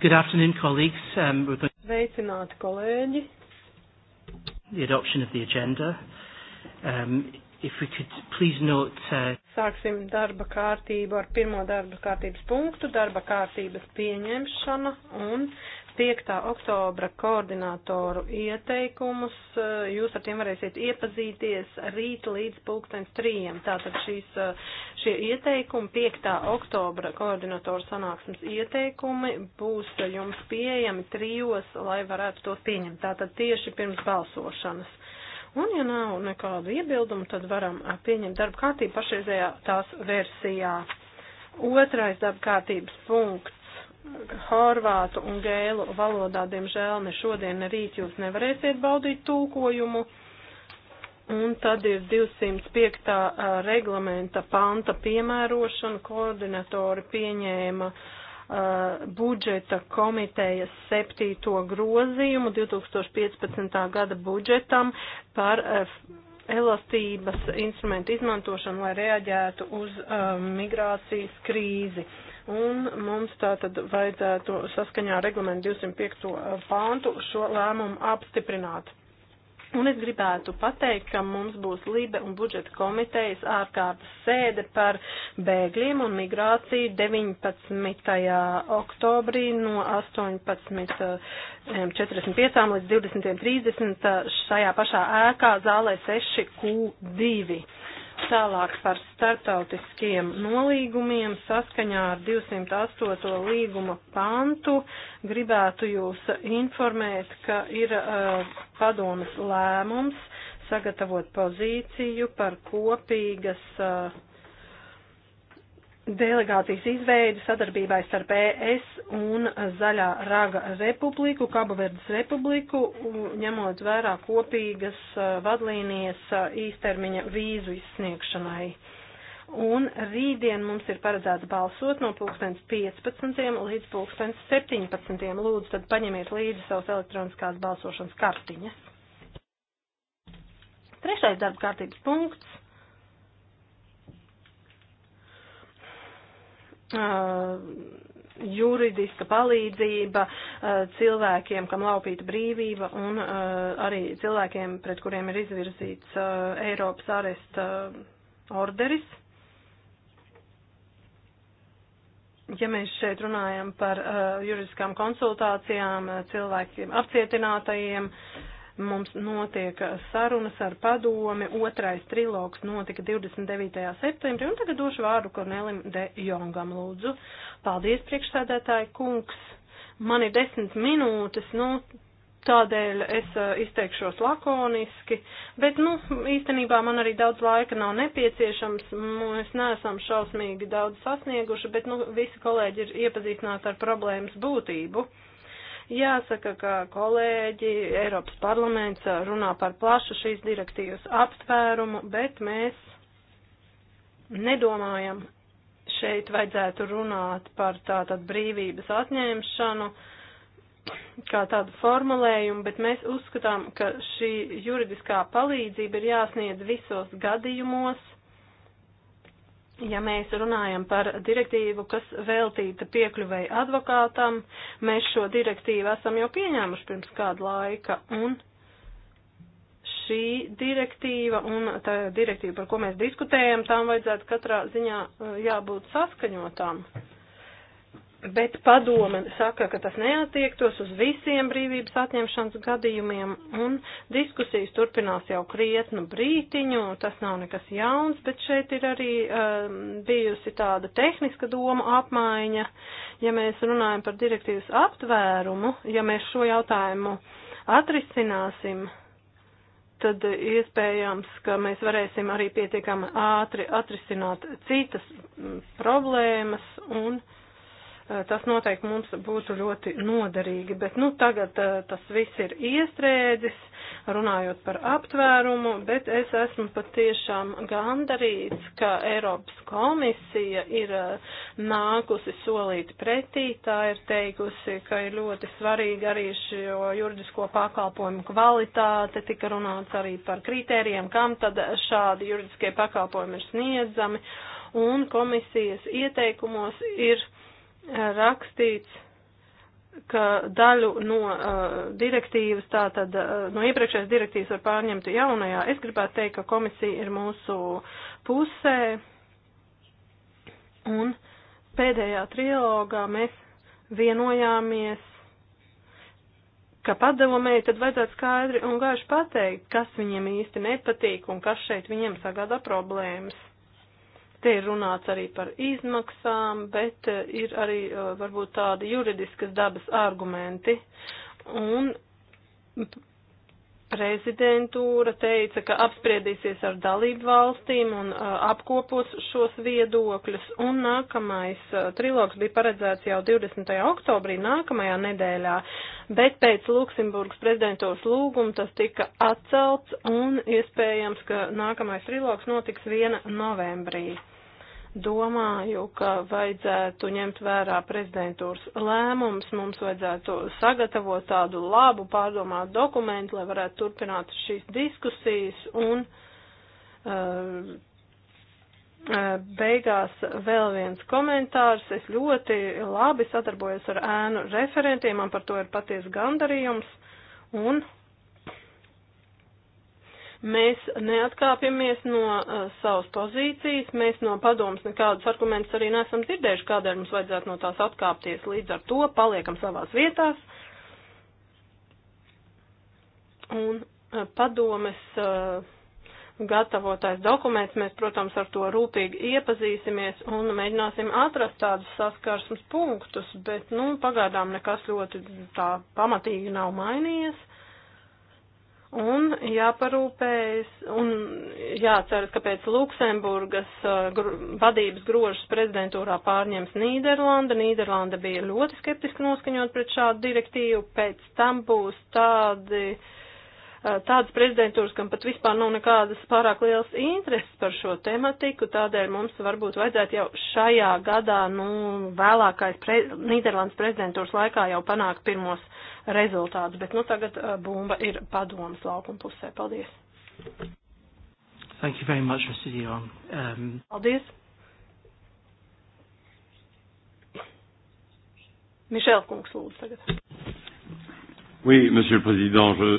Good afternoon, colleagues. Um, we're going Sveicināti, kolēģi. The adoption of the agenda. Um, if we could please note. Uh, Sāksim darba kārtību ar pirmo darba kārtības punktu, darba kārtības pieņemšana un uh, 5. oktobra koordinātoru ieteikumus. Eh, jūs ar tiem varēsiet iepazīties rīt līdz pulkstens trījiem. Tātad šīs, eh, šie ieteikumi, 5. oktobra koordinātoru sanāksmes ieteikumi būs jums pieejami trijos, lai varētu tos pieņemt. Tātad tieši pirms balsošanas. Un, ja nav nekādu iebildumu, tad varam eh, pieņemt darba kārtību pašreizējā tās versijā. Otrais darba kārtības punkts horvātu un gēlu valodā, diemžēl, ne šodien, ne rīt jūs nevarēsiet baudīt tulkojumu. Un tad ir 205. reglamenta panta piemērošana. Koordinatori pieņēma uh, budžeta komitejas septīto grozījumu 2015. gada budžetam par uh, elastības instrumentu izmantošanu, lai reaģētu uz uh, migrācijas krīzi. Uh, un mums tātad vajadzētu saskaņā ar reglamentu 205. Eh, pāntu šo lēmumu apstiprināt. Un es gribētu pateikt, ka mums būs Lībe un budžeta komitejas ārkārtas sēde par bēgļiem un migrāciju 19. oktobrī no 18.45 eh, līdz 20.30 eh, šajā pašā ēkā zālē 6Q2. Tālāk par startautiskiem nolīgumiem saskaņā ar 208. līguma pantu gribētu jūs informēt, ka ir uh, padomas lēmums sagatavot pozīciju par kopīgas uh, delegācijas izveidi sadarbībai starp ES un Zaļā Raga Republiku, Kabaverdes Republiku, ņemot vērā kopīgas uh, vadlīnijas uh, īstermiņa vīzu izsniegšanai. Un rītdien mums ir paredzēts balsot no 2015. līdz 2017. Lūdzu, tad paņemiet līdzi savas elektroniskās balsošanas kartiņas. Trešais darba kārtības punkts Uh, juridiska palīdzība uh, cilvēkiem, kam laupīta brīvība un uh, arī cilvēkiem, pret kuriem ir izvirzīts Eiropas aresta orderis. ja mēs šeit runājam par uh, juridiskām konsultācijām cilvēkiem apcietinātajiem, uh, mums notiek sarunas ar padomi, otrais trilogs notika 29. septembrī, un tagad došu vārdu Kornelim de Jongam lūdzu. Paldies, priekšsēdētāji kungs, man ir desmit minūtes, nu, Tādēļ es eh, izteikšos lakoniski, bet, nu, īstenībā man arī daudz laika nav nepieciešams, mēs neesam šausmīgi daudz sasnieguši, bet, nu, visi kolēģi ir iepazīstināti ar problēmas būtību. Uh, Jāsaka, ka kolēģi Eiropas parlaments runā par plašu šīs direktīvas aptvērumu, bet mēs nedomājam šeit vajadzētu runāt par tātad brīvības atņemšanu kā tādu formulējumu, bet mēs uzskatām, ka šī juridiskā palīdzība ir jāsniedz visos gadījumos, Ja mēs runājam par direktīvu, kas veltīta piekļuvēji advokātam, mēs šo direktīvu esam jau pieņēmuši pirms kādu laika, un šī direktīva un tā direktīva, par ko mēs diskutējam, tām vajadzētu katrā ziņā eh, jābūt saskaņotām. Uh, bet padome saka, ka tas neatiektos uz visiem brīvības atņemšanas gadījumiem, un diskusijas turpinās jau krietnu brītiņu, tas nav nekas jauns, bet šeit ir arī um, bijusi tāda tehniska doma apmaiņa, ja mēs runājam par direktīvas aptvērumu, ja mēs šo jautājumu atrisināsim, tad iespējams, ka mēs varēsim arī pietiekami ātri atrisināt citas mm, problēmas un. Eh, tas noteikti mums būtu ļoti noderīgi. Bet nu, tagad eh, tas viss ir iestrēdzis, runājot par aptvērumu, bet es esmu patiešām gandarīts, ka Eiropas komisija ir eh, nākusi solīt pretī. Tā ir teikusi, ka ir ļoti svarīgi arī šo juridisko pakalpojumu kvalitāte. Tika runāts arī par kritērijiem, kam tad šādi juridiskie pakalpojumi ir sniedzami. Un komisijas ieteikumos ir rakstīts, ka daļu no uh, direktīvas, tātad uh, no iepriekšējās direktīvas var pārņemt jaunajā. Es gribētu teikt, ka komisija ir mūsu pusē. Un pēdējā trilogā mēs vienojāmies, ka padomēji tad vajadzētu skaidri un gaiši pateikt, kas viņiem īsti nepatīk un kas šeit viņiem sagādā problēmas. Te ir runāts arī par izmaksām, bet eh, ir arī eh, varbūt tādi juridiskas dabas argumenti. Un prezidentūra teica, ka apspriedīsies ar dalību valstīm un uh, apkopos šos viedokļus, un nākamais uh, trilogs bija paredzēts jau 20. oktobrī nākamajā nedēļā, bet pēc Luksemburgas prezidentūras lūguma tas tika atcelts, un iespējams, ka nākamais trilogs notiks 1. novembrī domāju, ka vajadzētu ņemt vērā prezidentūras lēmums, mums vajadzētu sagatavot tādu labu pārdomātu dokumentu, lai varētu turpināt šīs diskusijas un uh, uh Beigās vēl viens komentārs. Es ļoti labi sadarbojos ar ēnu referentiem, man par to ir paties gandarījums. Un Mēs neatkāpjamies no uh, savas pozīcijas, mēs no padomas nekādus argumentus arī neesam dzirdējuši, kādēļ mums vajadzētu no tās atkāpties. Līdz ar to paliekam savās vietās. Un uh, padomes. Uh, gatavotais dokuments, mēs, protams, ar to rūpīgi iepazīsimies un mēģināsim atrast tādus saskarsmes punktus, bet, nu, pagaidām nekas ļoti tā pamatīgi nav mainījies. Un jāparūpējas, un jāceras, ka pēc Luksemburgas uh, gru, vadības grožas prezidentūrā pārņems Nīderlanda. Nīderlanda bija ļoti skeptiski noskaņot pret šādu direktīvu, pēc tam būs tādi uh, tādas prezidentūras, kam pat vispār nav nekādas pārāk liels intereses par šo tematiku, tādēļ mums varbūt vajadzētu jau šajā gadā, nu, vēlākais pre Nīderlandes prezidentūras laikā jau panākt pirmos rezultātus, bet nu tagad uh, bumba ir padomas laukuma pusē. Paldies! Thank you very much, Mr. Dion. Um... Paldies! Mišēl kungs lūdzu tagad. Oui, monsieur le président, je...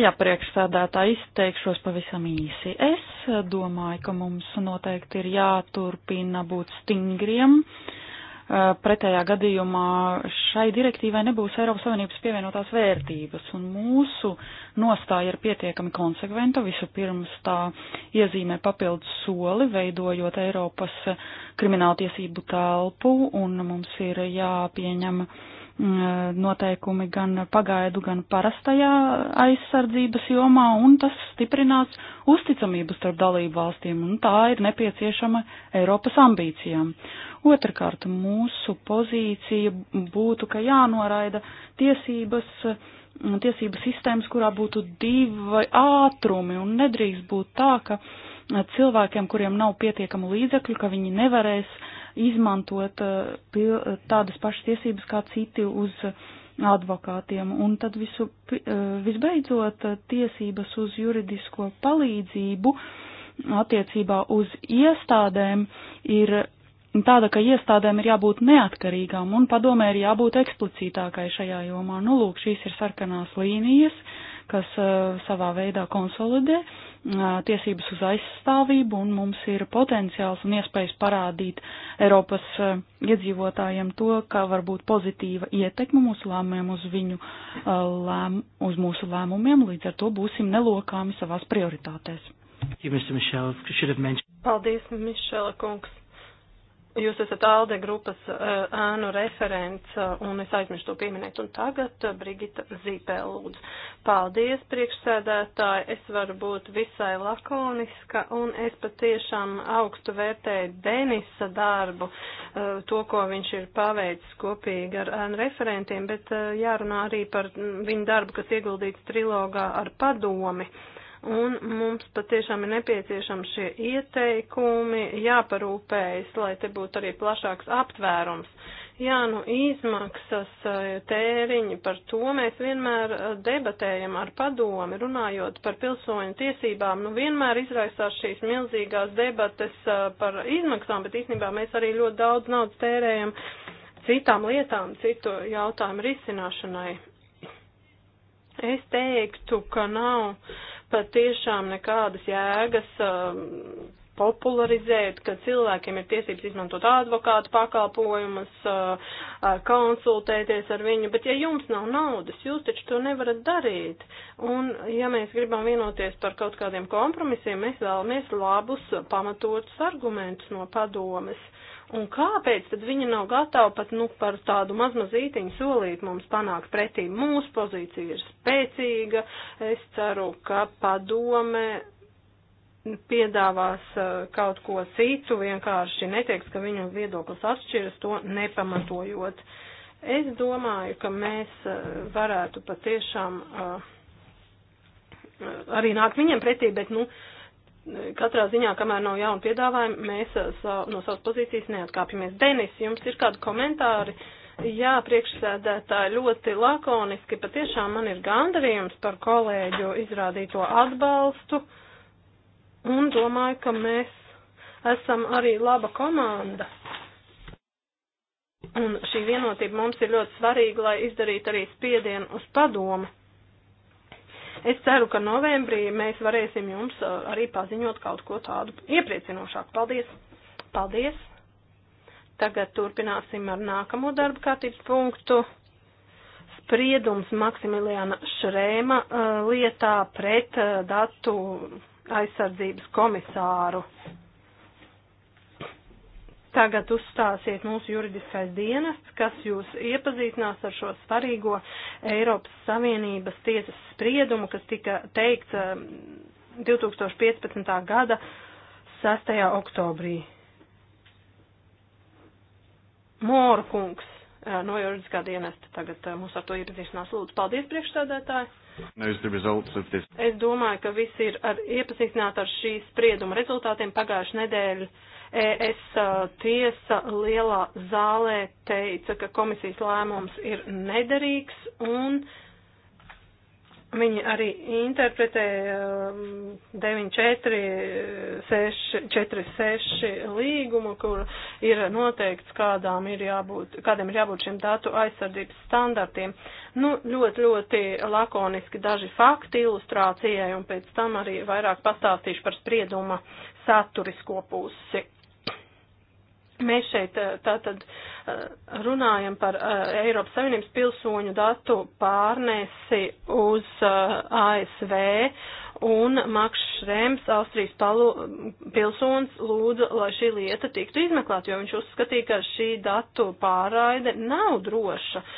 Jā, priekšsēdētā izteikšos pavisam īsi. Es domāju, ka mums noteikti ir jāturpina būt stingriem. Uh, Uh, pretējā gadījumā šai direktīvai nebūs Eiropas Savienības pievienotās vērtības, un mūsu nostāja ir pietiekami konsekventa. Vispirms tā iezīmē papildus soli, veidojot Eiropas krimināltiesību telpu, un mums ir jāpieņem mm, noteikumi gan pagaidu, gan parastajā aizsardzības jomā, un tas stiprinās uzticamību starp dalību valstīm, un tā ir nepieciešama Eiropas ambīcijām. Otrakārt, mūsu pozīcija būtu, ka jānoraida tiesības, mm, tiesības sistēmas, kurā būtu divi ātrumi un nedrīkst būt tā, ka eh, cilvēkiem, kuriem nav pietiekama līdzekļu, ka viņi nevarēs izmantot eh, tādas pašas tiesības kā citi uz advokātiem. Un tad visu, eh, visbeidzot tiesības uz juridisko palīdzību attiecībā uz iestādēm ir tāda, ka iestādēm ir jābūt neatkarīgām un padomē ir jābūt eksplicītākai šajā jomā. Nu, lūk, šīs ir sarkanās līnijas, kas uh, savā veidā konsolidē uh, tiesības uz aizstāvību un mums ir potenciāls un iespējas parādīt Eiropas uh, iedzīvotājiem to, ka var būt pozitīva ietekme mūsu lēmumiem uz viņu, uh, lēm, uz mūsu lēmumiem, līdz ar to būsim nelokāmi savās prioritātēs. Paldies, Mišela kungs. Jūs esat ALDE grupas eh, ēnu uh, referents, uh, un es aizmirstu to pieminēt. Un tagad uh, Brigita Zīpē lūdzu. Paldies, priekšsēdētāji, es varu būt visai lakoniska, un es patiešām augstu vērtēju Denisa darbu, to, ko viņš ir paveicis kopīgi ar ēnu referentiem, bet jārunā arī par mm, viņu darbu, kas ieguldīts trilogā ar padomi. Uh, un mums patiešām ir nepieciešami šie ieteikumi, jāparūpējas, lai te būtu arī plašāks aptvērums. Jā, nu izmaksas eh, tēriņi par to mēs vienmēr eh, debatējam ar padomi, runājot par pilsoņu tiesībām. Nu vienmēr izraisās šīs milzīgās debates eh, par izmaksām, bet īstenībā mēs arī ļoti daudz naudas tērējam citām lietām, citu jautājumu risināšanai. Es teiktu, ka nav patiešām nekādas jēgas um, popularizēt, ka cilvēkiem ir tiesības izmantot advokātu pakalpojumus, uh, uh, konsultēties ar viņu, bet ja jums nav naudas, jūs taču to nevarat darīt. Un ja mēs gribam vienoties par kaut kādiem kompromisiem, mēs vēlamies labus pamatotus argumentus no padomes. Un kāpēc tad viņa nav gatava pat nu, par tādu mazmazītiņu solīt mums panākt pretī? Mūsu pozīcija ir spēcīga. Es ceru, ka padome piedāvās uh, kaut ko citu, vienkārši neteiks, ka viņu viedoklis atšķiras, to nepamatojot. Es domāju, ka mēs uh, varētu patiešām uh, arī nākt viņiem pretī, bet, nu, uh, katrā ziņā, kamēr nav jauna piedāvājuma, mēs eh, no savas pozīcijas neatkāpjamies. Denis, jums ir kādi komentāri? Jā, priekšsēdētāji ļoti lakoniski, patiešām man ir gandarījums par kolēģu izrādīto atbalstu un domāju, ka mēs esam arī laba komanda. Un šī vienotība mums ir ļoti svarīga, lai izdarītu arī spiedienu uz padomu. Es ceru, ka novembrī mēs varēsim jums uh, arī paziņot kaut ko tādu iepriecinošāku. Paldies! Paldies! Tagad turpināsim ar nākamo darba kārtības punktu spriedums Maksimiliāna Šrēma uh, lietā pret uh, datu aizsardzības komisāru. Tagad uzstāsies mūsu juridiskais dienests, kas jūs iepazīstinās ar šo svarīgo Eiropas Savienības tiesas spriedumu, kas tika teikts 2015. Um, gada 6. oktobrī. Mūra kungs uh, no juridiskā dienesta tagad uh, mūs ar to iepazīstinās. Lūdzu, paldies priekšstādētāji. Es domāju, ka visi ir ar, iepazīstināti ar šīs sprieduma rezultātiem pagājušajā nedēļā ES tiesa lielā zālē teica, ka komisijas lēmums ir nederīgs un viņi arī interpretēja 9446 līgumu, kur ir noteikts, kādām ir jābūt, kādiem ir jābūt šiem datu aizsardzības standartiem. Nu, ļoti, ļoti lakoniski daži fakti ilustrācijai un pēc tam arī vairāk pastāstīšu par sprieduma saturisko pusi. Mēs šeit eh, tātad eh, runājam par eh, Eiropas Savienības pilsoņu datu pārnesi uz ASV, un Maks Šrems, Austrijas palu, pilsons, lūdza, lai šī lieta tiktu izmeklēta, jo viņš uzskatīja, ka šī datu pārraide nav droša. Uh,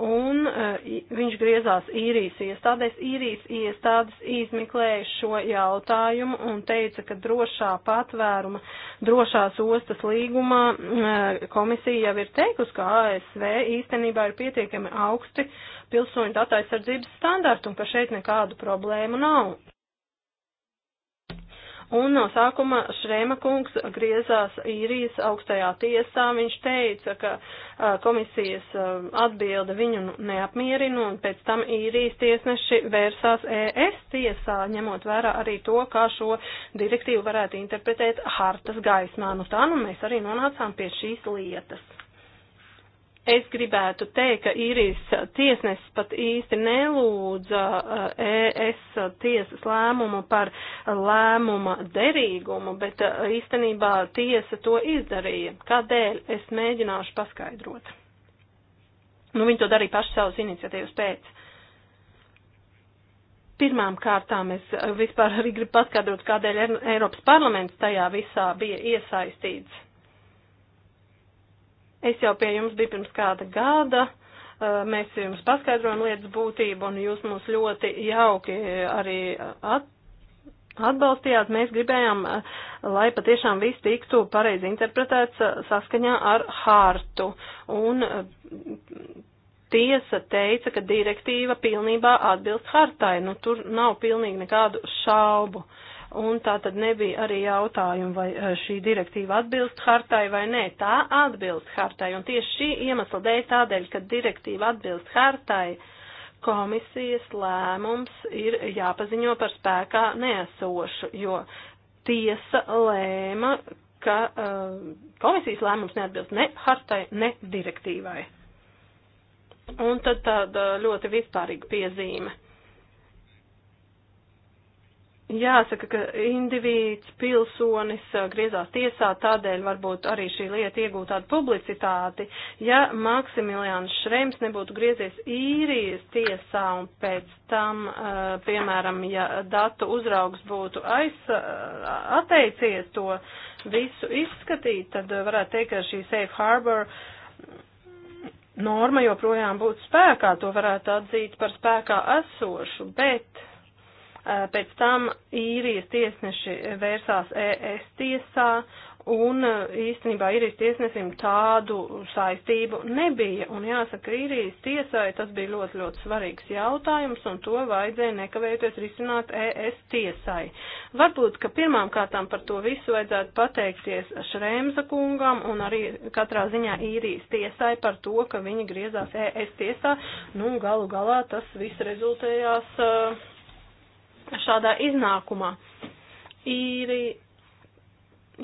un uh, viņš griezās īrijas iestādēs. Īrijas iestādes izmeklēja šo jautājumu un teica, ka drošā patvēruma, drošās ostas līgumā uh, komisija jau ir teikusi, ka ASV īstenībā ir pietiekami augsti pilsoņu datu aizsardzības standarti un ka šeit nekādu problēmu nav. Un no sākuma Šrēma kungs griezās īrijas augstajā tiesā. Viņš teica, ka komisijas atbilde viņu neapmierina, un pēc tam īrijas tiesneši vērsās ES tiesā, ņemot vērā arī to, kā šo direktīvu varētu interpretēt hartas gaismā. Nu tā, nu mēs arī nonācām pie šīs lietas. Es gribētu teikt, ka īrijas tiesnesis pat īsti nelūdza uh, ES tiesas lēmumu par lēmuma derīgumu, bet uh, īstenībā tiesa to izdarīja. Kādēļ? Es mēģināšu paskaidrot. Nu, viņi to darīja paši savas iniciatīvas pēc. Pirmām kārtām es vispār arī gribu paskaidrot, kādēļ Eiropas parlaments tajā visā bija iesaistīts Es jau pie jums biju pirms kāda gada, mēs jums paskaidrojam lietas būtību, un jūs mūs ļoti jauki arī at atbalstījāt. Mēs gribējām, lai patiešām viss tiktu pareizi interpretēts saskaņā ar hārtu. Un tiesa teica, ka direktīva pilnībā atbilst hartai. Nu, tur nav pilnīgi nekādu šaubu. Uh, un tā tad nebija arī jautājumu, vai eh, šī direktīva atbilst hartai vai nē. Tā atbilst hartai, un tieši šī iemesla dēļ tādēļ, ka direktīva atbilst hartai, komisijas lēmums ir jāpaziņo par spēkā neesošu, jo tiesa lēma, ka uh, komisijas lēmums neatbilst ne hartai, ne direktīvai. Un tad tāda ļoti vispārīga piezīme. Jāsaka, ka indivīds, pilsonis griezās tiesā, tādēļ varbūt arī šī lieta iegūtu tādu publicitāti. Ja Maksimiljāns Šrems nebūtu griezies īrijas tiesā un pēc tam, piemēram, ja datu uzraugs būtu aiz, atteicies to visu izskatīt, tad varētu teikt, ka šī safe harbor norma joprojām būtu spēkā, to varētu atzīt par spēkā esošu, bet Eh, pēc tam īrijas tiesneši vērsās ES tiesā Un eh, īstenībā īrijas tiesnesim tādu saistību nebija. Un jāsaka, īrijas tiesai tas bija ļoti, ļoti svarīgs jautājums, un to vajadzēja nekavējoties risināt ES tiesai. Varbūt, ka pirmām kārtām par to visu vajadzētu pateikties Šrēmza kungam un arī katrā ziņā īrijas tiesai par to, ka viņi griezās ES tiesā. Nu, galu galā tas viss rezultējās. Uh, šādā iznākumā. Īri,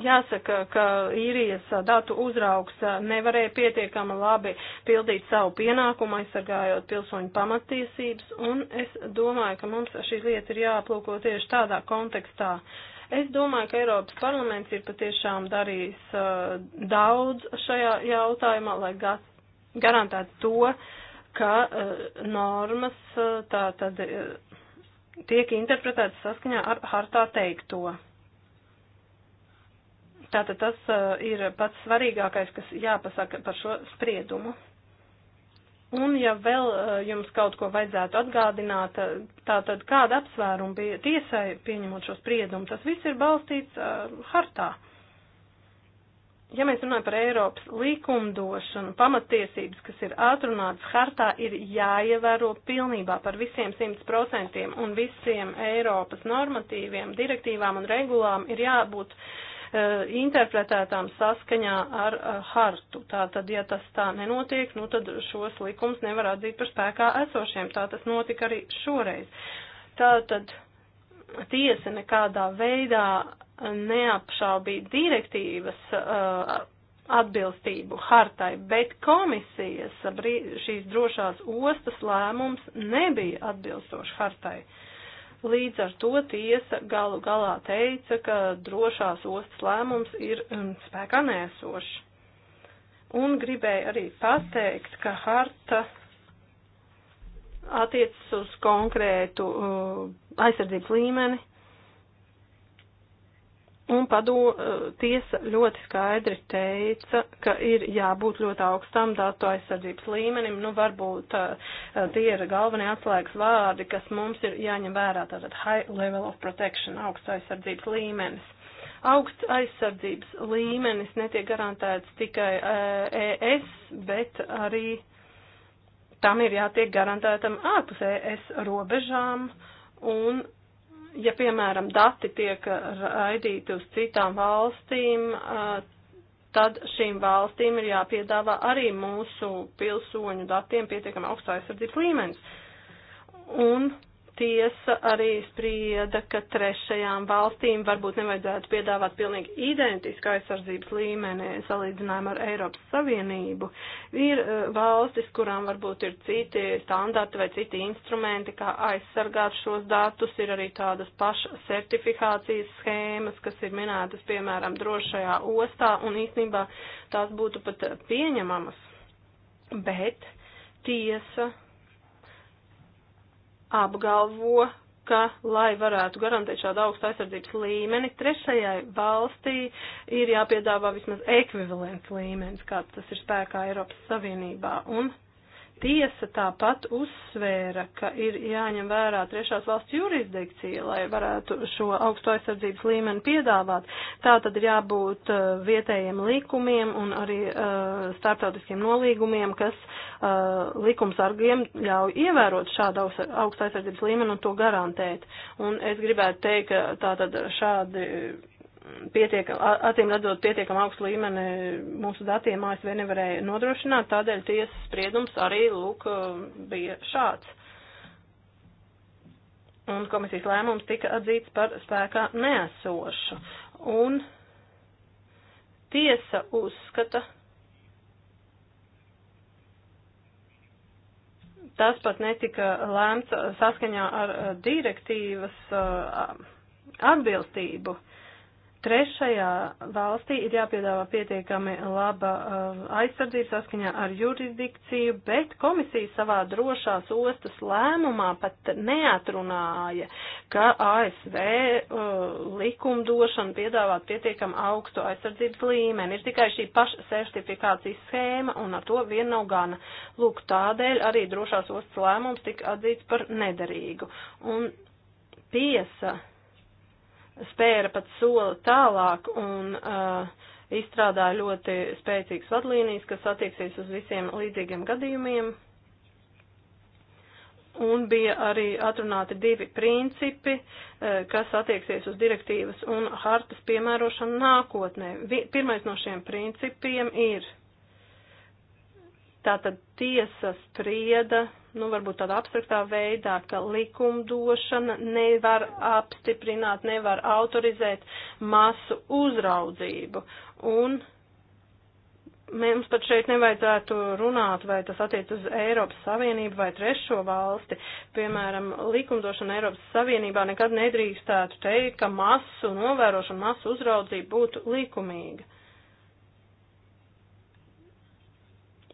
jāsaka, ka īrijas datu uzraugs nevarēja pietiekama labi pildīt savu pienākumu, aizsargājot pilsoņu pamatiesības, un es domāju, ka mums šī lieta ir jāaplūko tieši tādā kontekstā. Es domāju, ka Eiropas parlaments ir patiešām darījis uh, daudz šajā jautājumā, lai gat, garantētu to, ka uh, normas uh, tā tad. Uh, tiek interpretēts saskaņā ar hartā teikto. Tātad tas uh, ir pats svarīgākais, kas jāpasaka par šo spriedumu. Un ja vēl uh, jums kaut ko vajadzētu atgādināt, eh, tātad kāda apsvēruma bija tiesai pieņemot šo spriedumu, tas viss ir balstīts uh, hartā. Uh, ja mēs runājam par Eiropas likumdošanu, pamatiesības, kas ir atrunātas hartā, ir jāievēro pilnībā par visiem 100% un visiem Eiropas normatīviem, direktīvām un regulām ir jābūt uh, interpretētām saskaņā ar uh, hartu. Tātad, ja tas tā nenotiek, nu tad šos likums nevar atzīt par spēkā esošiem. Tā tas notika arī šoreiz. Tātad tiesa nekādā veidā neapšaubīja direktīvas uh, atbilstību hartai, bet komisijas šīs drošās ostas lēmums nebija atbilstoši hartai. Līdz ar to tiesa galu galā teica, ka drošās ostas lēmums ir um, spēkā nēsošs. Un gribēju arī pateikt, ka harta attiecas uz konkrētu uh, aizsardzības līmeni. Un padu uh, tiesa ļoti skaidri teica, ka ir jābūt ļoti augstam datu aizsardzības līmenim. Nu, varbūt uh, tie ir galvenie atslēgas vārdi, kas mums ir jāņem vērā. Tātad high level of protection, augsts aizsardzības līmenis augsts aizsardzības līmenis netiek garantēts tikai uh, ES, bet arī tam ir jātiek garantētam ārpus ES robežām un ja, piemēram, dati tiek raidīti uz citām valstīm, tad šīm valstīm ir jāpiedāvā arī mūsu pilsoņu datiem pietiekami augsts aizsardzības līmenis. Un tiesa arī sprieda, ka trešajām valstīm varbūt nevajadzētu piedāvāt pilnīgi identisku aizsardzības līmeni salīdzinājumu ar Eiropas Savienību. Ir eh, valstis, kurām varbūt ir citi standarti vai citi instrumenti, kā aizsargāt šos datus, ir arī tādas pašas certifikācijas schēmas, kas ir minētas, piemēram, drošajā ostā, un īstenībā tās būtu pat pieņemamas. Bet tiesa apgalvo, ka, lai varētu garantēt šādu augstu aizsardzības līmeni, trešajai valstī ir jāpiedāvā vismaz ekvivalents līmenis, kāds tas ir spēkā Eiropas Savienībā. Un Tiesa tāpat uzsvēra, ka ir jāņem vērā trešās valsts jurisdikcija, lai varētu šo augsto aizsardzības līmeni piedāvāt. Tā tad ir jābūt uh, vietējiem likumiem un arī uh, starptautiskiem nolīgumiem, kas uh, likumsargiem ļauj ievērot šādu augstu aizsardzības līmeni un to garantēt. Un es gribētu teikt, ka tā tad šādi pietiekam, acīm redzot, pietiekam augstu līmeni mūsu datiem ASV nevarēja nodrošināt, tādēļ tiesas spriedums arī, lūk, bija šāds. Un komisijas lēmums tika atzīts par spēkā neesošu. Un tiesa uzskata, tas pat netika lēmts saskaņā ar direktīvas atbilstību. Uh, Trešajā valstī ir jāpiedāvā pietiekami laba uh, aizsardzība saskaņā ar jurisdikciju, bet komisija savā drošās ostas lēmumā pat neatrunāja, ka ASV uh, likumdošana piedāvā pietiekami augstu aizsardzības līmeni. Ir tikai šī pašsertifikācijas schēma un ar to vien nav gana. Lūk, tādēļ arī drošās ostas lēmums tika atzīts par nederīgu. Un tiesa spēra pat soli tālāk un uh, izstrādāja ļoti spēcīgas vadlīnijas, kas attieksies uz visiem līdzīgiem gadījumiem. Un bija arī atrunāti divi principi, uh, kas attieksies uz direktīvas un hartas piemērošanu nākotnē. Pirmais no šiem principiem ir tātad tiesa sprieda nu, varbūt tādā abstraktā veidā, ka likumdošana nevar apstiprināt, nevar autorizēt masu uzraudzību. Un mums pat šeit nevajadzētu runāt, vai tas attiec uz Eiropas Savienību vai trešo valsti. Piemēram, likumdošana Eiropas Savienībā nekad nedrīkstētu teikt, ka masu novērošana, masu uzraudzība būtu likumīga.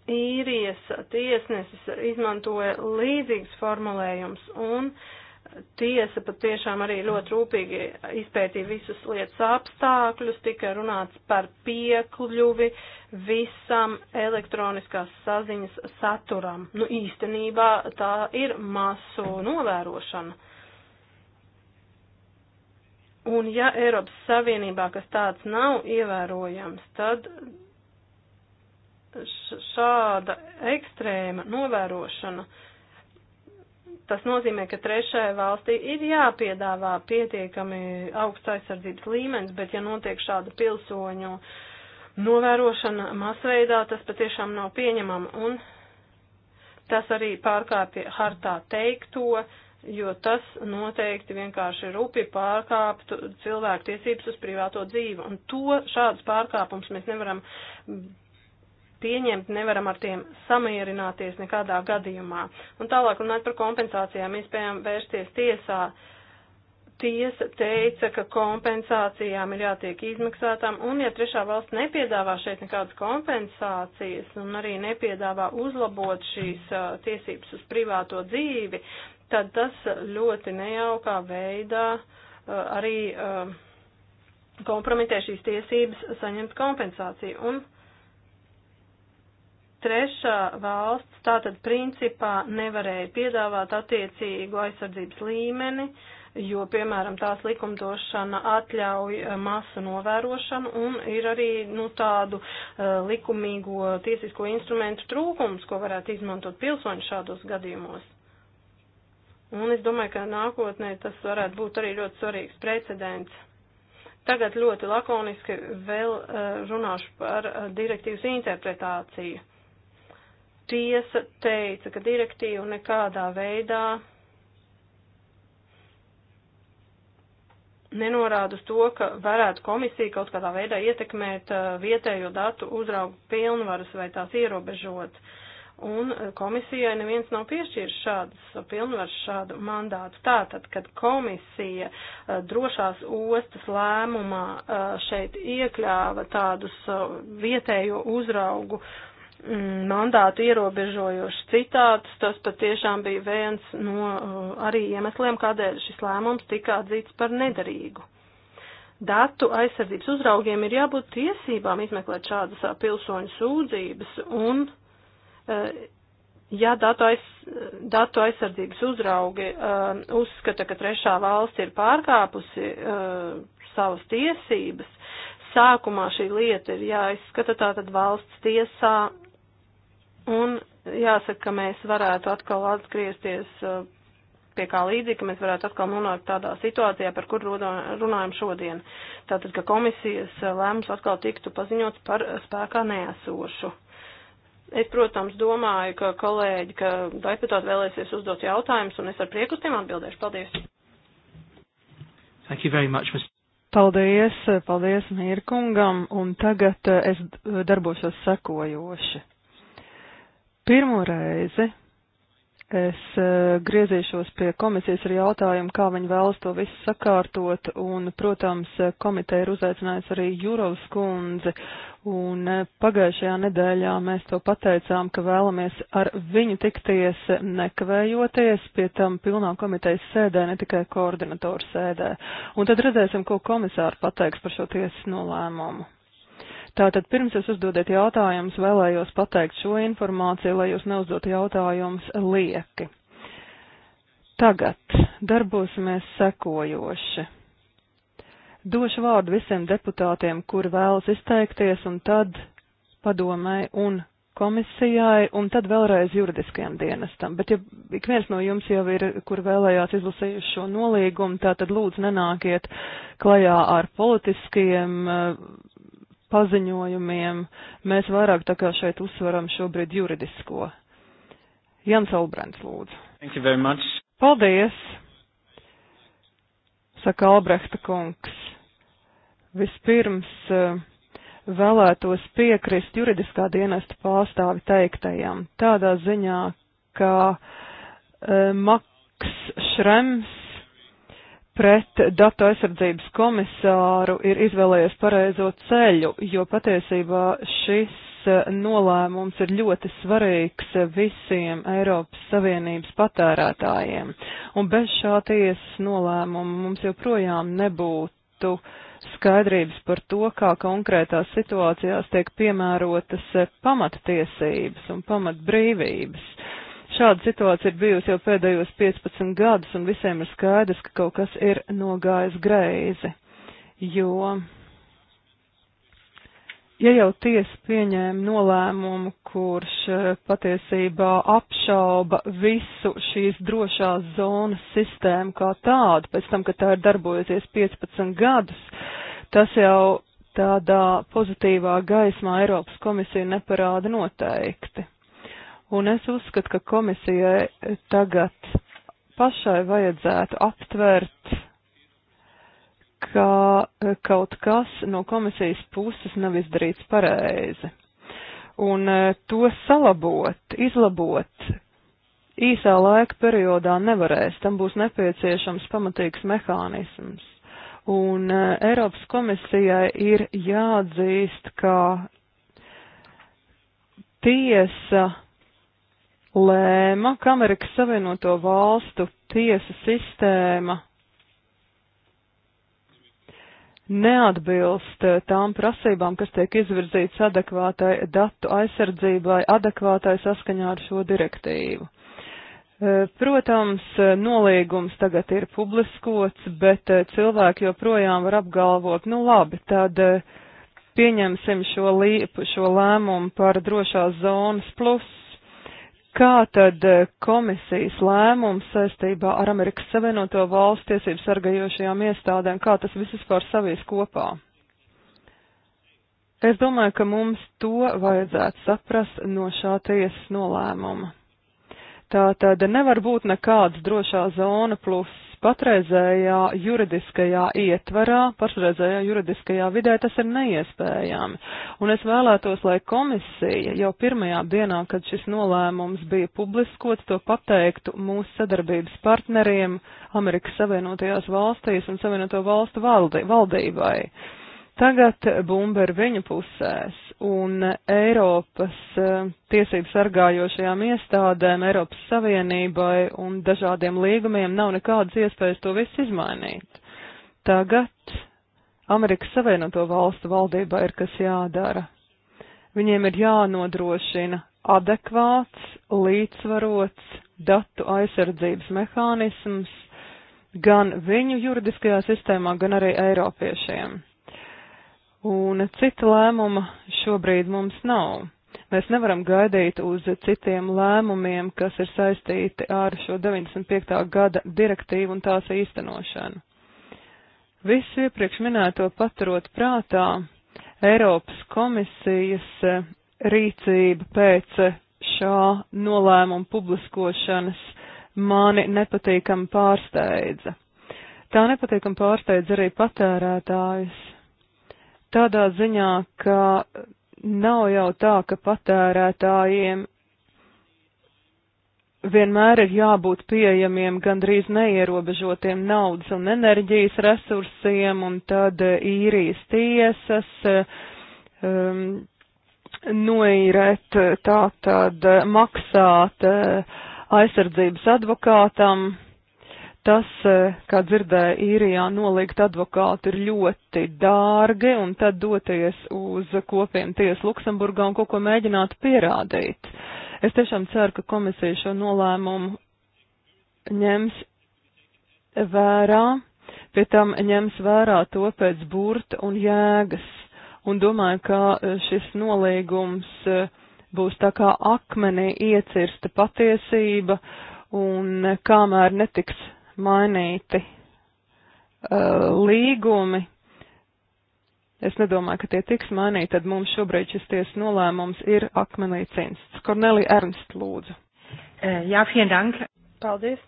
īrijas tiesnesis izmantoja līdzīgs formulējums un tiesa patiešām arī ļoti rūpīgi izpētīja visus lietas apstākļus, tika runāts par piekļuvi visam elektroniskās saziņas saturam. Nu, īstenībā tā ir masu novērošana. Un ja Eiropas Savienībā kas tāds nav ievērojams, tad šāda ekstrēma novērošana, tas nozīmē, ka trešajai valstī ir jāpiedāvā pietiekami augsts aizsardzības līmenis, bet ja notiek šāda pilsoņu novērošana masveidā, tas patiešām nav pieņemama un tas arī pārkāpja hartā teikto, jo tas noteikti vienkārši rupi pārkāptu cilvēku tiesības uz privāto dzīvi. Un to šādus pārkāpumus mēs nevaram pieņemt, nevaram ar tiem samierināties nekādā gadījumā. Un tālāk runāt par kompensācijām, iespējām vērsties tiesā. Tiesa teica, ka kompensācijām ir jātiek izmaksātām, un ja trešā valsts nepiedāvā šeit nekādas kompensācijas un arī nepiedāvā uzlabot šīs uh, tiesības uz privāto dzīvi, tad tas ļoti nejaukā veidā uh, arī uh, kompromitē šīs tiesības saņemt kompensāciju. Un, uh, trešā valsts tātad principā nevarēja piedāvāt attiecīgu aizsardzības līmeni, jo, piemēram, tās likumdošana atļauj eh, masu novērošanu un ir arī nu, tādu uh, likumīgo tiesisko instrumentu trūkums, ko varētu izmantot pilsoņi šādos gadījumos. Un es domāju, ka nākotnē tas varētu būt arī ļoti svarīgs precedents. Tagad ļoti lakoniski vēl uh, runāšu par uh, direktīvas interpretāciju tiesa teica, ka direktīva nekādā veidā nenorāda uz to, ka varētu komisija kaut kādā veidā ietekmēt uh, vietējo datu uzraugu pilnvaras vai tās ierobežot. Un uh, komisijai neviens nav piešķīris šādas uh, pilnvaras, šādu mandātu. Tātad, kad komisija drošās ostas lēmumā šeit iekļāva tādus vietējo uzraugu uh, Mm, mandātu ierobežojošs citāts, tas patiešām bija viens no uh, arī iemesliem, kādēļ šis lēmums tika atzīts par nedarīgu. Datu aizsardzības uzraugiem ir jābūt tiesībām izmeklēt šādas uh, pilsoņu sūdzības un uh, Ja datu, aiz, datu aizsardzības uzraugi uh, uzskata, ka trešā valsts ir pārkāpusi uh, savas tiesības, sākumā šī lieta ir jāizskata tātad valsts tiesā Un jāsaka, ka mēs varētu atkal atgriezties uh, pie kā līdzīga, mēs varētu atkal nonākt tādā situācijā, par kur runājam šodien. Tātad, ka komisijas uh, lēmums atkal tiktu paziņots par uh, spēkā neesošu. Es, protams, domāju, ka kolēģi, ka deputāti vēlēsies uzdot jautājumus, un es ar prieku uz tiem atbildēšu. Paldies! Thank you very much, Mr. Paldies, paldies Mīrkungam, un tagad es darbošos sekojoši. Pirmo reizi es eh, griezīšos pie komisijas ar jautājumu, kā viņi vēlas to visu sakārtot, un, protams, komiteja ir uzaicinājusi arī Jurovs kundzi, un eh, pagājušajā nedēļā mēs to pateicām, ka vēlamies ar viņu tikties nekavējoties, pie tam pilnā komitejas sēdē, ne tikai koordinatoru sēdē. Un tad redzēsim, ko komisāri pateiks par šo tiesas nolēmumu. Tātad pirms jūs uzdodat jautājumus, vēlējos pateikt šo informāciju, lai jūs neuzdot jautājumus lieki. Tagad darbosimies sekojoši. Došu vārdu visiem deputātiem, kuri vēlas izteikties, un tad padomai un komisijai, un tad vēlreiz juridiskajam dienestam. Bet, ja ik viens no jums jau ir, kur vēlējās izlasījuši šo nolīgumu, tā tad lūdzu nenākiet klajā ar politiskiem paziņojumiem. Mēs vairāk tā kā šeit uzsveram šobrīd juridisko. Jans Albrants lūdzu. Thank you very much. Paldies, saka Albrehta kungs. Vispirms eh, vēlētos piekrist juridiskā dienesta pārstāvi teiktajam, tādā ziņā, ka eh, Maks Šrems pret datu aizsardzības komisāru ir izvēlējies pareizo ceļu, jo patiesībā šis e, nolēmums ir ļoti svarīgs visiem Eiropas Savienības patērētājiem. Un bez šā tiesas nolēmuma mums joprojām nebūtu skaidrības par to, kā konkrētās situācijās tiek piemērotas pamattiesības un pamatbrīvības. Šāda situācija ir bijusi jau pēdējos 15 gadus, un visiem ir skaidrs, ka kaut kas ir nogājis greizi. Jo, ja jau tiesa pieņēma nolēmumu, kurš eh, patiesībā apšauba visu šīs drošās zonas sistēmu kā tādu, pēc tam, ka tā ir darbojusies 15 gadus, tas jau tādā pozitīvā gaismā Eiropas komisija neparāda noteikti. Un es uzskatu, ka komisijai tagad pašai vajadzētu aptvert, ka kaut kas no komisijas puses nav izdarīts pareizi. Un e, to salabot, izlabot īsā laika periodā nevarēs. Tam būs nepieciešams pamatīgs mehānisms. Un e, Eiropas komisijai ir jāatzīst, ka tiesa lēma, ka Amerikas Savienoto valstu tiesa sistēma neatbilst eh, tām prasībām, kas tiek izvirzītas adekvātai datu aizsardzībai, adekvātai saskaņā ar šo direktīvu. Eh, protams, eh, nolīgums tagad ir publiskots, bet cilvēki joprojām var apgalvot, nu labi, tad pieņemsim šo, lī, šo lēmumu par drošās zonas plus Kā tad eh, komisijas lēmums saistībā ar Amerikas Savienoto Valstu tiesību sargajošajām iestādēm, kā tas viss vispār savīs kopā? Es domāju, ka mums to vajadzētu saprast no šā tiesas nolēmuma. Tā tad nevar būt nekāds drošā zona plus patreizējā juridiskajā ietvarā, pašreizējā juridiskajā vidē tas ir neiespējami. Un es vēlētos, lai komisija jau pirmajā dienā, kad šis nolēmums bija publiskots, to pateiktu mūsu sadarbības partneriem Amerikas Savienotajās valstīs un Savienoto valstu valdi, valdībai. Tagad bumba ir viņu pusēs, un Eiropas eh, tiesību sargājošajām iestādēm, Eiropas Savienībai un dažādiem līgumiem nav nekādas iespējas to visu izmainīt. Tagad Amerikas Savienoto Valstu valdībā ir kas jādara. Viņiem ir jānodrošina adekvāts, līdzsvarots datu aizsardzības mehānisms gan viņu juridiskajā sistēmā, gan arī Eiropiešiem un cita lēmuma šobrīd mums nav. Mēs nevaram gaidīt uz citiem lēmumiem, kas ir saistīti ar šo 95. gada direktīvu un tās īstenošanu. Visu iepriekš minēto paturot prātā, Eiropas komisijas eh, rīcība pēc eh, šā nolēmuma publiskošanas mani nepatīkami pārsteidza. Tā nepatīkami pārsteidza arī patērētājus, tādā ziņā, ka nav jau tā, ka patērētājiem vienmēr ir jābūt pieejamiem gandrīz neierobežotiem naudas un enerģijas resursiem, un tad eh, īrijas tiesas um, noīrēt tā tad eh, maksāt eh, aizsardzības advokātam tas, eh, kā dzirdēja īrijā, noliegt advokāti ir ļoti dārgi, un tad doties uz kopiem tiesu Luksemburgā un kaut ko mēģināt pierādīt. Es tiešām ceru, ka komisija šo nolēmumu ņems vērā, pie tam ņems vērā to pēc burta un jēgas, un domāju, ka eh, šis nolīgums eh, būs tā kā akmenī iecirsta patiesība, un kamēr netiks mainīti uh, līgumi. Es nedomāju, ka tie tiks mainīti, tad mums šobrīd šis tiesas nolēmums ir akmenī cīnsts. Kornelija Ernst, lūdzu. Eh, jā, vielen dank. Paldies.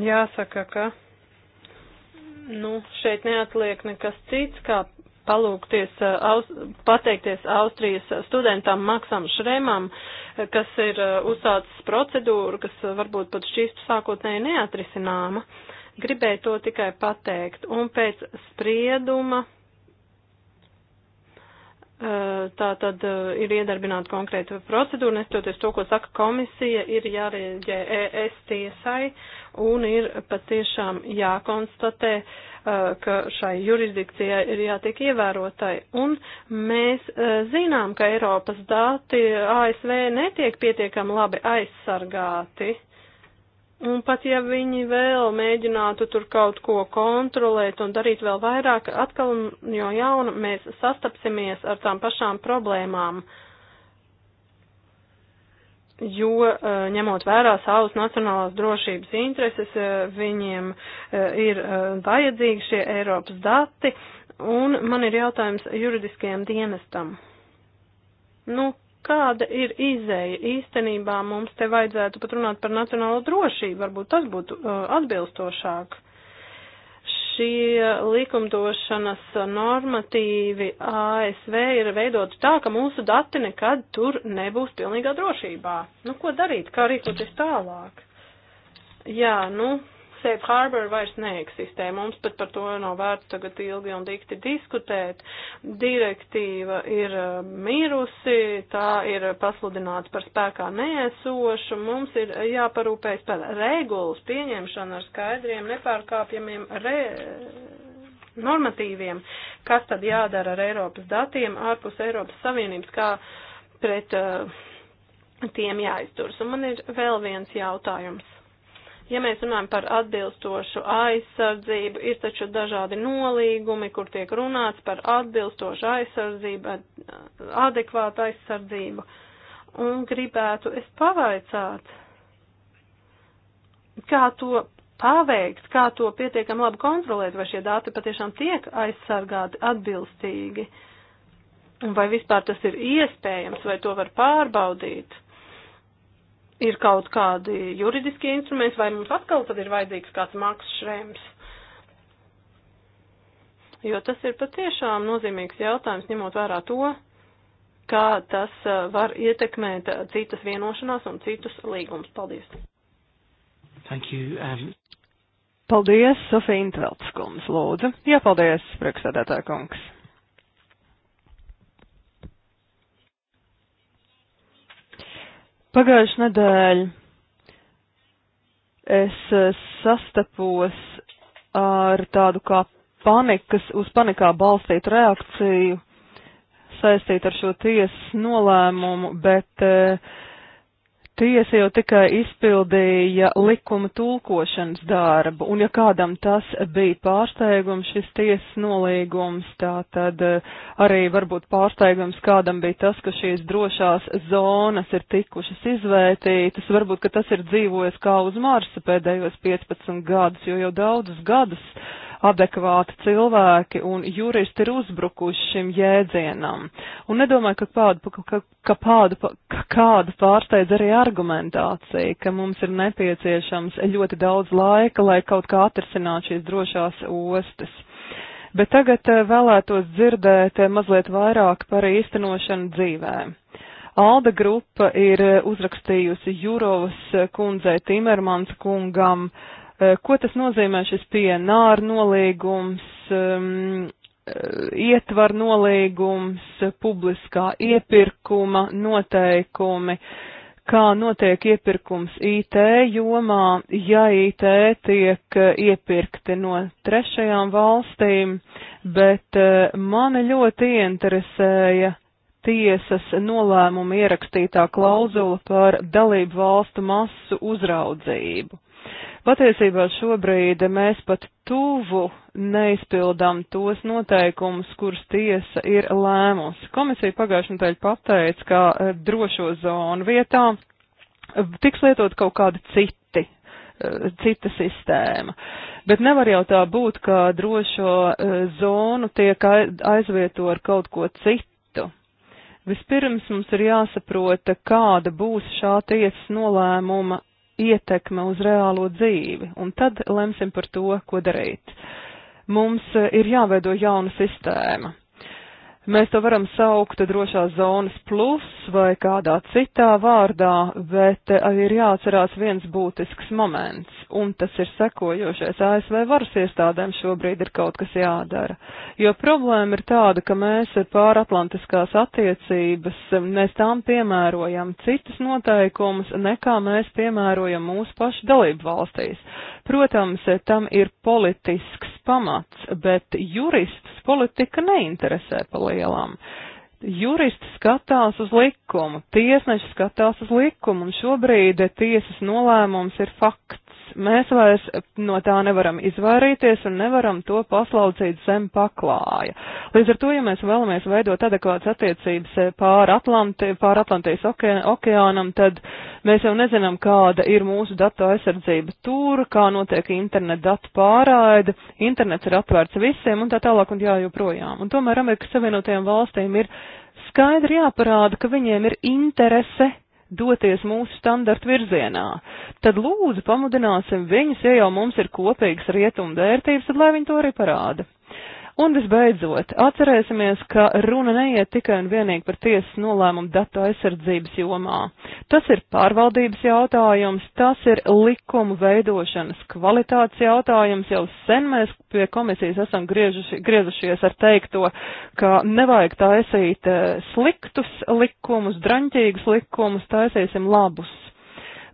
Jāsaka, ka nu, šeit neatliek nekas cits, kā palūgties, eh, aus, pateikties Austrijas studentam Maksam Šremam, eh, kas ir eh, uzsācis procedūru, kas varbūt pat šķīstu sākotnēji neatrisināma. Gribēju to tikai pateikt. Un pēc sprieduma tā tad ir iedarbināta konkrēta procedūra, nestoties to, ko saka komisija, ir jārēģē ES tiesai, un ir patiešām jākonstatē, uh, ka šai jurisdikcijai ir jātiek ievērotai. Un mēs uh, zinām, ka Eiropas dati ASV netiek pietiekami labi aizsargāti. Un pat ja viņi vēl mēģinātu tur kaut ko kontrolēt un darīt vēl vairāk, atkal no jauna mēs sastapsimies ar tām pašām problēmām. Uh, jo eh, ņemot vērā savas nacionālās drošības intereses, eh, viņiem eh, ir vajadzīgi šie Eiropas dati, un man ir jautājums juridiskajam dienestam. Nu, kāda ir izēja? Īstenībā mums te vajadzētu pat runāt par nacionālo drošību, varbūt tas būtu atbilstošāk šie eh, likumdošanas normatīvi ASV ir veidoti tā, ka mūsu dati nekad tur nebūs pilnīgā drošībā. Nu, ko darīt, kā rīkoties tālāk? Jā, nu, safe harbor vairs neeksistē. Mums pat par to nav vērts tagad ilgi un dikti diskutēt. Direktīva ir uh, mirusi, tā ir pasludināta par spēkā neesošu. Mums ir jāparūpējas par regulas pieņemšanu ar skaidriem, nepārkāpjamiem re normatīviem, kas tad jādara ar Eiropas datiem ārpus Eiropas Savienības, kā pret uh, tiem jāizturas. Un man ir vēl viens jautājums. Ja mēs runājam par atbilstošu aizsardzību, ir taču dažādi nolīgumi, kur tiek runāts par atbilstošu aizsardzību, adekvātu aizsardzību. Un gribētu es pavaicāt, kā to paveikt, kā to pietiekam labi kontrolēt, vai šie dati patiešām tiek aizsargāti atbilstīgi, un vai vispār tas ir iespējams, vai to var pārbaudīt ir kaut kādi juridiskie instrumenti, vai mums atkal tad ir vajadzīgs kāds mākslas šrēms? Jo tas ir patiešām nozīmīgs jautājums, ņemot vērā to, kā tas eh, var ietekmēt eh, citas vienošanās un citus līgumus. Paldies! Thank you. Um... Paldies, Sofija Intvelts, kungs, lūdzu. Jā, paldies, priekšsēdētāja kungs. Pagājuši nedēļ es eh, sastapos ar tādu kā panikas, uz panikā balstītu reakciju saistīt ar šo tiesas nolēmumu, bet uh, Tiesa jau tikai izpildīja likuma tulkošanas darbu, un ja kādam tas bija pārsteigums, šis tiesas nolīgums, tā tad eh, arī varbūt pārsteigums kādam bija tas, ka šīs drošās zonas ir tikušas izvērtītas, varbūt, ka tas ir dzīvojis kā uz Marsa pēdējos 15 gadus, jo jau daudzus gadus uh, adekvāti cilvēki un juristi ir uzbrukuši šim jēdzienam. Un nedomāju, ka, pādu, ka, ka, pādu, ka kādu pārsteidz arī argumentācija, ka mums ir nepieciešams ļoti daudz laika, lai kaut kā atrisināt šīs drošās ostas. Bet tagad eh, vēlētos dzirdēt eh, mazliet vairāk par īstenošanu dzīvēm. Alda grupa ir eh, uzrakstījusi Jurovas kundzei Timermans kungam Eh, ko tas nozīmē šis PNR nolīgums, um, ietvar nolīgums, publiskā iepirkuma noteikumi, kā notiek iepirkums IT jomā, ja IT tiek eh, iepirkti no trešajām valstīm, bet mani ļoti interesēja tiesas nolēmuma ierakstītā klauzula par dalību valstu masu uzraudzību. Patiesībā šobrīd mēs pat tuvu neizpildām tos noteikumus, kurus tiesa ir lēmusi. Komisija pagājušajā nedēļā pateica, ka e, drošo zonu vietā tiks lietot kaut kāda citi, e, cita sistēma. Bet nevar jau tā būt, ka drošo e, zonu tiek aizvieto ar kaut ko citu. Vispirms mums ir jāsaprota, kāda būs šā tiesas nolēmuma ietekme uz reālo dzīvi, un tad lemsim par to, ko darīt. Mums eh, ir jāveido jauna sistēma. Mēs to varam saukt drošās zonas plus vai kādā citā vārdā, bet ir jāatcerās viens būtisks moments, un tas ir sekojošais. ASV varas iestādēm šobrīd ir kaut kas jādara, jo problēma ir tāda, ka mēs pāratlantiskās attiecības, mēs tām piemērojam citas noteikumus, nekā mēs piemērojam mūsu pašu dalību valstīs. Protams, tam ir politisks pamats, bet jurists politika neinteresē pa lielam. Jurists skatās uz likumu, tiesneši skatās uz likumu, un šobrīd tiesas nolēmums ir fakts. Mēs vairs no tā nevaram izvairīties un nevaram to paslaucīt zem paklāja. Līdz ar to, ja mēs vēlamies veidot adekvātas attiecības eh, pār, Atlanti, pār Atlantijas oke, okeānam, tad mēs jau nezinām, kāda ir mūsu datu aizsardzība tur, kā notiek internet datu pārraide, internets ir atvērts visiem un tā tālāk un jā joprojām. Un tomēr Amerikas Savienotajām valstīm ir skaidri jāparāda, ka viņiem ir interese doties mūsu standartu virzienā. Tad lūdzu pamudināsim viņus, ja jau mums ir kopīgas rietumu vērtības, tad lai viņi to arī parāda. Un visbeidzot, atcerēsimies, ka runa neiet tikai un vienīgi par tiesas nolēmumu datu aizsardzības jomā. Tas ir pārvaldības jautājums, tas ir likumu veidošanas kvalitātes jautājums. Jau sen mēs pie komisijas esam griežuši, griezušies ar teikto, ka nevajag taisīt e, sliktus likumus, draņķīgus likumus, taisīsim labus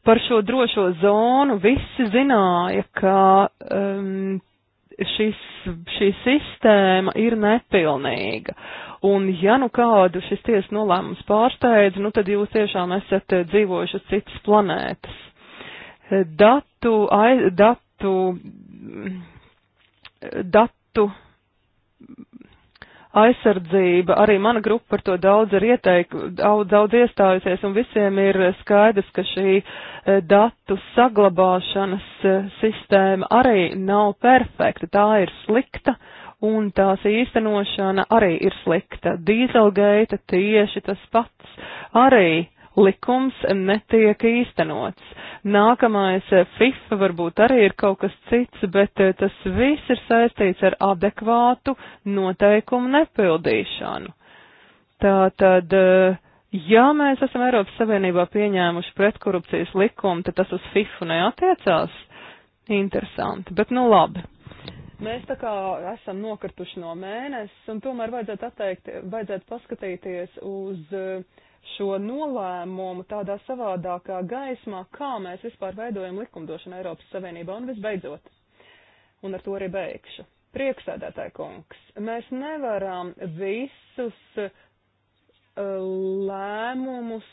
par šo drošo zonu visi zināja, ka um, šis, šī sistēma ir nepilnīga. Un ja nu kādu šis tiesas nolēmums pārsteidz, nu tad jūs tiešām esat dzīvojuši uz citas planētas. Datu, aiz, datu, datu aizsardzība, arī mana grupa par to daudz ir ieteik, daudz, daudz iestājusies, un visiem ir skaidrs, ka šī eh, datu saglabāšanas eh, sistēma arī nav perfekta, tā ir slikta, un tās īstenošana arī ir slikta. Dīzelgeita tieši tas pats arī likums netiek īstenots. Nākamais eh, FIFA varbūt arī ir kaut kas cits, bet eh, tas viss ir saistīts ar adekvātu noteikumu nepildīšanu. Tātad, eh, ja mēs esam Eiropas Savienībā pieņēmuši pretkorupcijas likumu, tad tas uz FIFA neatiecās. Interesanti, bet nu labi mēs tā kā esam nokrituši no mēnesis, un tomēr vajadzētu atteikt, vajadzētu paskatīties uz šo nolēmumu tādā savādākā gaismā, kā mēs vispār veidojam likumdošanu Eiropas Savienībā. Un visbeidzot, un ar to arī beigšu, prieksēdētāji kungs, mēs nevaram visus uh, lēmumus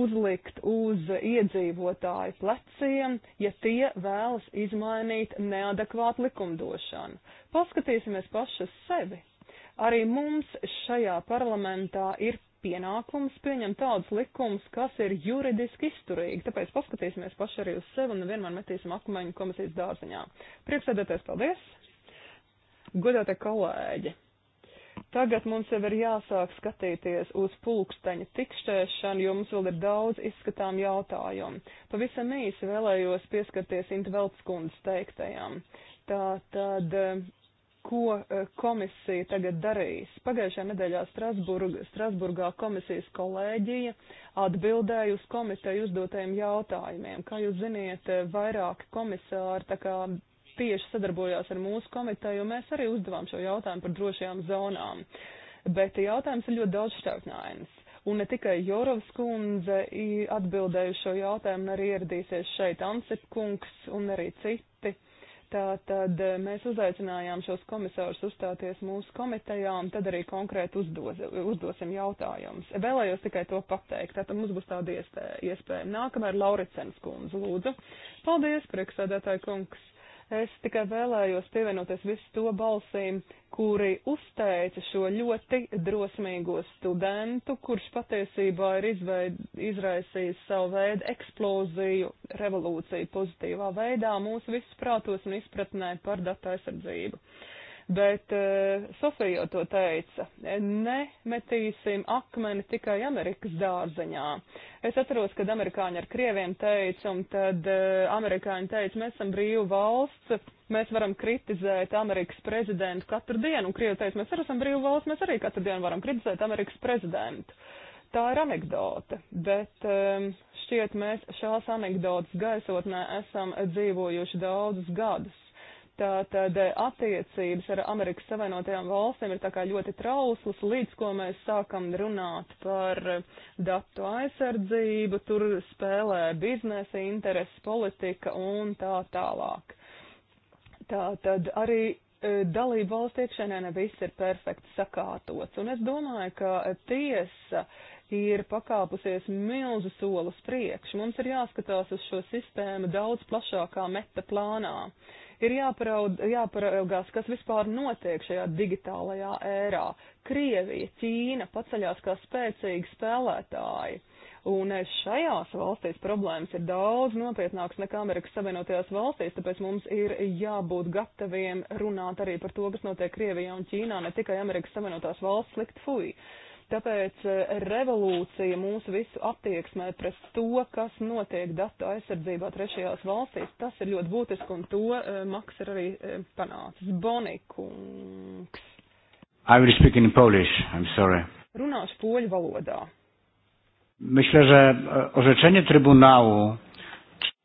uzlikt uz iedzīvotāju pleciem, ja tie vēlas izmainīt neadekvātu likumdošanu. Paskatīsimies paši uz sevi. Arī mums šajā parlamentā ir pienākums pieņemt tādus likumus, kas ir juridiski izturīgi. Tāpēc paskatīsimies paši arī uz sevi un nevienmēr metīsim akmeņu komisijas dārziņā. Prieksēdēties, paldies! Godātie kolēģi! Tagad mums jau ir jāsāk skatīties uz pulksteņa tikšķēšanu, jo mums vēl ir daudz izskatām jautājumu. Pavisam īsi vēlējos pieskarties Intveltskundas teiktajām. Tā tad ko eh, komisija tagad darīs. Pagājušajā nedēļā Strasburg, Strasburgā komisijas kolēģija atbildēja uz komiteju uzdotajiem jautājumiem. Kā jūs ziniet, eh, vairāki komisāri tā kā tieši sadarbojās ar mūsu komiteju, un mēs arī uzdevām šo jautājumu par drošajām zonām. Bet jautājums ir ļoti daudz šķautnājums un ne tikai Jorovs kundze atbildēju šo jautājumu, arī ieradīsies šeit Ansip kungs un arī citi. Tātad eh, mēs uzaicinājām šos komisārus uzstāties mūsu komitejā un tad arī konkrēti uzdos, uzdosim jautājumus. Vēlējos tikai to pateikt, tātad mums būs tāda iespēja. Nākamā ir Lauricens kundze, lūdzu. Paldies, priekšsēdētāji kungs. Es tikai vēlējos pievienoties visu to balsīm, kuri uzteica šo ļoti drosmīgo studentu, kurš patiesībā ir izveid, izraisījis savu veidu eksploziju, revolūciju pozitīvā veidā mūsu visus prātos un izpratnē par datu aizsardzību. Uh, bet uh, Sofija to teica, nemetīsim akmeni tikai Amerikas dārzeņā. Es atceros, kad amerikāņi ar krieviem teica, un tad uh, amerikāņi teica, mēs esam brīva valsts, mēs varam kritizēt Amerikas prezidentu katru dienu, un krievi teica, mēs arī esam brīva valsts, mēs arī katru dienu varam kritizēt Amerikas prezidentu. Tā ir anekdote, bet um, šķiet mēs šās anekdotas gaisotnē esam dzīvojuši daudzus gadus Tātad eh, attiecības ar Amerikas Savienotajām valstīm ir tā kā ļoti trauslas, līdz ko mēs sākam runāt par eh, datu aizsardzību, tur spēlē biznesa interesi, politika un tā tālāk. Tātad arī eh, dalību valsts iekšēnē ne viss ir perfekti sakārtots, un es domāju, ka tiesa ir pakāpusies milzu solus priekš. Mums ir jāskatās uz šo sistēmu daudz plašākā meta plānā. Uh, ir jāparaud, jāparaugās, kas vispār notiek šajā digitālajā ērā. Krievija, Ķīna paceļās kā spēcīgi spēlētāji. Un šajās valstīs problēmas ir daudz nopietnākas nekā Amerikas Savienotajās valstīs, tāpēc mums ir jābūt gataviem runāt arī par to, kas notiek Krievijā un Ķīnā, ne tikai Amerikas Savienotās valsts likt fuj. Tāpēc eh, revolūcija mūsu visu attieksmē pret to, kas notiek datu aizsardzībā trešajās valstīs, tas ir ļoti būtiski un to eh, Maks ir arī eh, panācis. Bonikungs. I will speak in Polish, I'm sorry. Runāšu poļu valodā. Myślę, że e, orzeczenie Trybunału.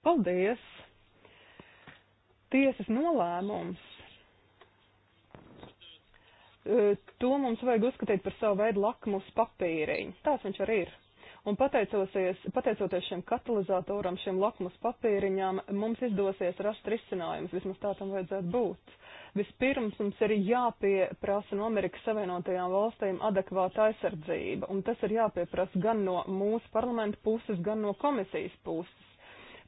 Paldies. Tiesas nolēmums Eh, to mums vajag uzskatīt par savu veidu lakmus papīriņu. Tās viņš arī ir. Un pateicoties šiem katalizatoram, šiem lakmus papīriņām, mums izdosies rast risinājumus, vismaz tā tam vajadzētu būt. Vispirms mums ir jāpieprasa no Amerikas Savienotajām valstīm adekvāta aizsardzība, un tas ir jāpieprasa gan no mūsu parlamenta puses, gan no komisijas puses.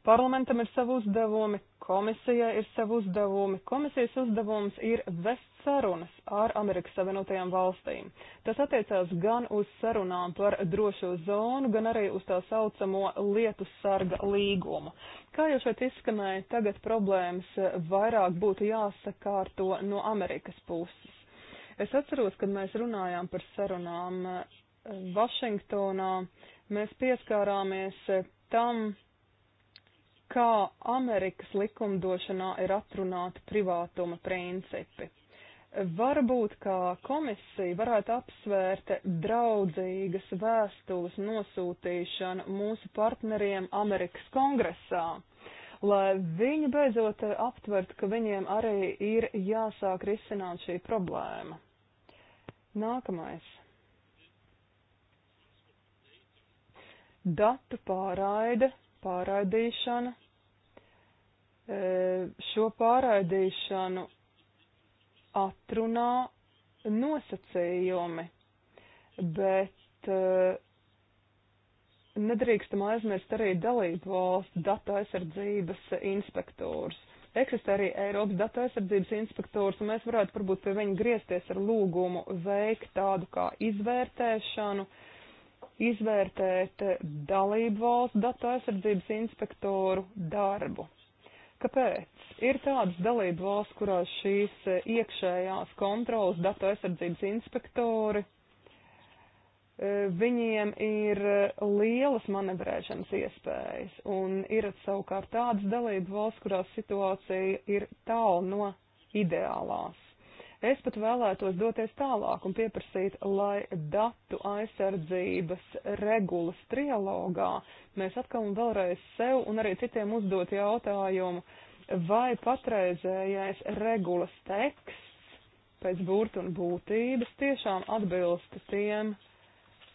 Parlamentam ir savi uzdevumi, komisijai ir savi uzdevumi. Komisijas uzdevums ir vest sarunas ar Amerikas Savienotajām valstīm. Tas attiecās gan uz sarunām par drošo zonu, gan arī uz tā saucamo lietu sarga līgumu. Kā jau šeit izskanēja, tagad problēmas vairāk būtu jāsakārto no Amerikas puses. Es atceros, kad mēs runājām par sarunām eh, Vašingtonā, mēs pieskārāmies tam, kā Amerikas likumdošanā ir atrunāti privātuma principi. Varbūt, kā komisija varētu apsvērt draudzīgas vēstules nosūtīšanu mūsu partneriem Amerikas kongresā, lai viņi beidzot aptvert, ka viņiem arī ir jāsāk risināt šī problēma. Nākamais. Datu pārraide pārraidīšana. E, šo pārraidīšanu atrunā nosacījumi, bet e, nedrīkstam aizmirst arī dalību valsts datu aizsardzības inspektors. Eksistē arī Eiropas datu aizsardzības inspektors, un mēs varētu varbūt pie viņa griezties ar lūgumu veikt tādu kā izvērtēšanu, uh, izvērtēt eh, dalību valsts datu aizsardzības inspektoru darbu. Kāpēc? Ir tādas dalību valsts, kurās šīs eh, iekšējās kontrolas datu aizsardzības inspektori, eh, viņiem ir lielas manevrēšanas iespējas, un ir savukārt tādas dalību valsts, kurās situācija ir tālu no ideālās. Es pat vēlētos doties tālāk un pieprasīt, lai datu aizsardzības regulas trialogā mēs atkal un vēlreiz sev un arī citiem uzdot jautājumu, vai patreizējais regulas teksts pēc burtu un būtības tiešām atbilst tiem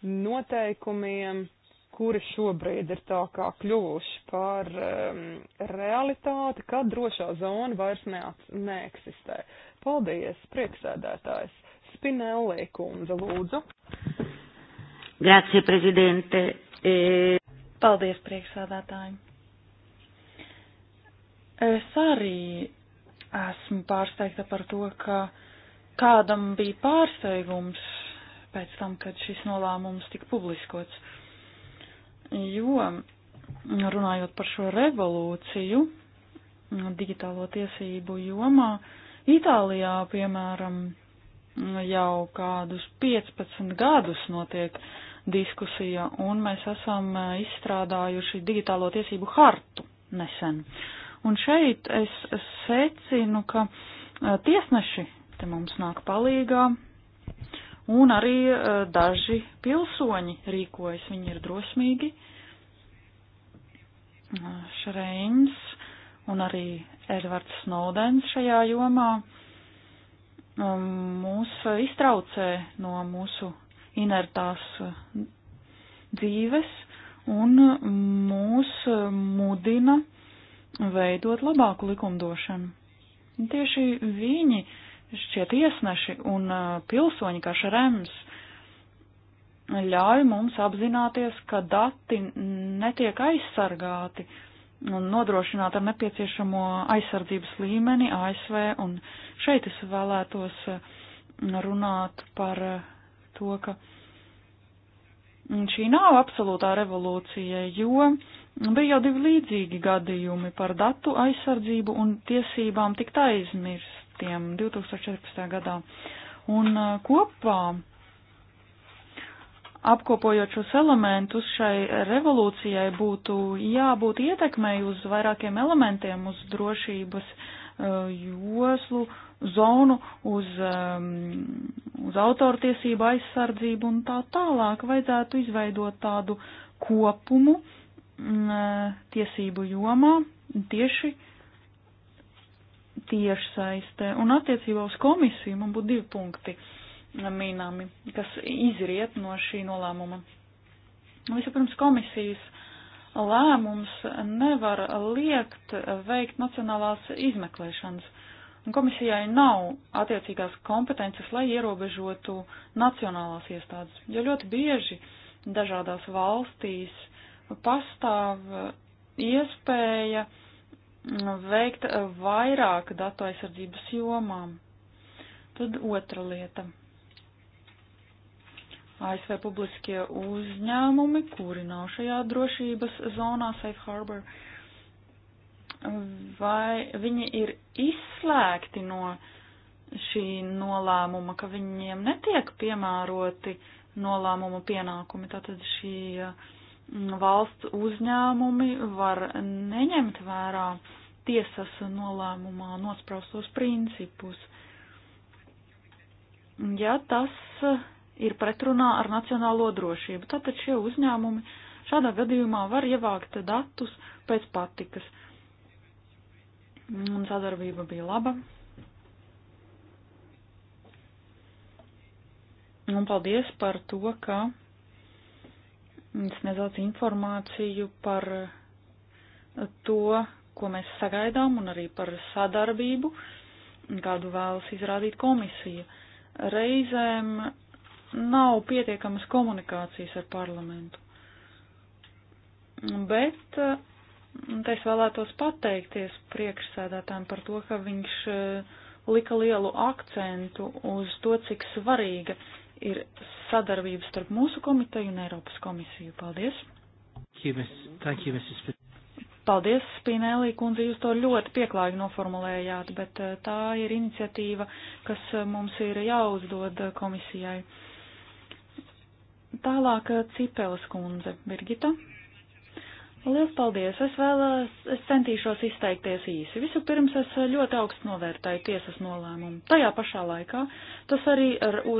noteikumiem, kuri šobrīd ir tā kā kļuvuši par um, realitāti, kad drošā zona vairs neat, neeksistē. Paldies, prieksēdētājs. Spinelli kundze, lūdzu. Grazie, prezidente. E... Paldies, prieksēdētāji. Es arī esmu pārsteigta par to, ka kādam bija pārsteigums pēc tam, kad šis nolēmums tika publiskots. Jo, runājot par šo revolūciju digitālo tiesību jomā, uh, Itālijā, piemēram, jau kādus 15 gadus notiek diskusija, un mēs esam eh, izstrādājuši digitālo tiesību hartu nesen. Un šeit es secinu, ka eh, tiesneši te mums nāk palīgā, un arī eh, daži pilsoņi rīkojas, viņi ir drosmīgi. Šreins un arī Edvards Snowdens šajā jomā um, mūs iztraucē no mūsu inertās uh, dzīves un mūs mudina veidot labāku likumdošanu. Tieši viņi, šie tiesneši un uh, pilsoņi kā šarems, ļauj mums apzināties, ka dati netiek aizsargāti un nodrošināt ar nepieciešamo aizsardzības līmeni ASV, un šeit es vēlētos mm, runāt par eh, to, ka mm, šī nav absolūtā revolūcija, jo bija jau divi līdzīgi gadījumi par datu aizsardzību un tiesībām tikt aizmirstiem 2014. gadā. Un eh, kopā apkopojot šos elementus, šai revolūcijai būtu jābūt ietekmei uz vairākiem elementiem, uz drošības eh, joslu, zonu, uz, ehm, uz autortiesību aizsardzību un tā tālāk vajadzētu izveidot tādu kopumu mm, eh, tiesību jomā tieši tiešsaistē. Un attiecībā uz komisiju man būtu divi punkti. Uh, mīnāmi, kas izriet no šī nolēmuma. Vispirms komisijas lēmums nevar liekt veikt nacionālās izmeklēšanas, un komisijai nav attiecīgās kompetences, lai ierobežotu nacionālās iestādes, jo ļoti bieži dažādās valstīs pastāv iespēja veikt vairāk datu aizsardzības jomām. Tad otra lieta ASV publiskie uzņēmumi, kuri nav šajā drošības zonā, Safe Harbor, vai viņi ir izslēgti no šī nolēmuma, ka viņiem netiek piemēroti nolēmuma pienākumi. Tātad šī mm, valsts uzņēmumi var neņemt vērā tiesas nolēmumā nospraustos principus. Ja tas ir pretrunā ar nacionālo drošību. Tātad šie uzņēmumi šādā gadījumā var ievākt datus pēc patikas. Un sadarbība bija laba. Un paldies par to, ka sniedzāt informāciju par to, ko mēs sagaidām, un arī par sadarbību, kādu vēlas izrādīt komisija. Reizēm nav pietiekamas komunikācijas ar parlamentu. Bet eh, es vēlētos pateikties priekšsēdētājiem par to, ka viņš eh, lika lielu akcentu uz to, cik svarīga ir sadarbība starp mūsu komiteju un Eiropas komisiju. Paldies! Thank you, Mrs. Paldies, Spinelī kundze, jūs to ļoti pieklājīgi noformulējāt, bet eh, tā ir iniciatīva, kas mums ir jāuzdod komisijai. Tālāk eh, Cipelas kundze, Birgita. Lielas paldies! Es vēlēs, es centīšos izteikties īsi. Vispirms es eh, ļoti augstu novērtēju tiesas nolēmumu. Tajā pašā laikā tas arī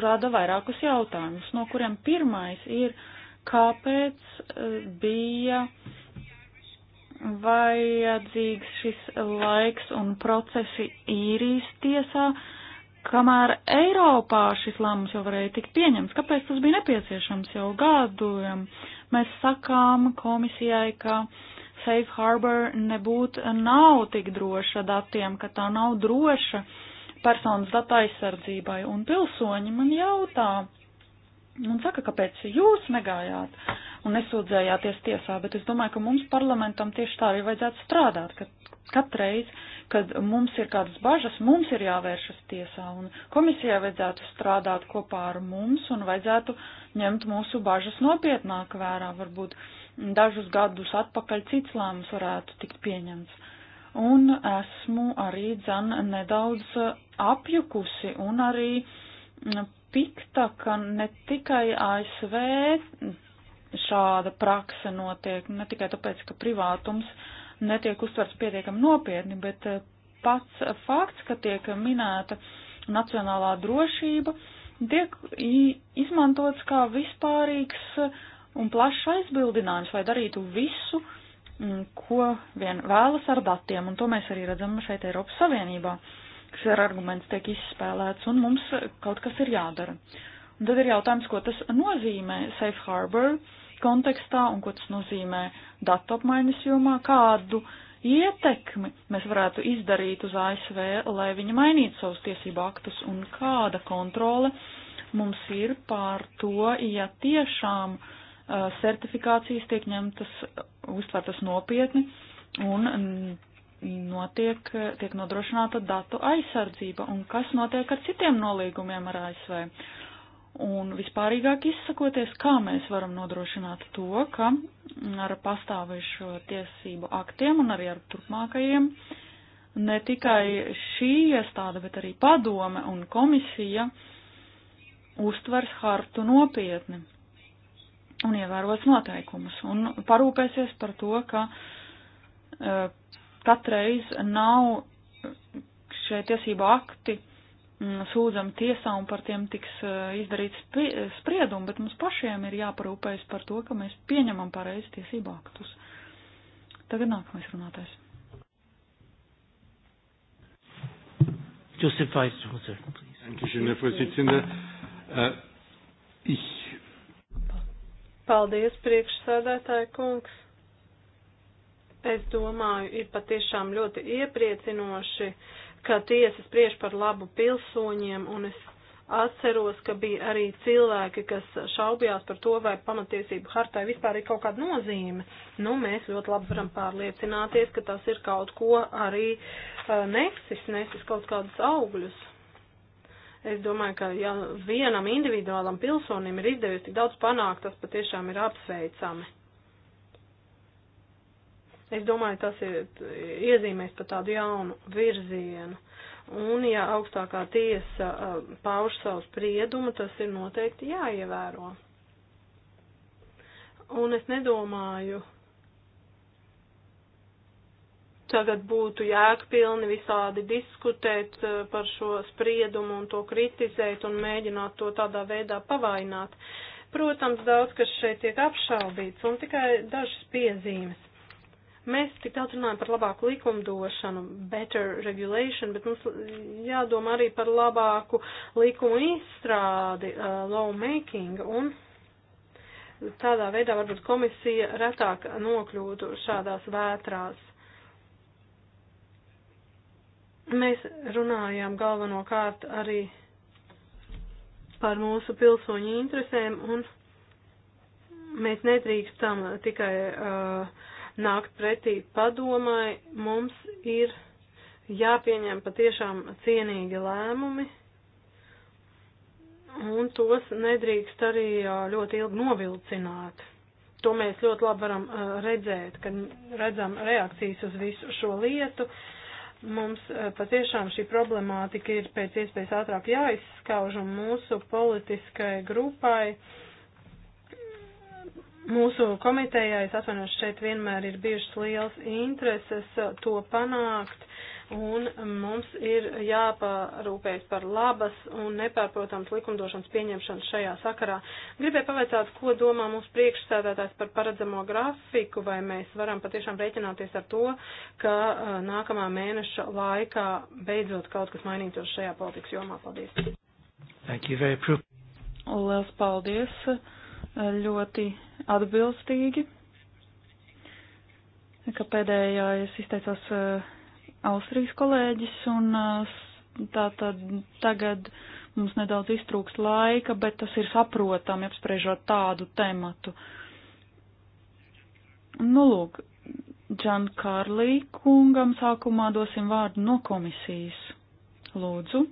rada vairākus jautājumus, no kuriem pirmais ir, kāpēc eh, bija vajadzīgs šis laiks un procesi īrijas tiesā, uh, kamēr Eiropā šis lēmums jau varēja tikt pieņemts. Kāpēc tas bija nepieciešams jau gadiem? Mēs sakām komisijai, ka Safe Harbor nebūtu nav tik droša datiem, ka tā nav droša personas data aizsardzībai. Un pilsoņi man jautā, un saka, kāpēc jūs negājāt un nesūdzējāties tiesā, bet es domāju, ka mums parlamentam tieši tā arī vajadzētu strādāt, ka Katreiz, kad mums ir kādas bažas, mums ir jāvēršas tiesā, un komisijai vajadzētu strādāt kopā ar mums, un vajadzētu ņemt mūsu bažas nopietnāk vērā. Varbūt dažus gadus atpakaļ cits lēmums varētu tikt pieņemts. Un esmu arī dzan nedaudz apjukusi un arī mm, pikta, ka ne tikai ASV šāda prakse notiek, ne tikai tāpēc, ka privātums netiek uztverts pietiekami nopietni, bet eh, pats fakts, ka tiek minēta nacionālā drošība, tiek izmantots kā vispārīgs eh, un plašs aizbildinājums, lai darītu visu, mm, ko vien vēlas ar datiem, un to mēs arī redzam šeit Eiropas Savienībā, kas ar arguments tiek izspēlēts, un mums eh, kaut kas ir jādara. Un tad ir jautājums, ko tas nozīmē Safe Harbor, uh, kontekstā un ko tas nozīmē datu apmaiņas jomā, kādu ietekmi mēs varētu izdarīt uz ASV, lai viņi mainītu savus tiesību aktus un kāda kontrole mums ir pār to, ja tiešām uh, certifikācijas tiek ņemtas, uztvērtas nopietni un mm, notiek, tiek nodrošināta datu aizsardzība un kas notiek ar citiem nolīgumiem ar ASV. Un vispārīgāk izsakoties, kā mēs varam nodrošināt to, ka ar pastāvējušo tiesību aktiem un arī ar turpmākajiem ne tikai šī iestāde, bet arī padome un komisija uztvers hartu nopietni un ievēros noteikumus un parūpēsies par to, ka uh, katreiz nav šie tiesību akti uh, Mm, sūdzam tiesā un par tiem tiks eh, izdarīts spriedumi, bet mums pašiem ir jāparūpējas par to, ka mēs pieņemam pareizi tiesību aktus. Tagad nākamais runātājs. Josef Weißhuser. Dankeschön, Herr Vorsitzender. Äh, ich. Paldies, priekšsādātāja kungs. Es domāju, ir patiešām ļoti iepriecinoši, uh, ka tiesa spriež par labu pilsoņiem, un es atceros, ka bija arī cilvēki, kas šaubījās par to, vai pamatiesību hartai vispār ir kaut kāda nozīme. Nu, mēs ļoti labi varam pārliecināties, ka tas ir kaut ko arī nesis, nesis kaut kādus augļus. Es domāju, ka ja vienam individuālam pilsonim ir izdevies tik daudz panākt, tas patiešām ir apsveicami. Es domāju, tas ir iezīmēs pa tādu jaunu virzienu. Un, ja augstākā tiesa uh, pauž savu spriedumu, tas ir noteikti jāievēro. Un es nedomāju, tagad būtu jēgpilni visādi diskutēt uh, par šo spriedumu un to kritizēt un mēģināt to tādā veidā pavainot. Protams, daudz kas šeit tiek apšaubīts un tikai dažas piezīmes. Mēs tik daudz runājam par labāku likumdošanu, better regulation, bet mums jādomā arī par labāku likumu izstrādi, uh, law making, un tādā veidā varbūt komisija retāk nokļūtu šādās vētrās. Mēs runājām galvenokārt arī par mūsu pilsoņu interesēm, un mēs nedrīkstam tikai uh, nākt pretī padomai, mums ir jāpieņem patiešām cienīgi lēmumi, un tos nedrīkst arī ļoti ilgi novilcināt. To mēs ļoti labi varam redzēt, kad redzam reakcijas uz visu šo lietu. Mums patiešām šī problemātika ir pēc iespējas ātrāk jāizskauž, un mūsu politiskai grupai uh, Mūsu komitejā, es atvainošu, šeit vienmēr ir bijušas liels intereses uh, to panākt, un mums ir jāparūpējas par labas un nepārprotams likumdošanas pieņemšanu šajā sakarā. Gribēju pavaicāt, ko domā mūsu priekšstādātājs par paredzamo grafiku, vai mēs varam patiešām rēķināties ar to, ka uh, nākamā mēneša laikā beidzot kaut kas mainītos šajā politikas jomā. Paldies! Lielas paldies! ļoti atbilstīgi, ka pēdējā es izteicos eh, Austrijas kolēģis un eh, tā tad tagad mums nedaudz iztrūks laika, bet tas ir saprotami apspriežot tādu tematu. Nu, lūk, Džan Kārlī kungam sākumā dosim vārdu no komisijas. Lūdzu.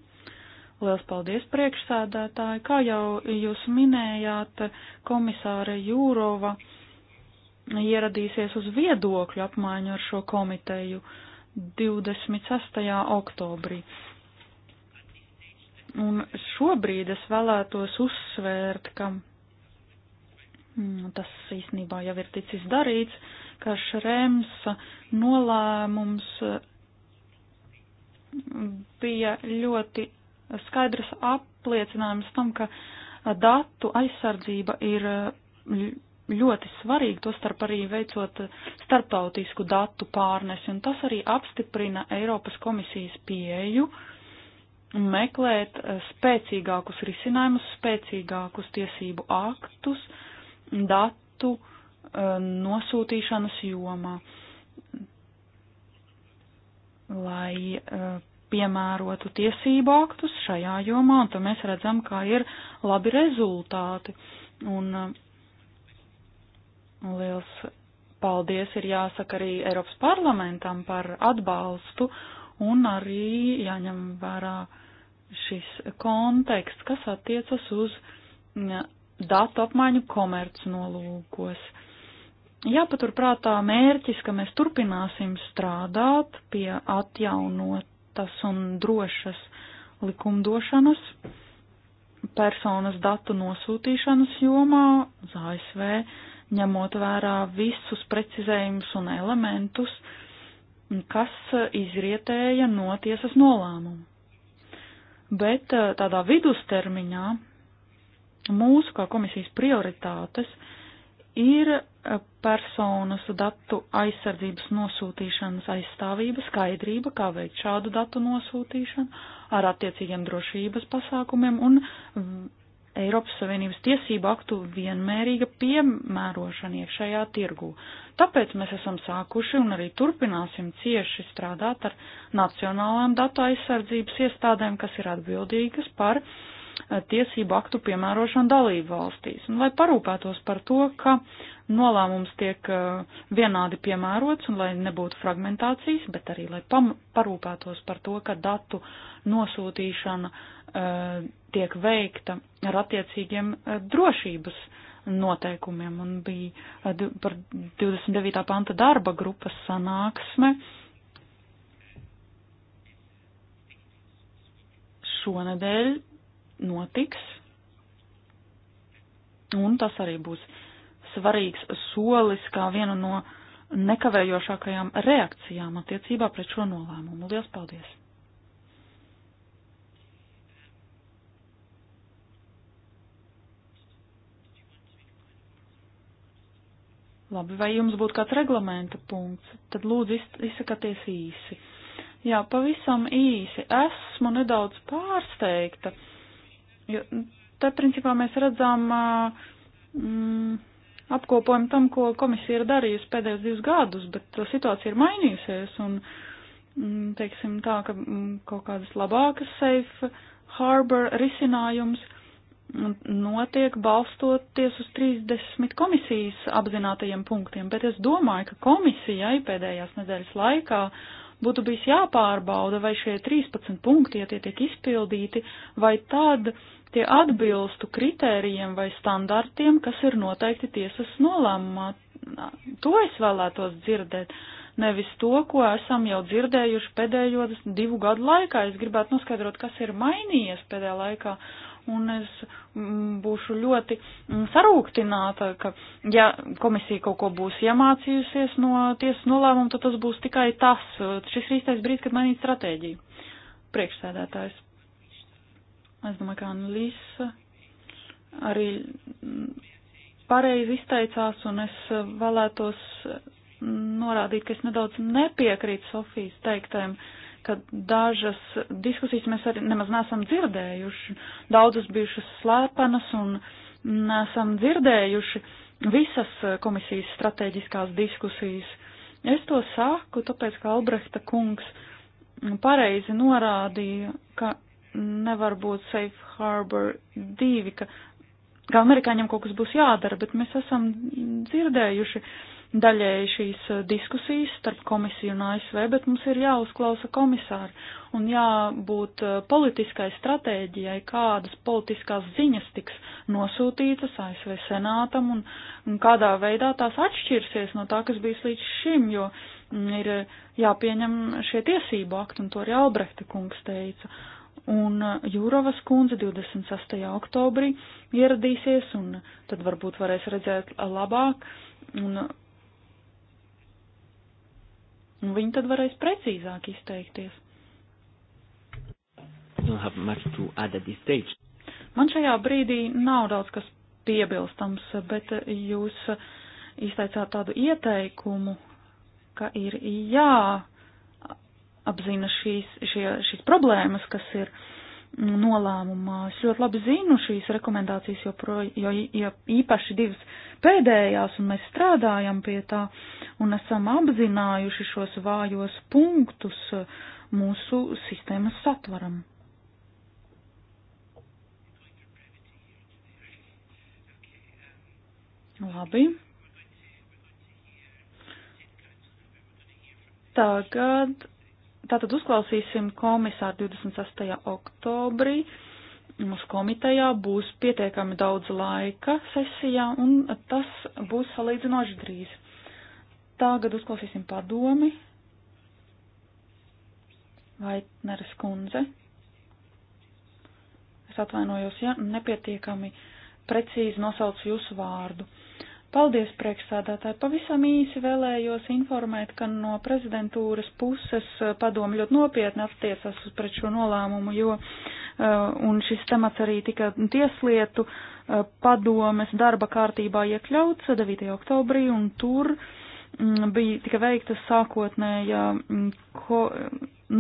Liels paldies priekšsēdētāji. Kā jau jūs minējāt, komisāra Jūrova ieradīsies uz viedokļu apmaiņu ar šo komiteju 26. oktobrī. Un šobrīd es vēlētos uzsvērt, ka mm, tas īstenībā jau ir ticis darīts, ka Šrems nolēmums bija ļoti skaidrs apliecinājums tam, ka datu aizsardzība ir ļoti svarīga, to starp arī veicot starptautisku datu pārnesi, un tas arī apstiprina Eiropas komisijas pieeju meklēt spēcīgākus risinājumus, spēcīgākus tiesību aktus datu nosūtīšanas jomā, lai piemērotu tiesību aktus šajā jomā, un tad mēs redzam, kā ir labi rezultāti. Uh, un liels paldies ir jāsaka arī Eiropas parlamentam par atbalstu un arī jāņem vērā šis konteksts, kas attiecas uz uh, datu apmaiņu komerc nolūkos. Jāpaturprātā mērķis, ka mēs turpināsim strādāt pie atjaunot atvērtas un drošas likumdošanas personas datu nosūtīšanas jomā uz ASV, ņemot vērā visus precizējumus un elementus, kas izrietēja no tiesas nolēmumu. Bet eh, tādā vidustermiņā mūsu kā komisijas prioritātes ir personas datu aizsardzības nosūtīšanas aizstāvība, skaidrība, kā veikt šādu datu nosūtīšanu ar attiecīgiem drošības pasākumiem un Eiropas Savienības tiesību aktu vienmērīga piemērošana iekšējā tirgū. Tāpēc mēs esam sākuši un arī turpināsim cieši strādāt ar nacionālām datu aizsardzības iestādēm, kas ir atbildīgas par uh, Eh, tiesību aktu piemērošanu dalību valstīs, un lai parūpētos par to, ka nolēmums tiek eh, vienādi piemērots un lai nebūtu fragmentācijas, bet arī lai parūpētos par to, ka datu nosūtīšana uh, tiek veikta ar attiecīgiem drošības noteikumiem, un bija par 29. panta darba grupas sanāksme, šonadēļ notiks, un tas arī būs svarīgs solis kā viena no nekavējošākajām reakcijām attiecībā pret šo nolēmumu. Lielas paldies! Labi, vai jums būtu kāds reglamenta punkts? Tad lūdzu izsakaties īsi. Jā, pavisam īsi. Esmu nedaudz pārsteigta. Uh, Jo, nu, tad, principā, mēs redzam mm, apkopojumu tam, ko komisija ir darījusi pēdējos divus gadus, bet situācija ir mainījusies un, mm, teiksim, tā, ka mm, kaut kādas labākas safe harbor risinājums notiek balstoties uz 30 komisijas apzinātajiem punktiem, bet es domāju, ka komisijai pēdējās nedēļas laikā uh, būtu bijis jāpārbauda, vai šie 13 punkti, ja tie tiek izpildīti, vai tad tie atbilstu kritērijiem vai standartiem, kas ir noteikti tiesas nolēmumā. To es vēlētos dzirdēt, nevis to, ko esam jau dzirdējuši pēdējo divu gadu laikā. Es gribētu noskaidrot, kas ir mainījies pēdējā laikā un es mm, būšu ļoti mm, sarūktināta, ka ja komisija kaut ko būs iemācījusies no tiesas nolēmuma, tad tas būs tikai tas. Eh, šis ir īstais brīdis, kad mainīt stratēģiju. Priekšsēdētājs. Es domāju, ka Anlīsa arī mm, pareizi izteicās, un es eh, vēlētos norādīt, ka es nedaudz nepiekrītu Sofijas teiktēm. Uh, ka dažas diskusijas mēs arī nemaz nesam dzirdējuši, daudzas bijušas slēpanas un nesam dzirdējuši visas komisijas strateģiskās diskusijas. Es to saku, tāpēc, ka Albrehta kungs pareizi norādīja, ka nevar būt Safe Harbor 2, ka, ka amerikāņiem kaut kas būs jādara, bet mēs esam dzirdējuši uh, daļēji šīs eh, diskusijas starp komisiju un ASV, bet mums ir jāuzklausa komisāri un jābūt eh, politiskai stratēģijai, kādas politiskās ziņas tiks nosūtītas ASV senātam un, un kādā veidā tās atšķirsies no tā, kas bijis līdz šim, jo mm, ir eh, jāpieņem šie tiesību akti, un to arī Albrehta kungs teica. Un Jūrovas kundze 26. oktobrī ieradīsies, un tad varbūt varēs redzēt labāk, un Un viņi tad varēs precīzāk izteikties. Man šajā brīdī nav daudz kas piebilstams, bet jūs izteicāt tādu ieteikumu, ka ir jā apzina šīs, šie, šīs problēmas, kas ir uh, nolēmumā. Es ļoti labi zinu šīs rekomendācijas, jo, pro, jo īpaši divas pēdējās, un mēs strādājam pie tā, un esam apzinājuši šos vājos punktus mūsu sistēmas satvaram. Labi. Tagad Tātad uzklausīsim komisāru 26. oktobrī. Mūsu komitejā būs pietiekami daudz laika sesijā, un tas būs salīdzinoši drīz. Tagad uzklausīsim padomi. Vai Neres kundze? Es atvainojos, ja nepietiekami precīzi nosaucu jūsu vārdu. Paldies, priekšsādātāji. Pavisam īsi vēlējos informēt, ka no prezidentūras puses eh, padomu ļoti nopietni attiecas pret šo nolēmumu, jo eh, un šis temats arī tika tieslietu eh, padomes darba kārtībā iekļauts 9. oktobrī, un tur mm, bija tika veikta sākotnēja mm, ko,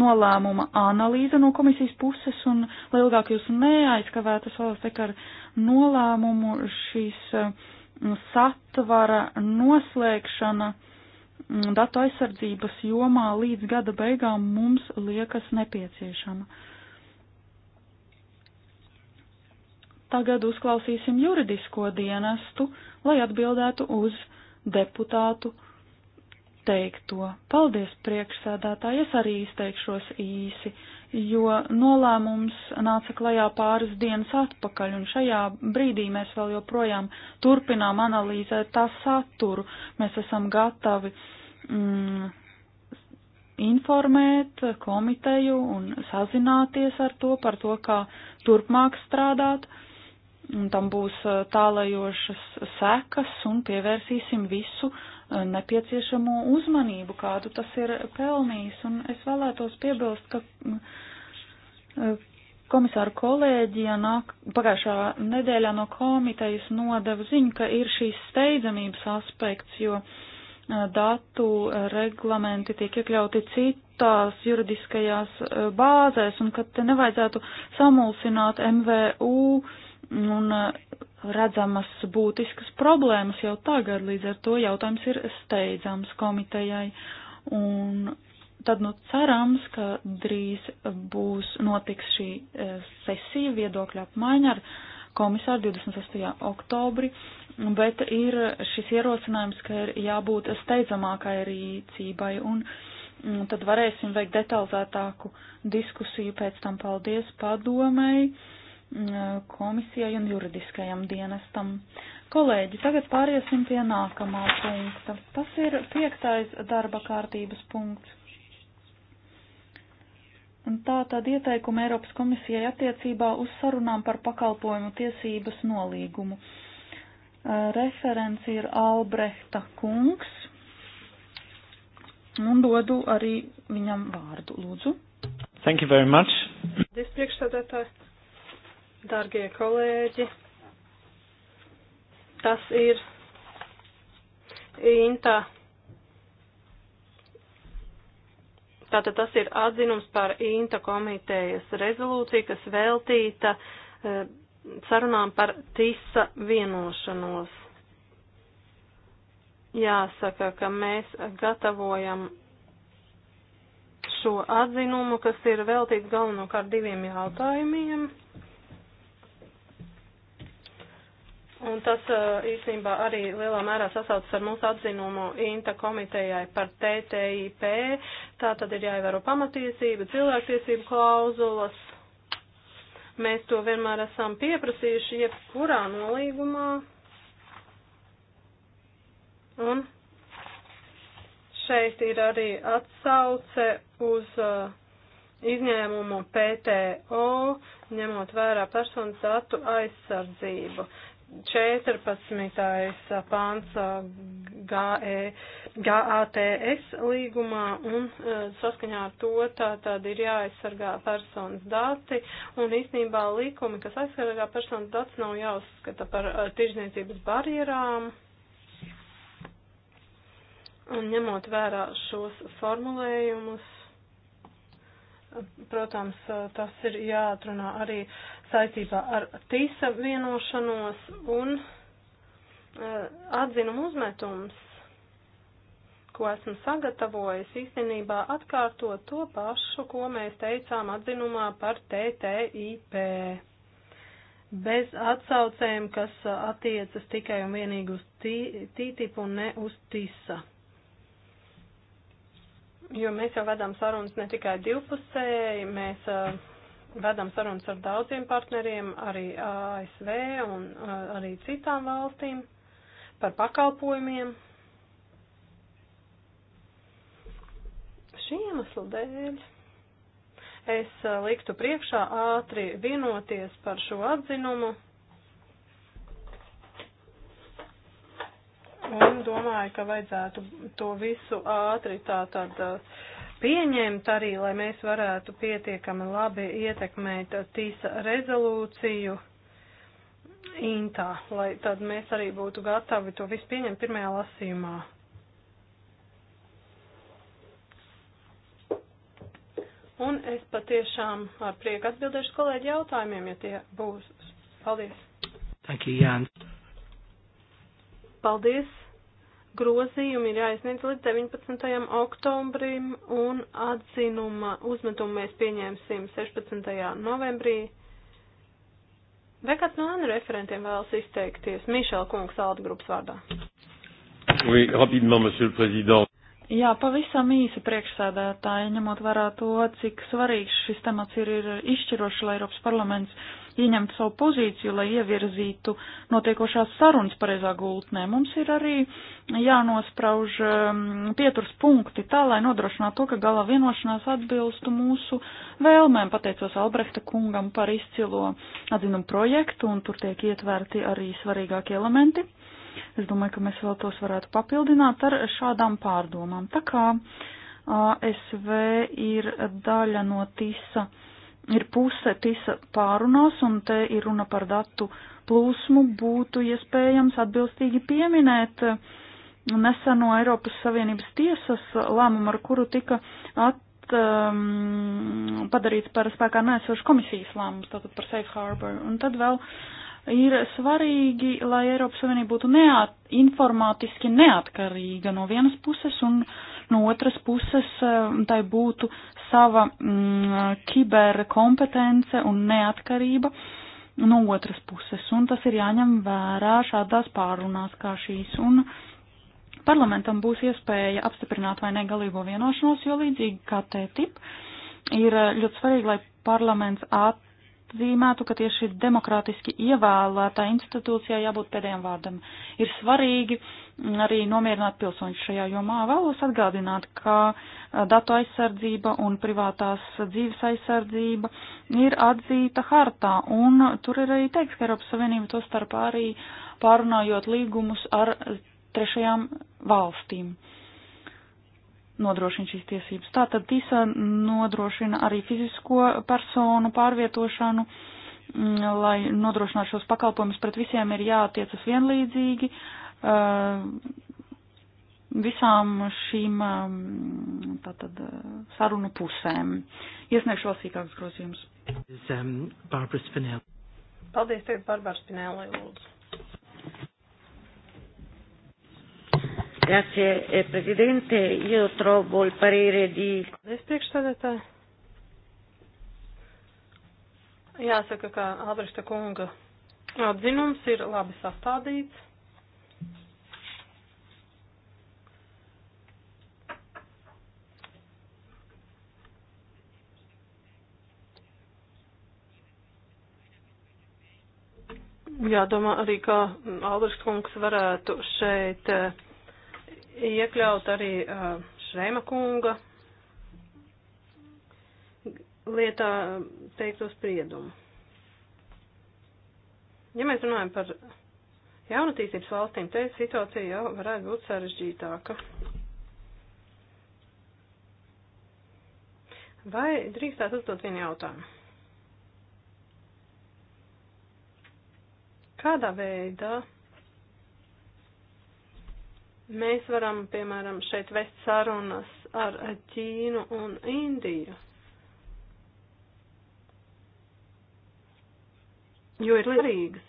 nolēmuma analīze no komisijas puses, un lai ilgāk jūs neaizkavētu, es vēlos teikt ar nolēmumu šīs Mm, satvara noslēgšana mm, datu aizsardzības jomā līdz gada beigām mums liekas nepieciešama. Tagad uzklausīsim juridisko dienestu, lai atbildētu uz deputātu teikto. Paldies, priekšsēdētāji, es arī izteikšos īsi, jo nolēmums nāca klajā pāris dienas atpakaļ, un šajā brīdī mēs vēl joprojām turpinām analīzēt tā saturu. Mēs esam gatavi mm, informēt komiteju un sazināties ar to par to, kā turpmāk strādāt. Un tam būs uh, tālajošas sekas un pievērsīsim visu uh, nepieciešamo uzmanību, kādu tas ir pelnījis. Un es vēlētos piebilst, ka e, komisāru kolēģija nāk, pagājušā nedēļā no komitejas nodeva ziņu, ka ir šīs steidzamības aspekts, jo e, datu reglamenti tiek iekļauti citās juridiskajās e, bāzēs un ka te nevajadzētu samulsināt MVU uh, un uh, redzamas būtiskas problēmas jau tagad, līdz ar to jautājums ir steidzams komitejai. Un tad nu cerams, ka drīz būs notiks šī uh, sesija viedokļa apmaiņa ar komisāru 26. oktobri, bet ir šis ierosinājums, ka ir jābūt steidzamākai rīcībai un mm, tad varēsim veikt detalizētāku diskusiju pēc tam paldies padomēji E, komisijai un juridiskajam dienestam. Kolēģi, tagad pāriesim pie nākamā punkta. Tas ir piektais darba kārtības punkts. Un tā tad ieteikuma Eiropas komisijai attiecībā uz sarunām par pakalpojumu tiesības nolīgumu. E, referents ir Albrehta kungs. Un dodu arī viņam vārdu, lūdzu. Thank you very much. Paldies, priekšsādātājs. Dargie kolēģi, tas ir Inta. Tātad tas ir atzinums par Inta komitejas rezolūciju, kas veltīta eh, sarunām par TISA vienošanos. Jāsaka, ka mēs gatavojam šo atzinumu, kas ir veltīts galvenokārt diviem jautājumiem. Un tas īstenībā arī lielā mērā sasaucas ar mūsu atzinumu INTA komitejai par TTIP. Tā tad ir jāievēro pamatiesība, cilvēktiesību klauzulas. Mēs to vienmēr esam pieprasījuši jebkurā nolīgumā. Un šeit ir arī atsauce uz uh, izņēmumu PTO, ņemot vērā personas datu aizsardzību. Uh, 14. pāns uh, GATS e, līgumā un uh, saskaņā ar to tā tad ir jāaizsargā personas dati un īstenībā likumi, kas aizsargā personas dats, nav jāuzskata par uh, tirzniecības barjerām. Un ņemot vērā šos formulējumus, Protams, tas ir jāatrunā arī saistībā ar tīsa vienošanos un e, atzinuma uzmetums, ko esmu sagatavojis, īstenībā atkārto to pašu, ko mēs teicām atzinumā par TTIP. Bez atsaucēm, kas attiecas tikai un vienīgi uz TTIP un ne uz TISA jo mēs jau vedam sarunas ne tikai divpusēji, mēs uh, vedam sarunas ar daudziem partneriem, arī ASV un uh, arī citām valstīm par pakalpojumiem. Šī iemesla dēļ es uh, liktu priekšā ātri vienoties par šo atzinumu un domāju, ka vajadzētu to visu ātri tā tad uh, pieņemt arī, lai mēs varētu pietiekami labi ietekmēt uh, tīsa rezolūciju intā, lai tad mēs arī būtu gatavi to visu pieņemt pirmajā lasījumā. Un es patiešām ar prieku atbildēšu kolēģi jautājumiem, ja tie būs. Paldies! Thank you, Jānis. Paldies, grozījumi ir jāizniedz līdz 19. oktobrim un atzinuma uzmetumu mēs pieņēmsim 16. novembrī. Vai kāds no ANU referentiem vēlas izteikties? Mišela kungs, Alda grupas vārdā. Oui, rapidement, monsieur le président. Jā, pavisam īsi priekšsēdētāji, ņemot vērā to, cik svarīgs šis temats ir, ir izšķiroši, lai Eiropas parlaments uh, ieņemt savu pozīciju, lai ievirzītu notiekošās sarunas pareizā gultnē. Mums ir arī jānosprauž um, pieturs punkti tā, lai nodrošinātu to, ka galā vienošanās atbilstu mūsu vēlmēm. Pateicos Albrehta kungam par izcilo atzinumu projektu, un tur tiek ietverti arī svarīgākie elementi. Es domāju, ka mēs vēl tos varētu papildināt ar šādām pārdomām. Tā kā ASV ir daļa no TISA ir puse tisa pārunās, un te ir runa par datu plūsmu, būtu iespējams atbilstīgi pieminēt neseno Eiropas Savienības tiesas lēmumu, ar kuru tika at, um, padarīts par spēkā nēsošu komisijas lēmumus, tātad par Safe Harbor. Un tad vēl ir svarīgi, lai Eiropas Savienība būtu neat, informātiski neatkarīga no vienas puses un uh, no otras puses eh, tai būtu sava mm, kiberkompetence un neatkarība no otras puses, un tas ir jāņem vērā šādās pārunās kā šīs. Un, Parlamentam būs iespēja apstiprināt vai negalīgo vienošanos, jo līdzīgi kā TTIP ir eh, ļoti svarīgi, lai parlaments at, zīmētu, ka tieši demokrātiski ievēlētā institūcijā jābūt pēdējiem vārdam. Ir svarīgi arī nomierināt pilsoņus šajā jomā. Vēlos atgādināt, ka eh, datu aizsardzība un privātās dzīves aizsardzība ir atzīta hartā, un tur ir arī teiks, ka Eiropas Savienība to starp arī pārunājot līgumus ar trešajām valstīm. Uh, nodrošina šīs tiesības. Tātad TISA nodrošina arī fizisko personu pārvietošanu, mm, lai nodrošinātu šos pakalpojumus pret visiem ir jātiecas vienlīdzīgi. Eh, visām šīm mm, tātad, eh, sarunu pusēm iesniegšu vēl sīkākus grozījumus. Um, Paldies, tev, Barbara Spinelli, lūdzu. Grazie eh, Presidente, io trovo il parere di... Es priekšsēdētāji. Jāsaka, ka Albrešta kunga atzinums ir labi sastādīts. Jādomā arī, ka Albrešta kungs varētu šeit. Eh, iekļaut arī uh, Šreima kunga lietā uh, teikto spriedumu. Ja mēs runājam par jaunatīstības valstīm, te situācija jau varētu būt sarežģītāka. Vai drīkstāt uzdot vienu jautājumu? Kādā veidā Mēs varam, piemēram, šeit vest sarunas ar Ķīnu un Indiju. Jo ir līdzīgas.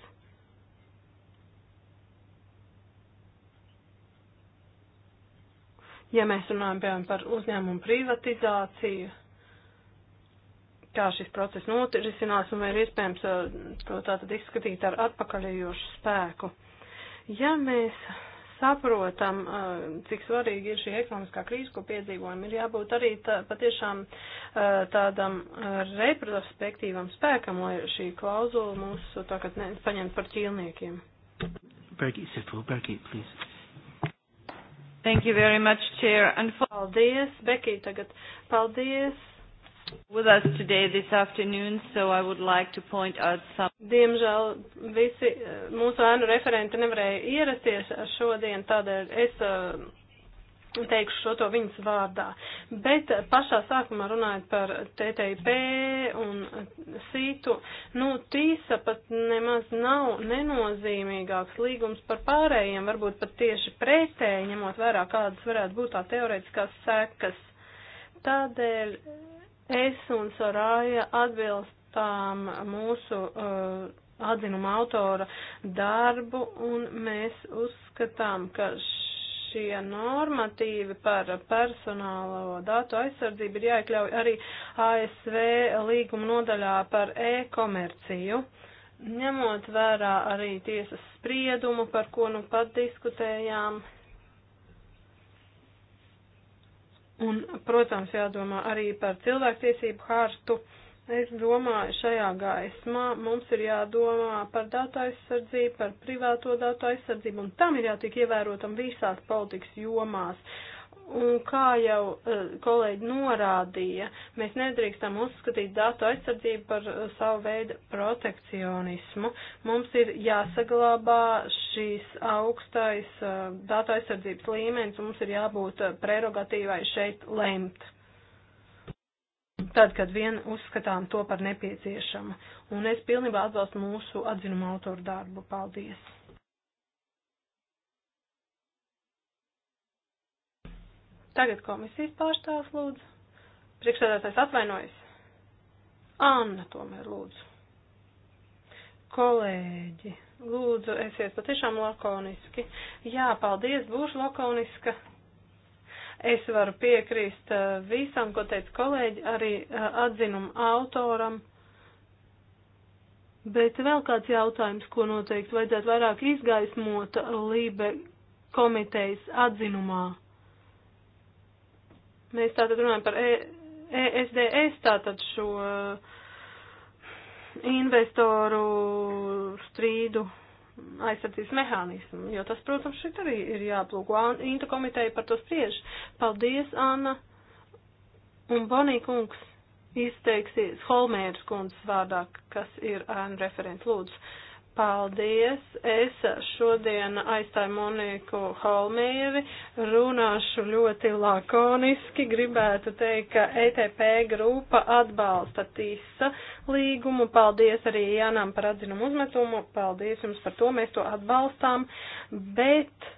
Ja mēs runājam, piemēram, par uzņēmumu privatizāciju, kā šis process notirisinās un vai ir iespējams uh, to tātad izskatīt ar atpakaļējošu spēku. Ja mēs saprotam, eh, cik svarīgi ir šī ekonomiskā krīze, ko piedzīvojam. Ir jābūt arī tā, patiešām eh, tādam eh, retrospektīvam spēkam, lai šī klauzula mūs tagad paņemt par ķīlniekiem. Bergi, Sifu, Bergi, please. Thank you very much, Chair. And for... Paldies, Bekī, tagad. Paldies with us today this afternoon, so I would like to point out some. Diemžēl visi eh, mūsu ēnu referenti nevarēja ierasties šodien, tādēļ es eh, teikšu šo to viņas vārdā. Bet eh, pašā sākumā runājot par TTIP un citu, nu, tīsa pat nemaz nav nenozīmīgāks līgums par pārējiem, varbūt pat tieši pretēji, ņemot vērā, kādas varētu būt tā teorētiskās sekas. Tādēļ Es un Sorāja atbilstām mūsu uh, atzinuma autora darbu, un mēs uzskatām, ka šie normatīvi par personālo datu aizsardzību ir jāiekļauj arī ASV līguma nodaļā par e-komerciju. Ņemot vērā arī tiesas spriedumu, par ko nu pat diskutējām, Un, protams, jādomā arī par cilvēktiesību hārtu. Es domāju, šajā gaismā mums ir jādomā par datu aizsardzību, par privāto datu aizsardzību, un tam ir jātiek ievērotam visās politikas jomās. Un kā jau eh, kolēģi norādīja, mēs nedrīkstam uzskatīt datu aizsardzību par eh, savu veidu protekcionismu. Mums ir jāsaglabā šīs augstais eh, datu aizsardzības līmenis, un mums ir jābūt prerogatīvai šeit lemt. Tad, kad vien uzskatām to par nepieciešamu. Un es pilnībā atbalstu mūsu atzinumu autoru darbu. Paldies! Tagad komisijas pārstāvs lūdzu. Priekšsēdētājs atvainojas. Anna tomēr lūdzu. Kolēģi, lūdzu, esiet patiešām lakoniski. Jā, paldies, būšu lakoniska. Es varu piekrīst eh, visam, ko teica kolēģi, arī eh, atzinumu autoram. Bet vēl kāds jautājums, ko noteikti vajadzētu vairāk izgaismot Lībe komitejas atzinumā Mēs tātad runājam par ESDS, e tātad šo uh, investoru strīdu aizsardzības mehānismu, jo tas, protams, šit arī ir jāplūko. Inta komiteja par to spriež. Paldies, Anna. Un Bonī kungs izteiksies Holmēras kundzes vārdā, kas ir ēnu referents lūdzu. Paldies! Es šodien aizstāju Moniku Holmieri, runāšu ļoti lakoniski, gribētu teikt, ka ETP grupa atbalsta TISA līgumu, paldies arī Jānām par atzinumu uzmetumu, paldies jums par to, mēs to atbalstām, bet,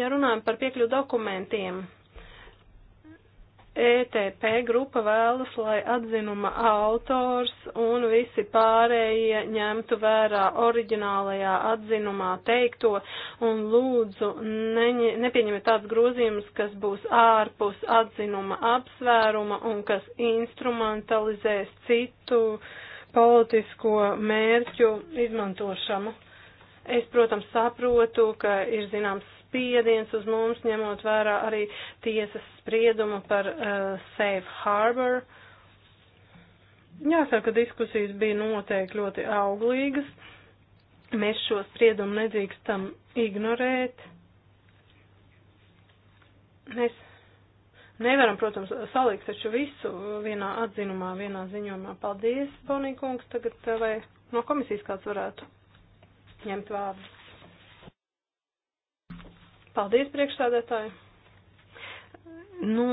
ja runājam par piekļu dokumentiem, ETP grupa vēlas, lai atzinuma autors un visi pārējie ņemtu vērā oriģinālajā atzinumā teikto un lūdzu neņi, nepieņemiet tāds grozījums, kas būs ārpus atzinuma apsvēruma un kas instrumentalizēs citu politisko mērķu izmantošanu. Es, protams, saprotu, ka ir zināms spiediens uz mums, ņemot vērā arī tiesas spriedumu par uh, Safe Harbor. Jāsaka, diskusijas bija noteikti ļoti auglīgas. Mēs šo spriedumu nedrīkstam ignorēt. Mēs nevaram, protams, salikt taču visu vienā atzinumā, vienā ziņojumā. Paldies, Bonīkungs, tagad uh, vai no komisijas kāds varētu ņemt vārdu. Paldies, priekšstādētāji. Nu,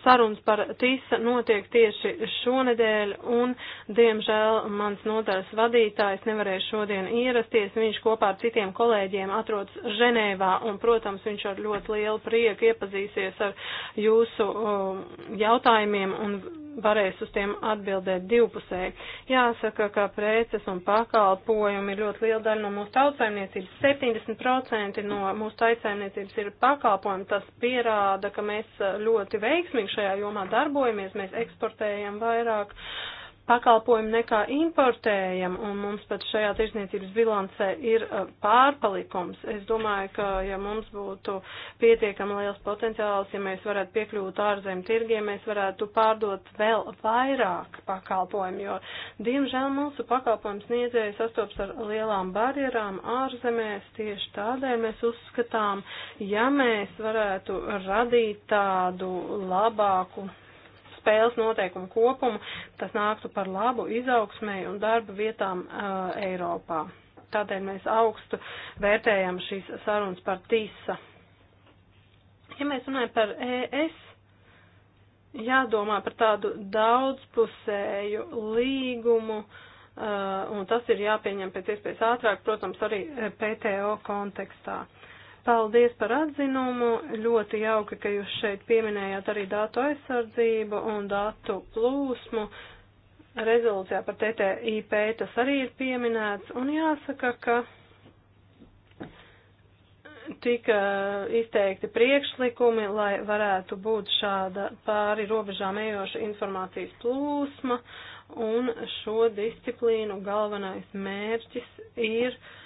sarunas par TISA notiek tieši šonedēļ, un, diemžēl, mans nodaļas vadītājs nevarēja šodien ierasties. Viņš kopā ar citiem kolēģiem atrodas Ženēvā, un, protams, viņš ar ļoti lielu prieku iepazīsies ar jūsu um, jautājumiem un varēs uz tiem atbildēt divpusēji. Jāsaka, ka preces un pakalpojumi ir ļoti liela daļa no mūsu tautsaimniecības. 70% no mūsu tautsaimniecības ir pakalpojumi. Tas pierāda, ka mēs ļoti veiksmīgi šajā jomā darbojamies, mēs eksportējam vairāk. Uh, pakalpojumu nekā importējam, un mums pat šajā tirsniecības bilancē ir uh, pārpalikums. Es domāju, ka ja mums būtu pietiekami liels potenciāls, ja mēs varētu piekļūt ārzem tirgiem, mēs varētu pārdot vēl vairāk pakalpojumu, jo, diemžēl, mūsu pakalpojums sniedzēji sastops ar lielām barjerām ārzemēs. Tieši tādēļ mēs uzskatām, ja mēs varētu radīt tādu labāku spēles noteikumu kopumu, tas nāktu par labu izaugsmēji un darba vietām uh, Eiropā. Tādēļ mēs augstu vērtējam šīs sarunas par TISA. Ja mēs runājam par ES, jādomā par tādu daudzpusēju līgumu, uh, un tas ir jāpieņem pēc iespējas ātrāk, protams, arī PTO kontekstā. Uh, Paldies par atzinumu. Ļoti jauki, ka jūs šeit pieminējāt arī datu aizsardzību un datu plūsmu. Rezolūcijā par TTIP tas arī ir pieminēts. Un jāsaka, ka tika izteikti priekšlikumi, lai varētu būt šāda pāri robežām ejoša informācijas plūsma, un šo disciplīnu galvenais mērķis ir uh,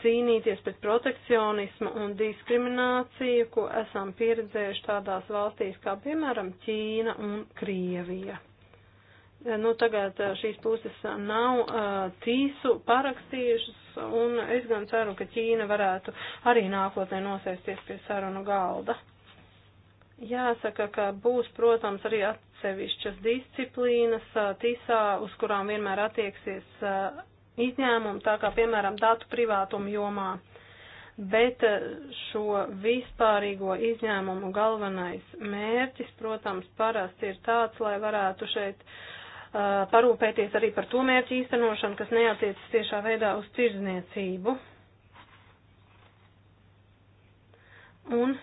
cīnīties pret protekcionismu un diskrimināciju, ko esam pieredzējuši tādās valstīs kā, piemēram, Ķīna un Krievija. Nu, tagad šīs puses nav tīsu parakstījušas, un es gan ceru, ka Ķīna varētu arī nākotnē nosēsties pie sarunu galda. Jāsaka, ka būs, protams, arī atsevišķas disciplīnas tīsā, uz kurām vienmēr attieksies izņēmumu, tā kā piemēram datu privātumu jomā. Bet eh, šo vispārīgo izņēmumu galvenais mērķis, protams, parasti ir tāds, lai varētu šeit uh, parūpēties arī par to mērķu īstenošanu, kas neatiecas tiešā veidā uz tirdzniecību. Un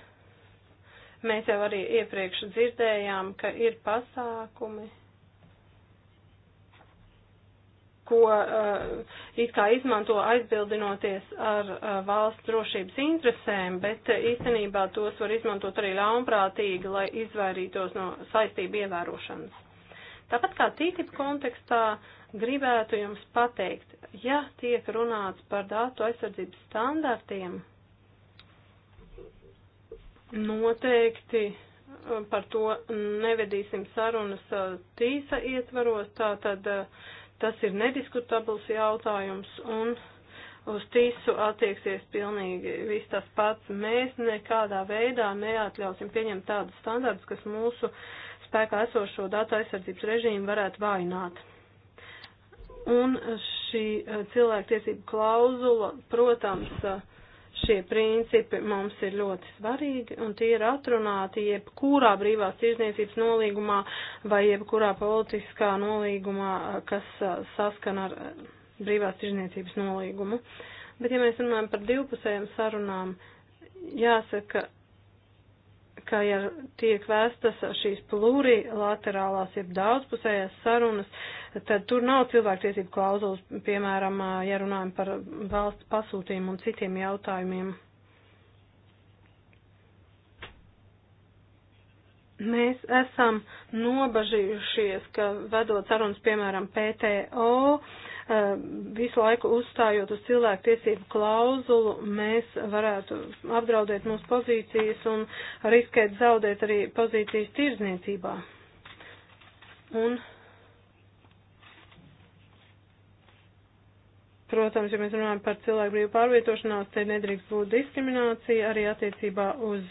mēs jau arī iepriekš dzirdējām, ka ir pasākumi, ko eh, it kā izmanto aizbildinoties ar eh, valsts drošības interesēm, bet eh, īstenībā tos var izmantot arī ļaunprātīgi, lai izvairītos no saistību ievērošanas. Tāpat kā TTIP kontekstā gribētu jums pateikt, ja tiek runāts par datu aizsardzības standartiem, noteikti par to nevedīsim sarunas tīsa ietvaros, tātad uh, Tas ir nediskutabls jautājums un uz tīsu attieksies pilnīgi viss tas pats. Mēs nekādā veidā neatļausim pieņemt tādus standartus, kas mūsu spēkā esošo datu aizsardzības režīmu varētu vājināt. Un šī eh, cilvēktiesību klauzula, protams, uh, Šie principi mums ir ļoti svarīgi un tie ir atrunāti jebkurā brīvās tirzniecības nolīgumā vai jebkurā politiskā nolīgumā, kas saskana ar brīvās tirzniecības nolīgumu. Bet ja mēs runājam par divpusējām sarunām, jāsaka, ka ja tiek vēstas šīs plurilaterālās, jeb daudzpusējās sarunas, tad tur nav cilvēktiesību klauzulas, piemēram, ja runājam par valsts pasūtījumu un citiem jautājumiem. Mēs esam nobažījušies, ka vedot sarunas, piemēram, PTO, uh, Eh, visu laiku uzstājot uz cilvēku tiesību klauzulu, mēs varētu apdraudēt mūsu pozīcijas un riskēt zaudēt arī pozīcijas tirzniecībā. Un Protams, ja mēs runājam par cilvēku brīvu pārvietošanos, te nedrīkst būt diskriminācija arī attiecībā uz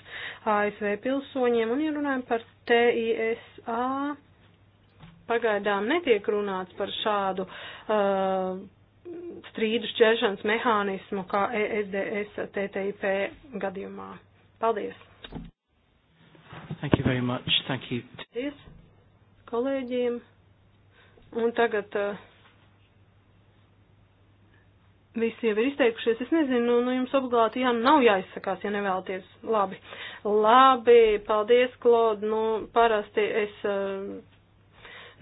ASV pilsoņiem. Un, ja runājam par TISA, Pagaidām netiek runāts par šādu uh, strīdu šķēršanas mehānismu kā ESDS TTIP gadījumā. Paldies! Thank you very much. Thank you. Paldies kolēģiem. Un tagad uh, visi jau ir izteikušies. Es nezinu, nu, nu jums obligāti jā, nav jāizsakās, ja nevēlaties. Labi. Labi, paldies, Klod. Nu, parasti es uh,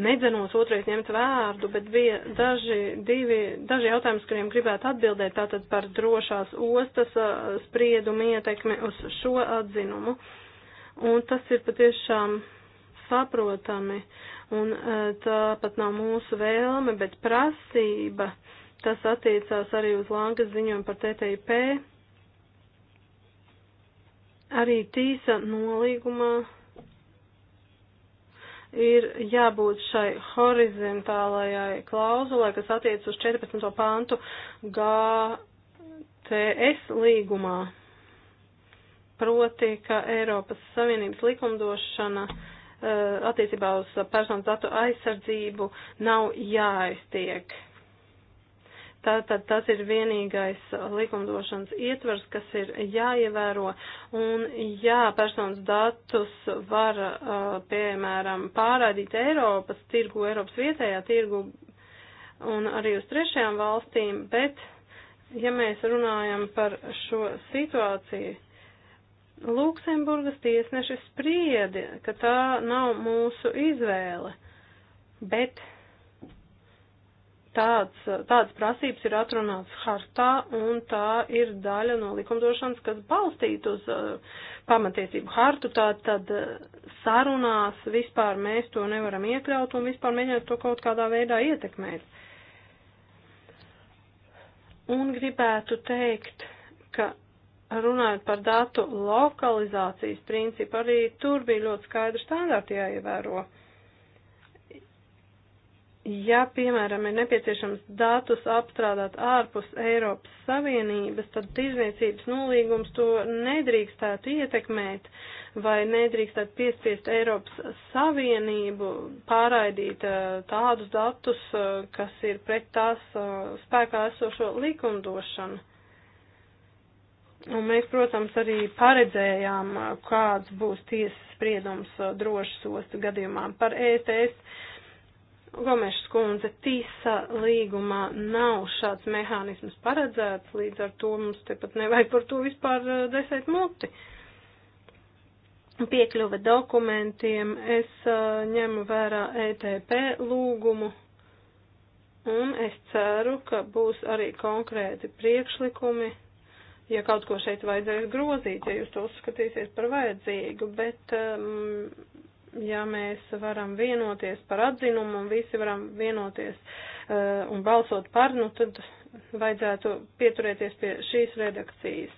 nedzenos otrais ņemt vērdu, bet bija daži, divi, daži jautājums, kuriem gribētu atbildēt tātad par drošās ostas spriedumu ietekmi uz šo atzinumu. Un tas ir patiešām saprotami, un tāpat nav mūsu vēlme, bet prasība, tas attiecās arī uz Lankas ziņojumu par TTIP. Arī tīsa nolīgumā ir jābūt šai horizontālajai klauzulai, kas attiec uz 14. pantu GTS līgumā. Proti, ka Eiropas Savienības likumdošana eh, attiecībā uz personas datu aizsardzību nav jāaiztiek Tātad tas ir vienīgais likumdošanas ietvers, kas ir jāievēro. Un jā, personas datus var, piemēram, pārādīt Eiropas tirgu, Eiropas vietējā tirgu un arī uz trešajām valstīm, bet, ja mēs runājam par šo situāciju, Luksemburgas tiesneši spriedi, ka tā nav mūsu izvēle, bet Tāds, tāds prasības ir atrunāts hartā, un tā ir daļa no likumdošanas, kas balstīta uz uh, pamatiesību hartu, tā tad uh, sarunās vispār mēs to nevaram iekļaut un vispār mēģināt to kaut kādā veidā ietekmēt. Un gribētu teikt, ka runājot par datu lokalizācijas principu, arī tur bija ļoti skaidri standarti jāievēro. Ja Ja, piemēram, ir nepieciešams datus apstrādāt ārpus Eiropas Savienības, tad tirzniecības nolīgums to nedrīkstētu ietekmēt vai nedrīkstētu piespiest Eiropas Savienību pārraidīt eh, tādus datus, eh, kas ir pret tās eh, spēkā esošo likumdošanu. Un mēs, protams, arī paredzējām, kāds būs tiesas spriedums drošas ostu gadījumā par ETS Gomeša skundze, tīsa līgumā nav šāds mehānisms paredzēts, līdz ar to mums te pat nevajag par to vispār eh, desēt muti. Piekļuve dokumentiem, es eh, ņemu vērā ETP lūgumu un es ceru, ka būs arī konkrēti priekšlikumi, ja kaut ko šeit vajadzēs grozīt, ja jūs to uzskatīsiet par vajadzīgu, bet um, ja mēs varam vienoties par atzinumu un visi varam vienoties uh, un balsot par, nu tad vajadzētu pieturēties pie šīs redakcijas.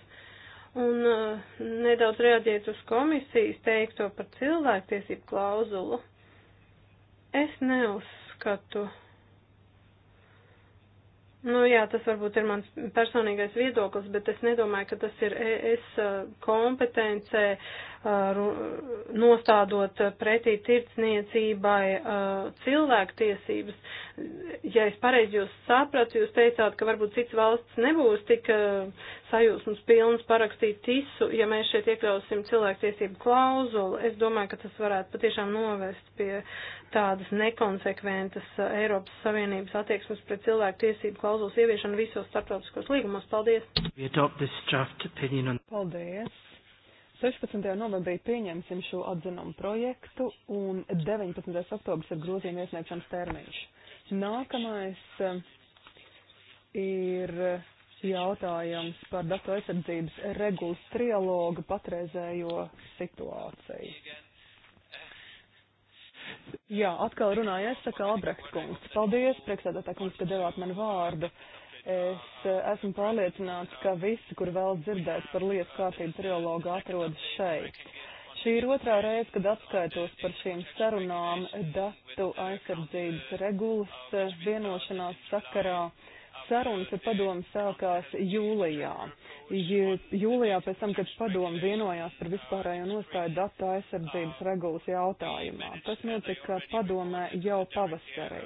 Un uh, nedaudz reaģēt uz komisijas teikto par cilvēktiesību klauzulu. Es neuzskatu Nu jā, tas varbūt ir mans personīgais viedoklis, bet es nedomāju, ka tas ir es uh, kompetencē uh, nostādot pretī tirdzniecībai uh, cilvēktiesības. Ja es pareizi jūs sapratu, jūs teicāt, ka varbūt cits valsts nebūs tik sajūsmas pilns parakstīt tisu, ja mēs šeit iekļausim cilvēktiesību klauzulu. Es domāju, ka tas varētu patiešām novest pie tādas nekonsekventas uh, Eiropas Savienības attieksmes pret cilvēku tiesību klauzulas ieviešanu visos starptautiskos līgumos. Paldies! Paldies! 16. novembrī pieņemsim šo atzinumu projektu un 19. oktobris ir grozījuma iesniegšanas termiņš. Nākamais um, ir jautājums par datu aizsardzības regulas trialogu patreizējo situāciju. Jā, atkal runāju, es saku Albrechts kungs. Paldies, priekšsēdētā kungs, ka devāt man vārdu. Es eh, esmu pārliecināts, ka visi, kur vēl dzirdēt par lietu kārtību triologu, atrodas šeit. Šī ir otrā reize, kad atskaitos par šīm sarunām datu aizsardzības regulas eh, vienošanās sakarā. Uh, sarunas ar padomu sākās jūlijā. Jūlijā pēc tam, kad padomu vienojās par vispārējo nostāju datu aizsardzības regulas jautājumā. Tas notika padomē jau pavasarī.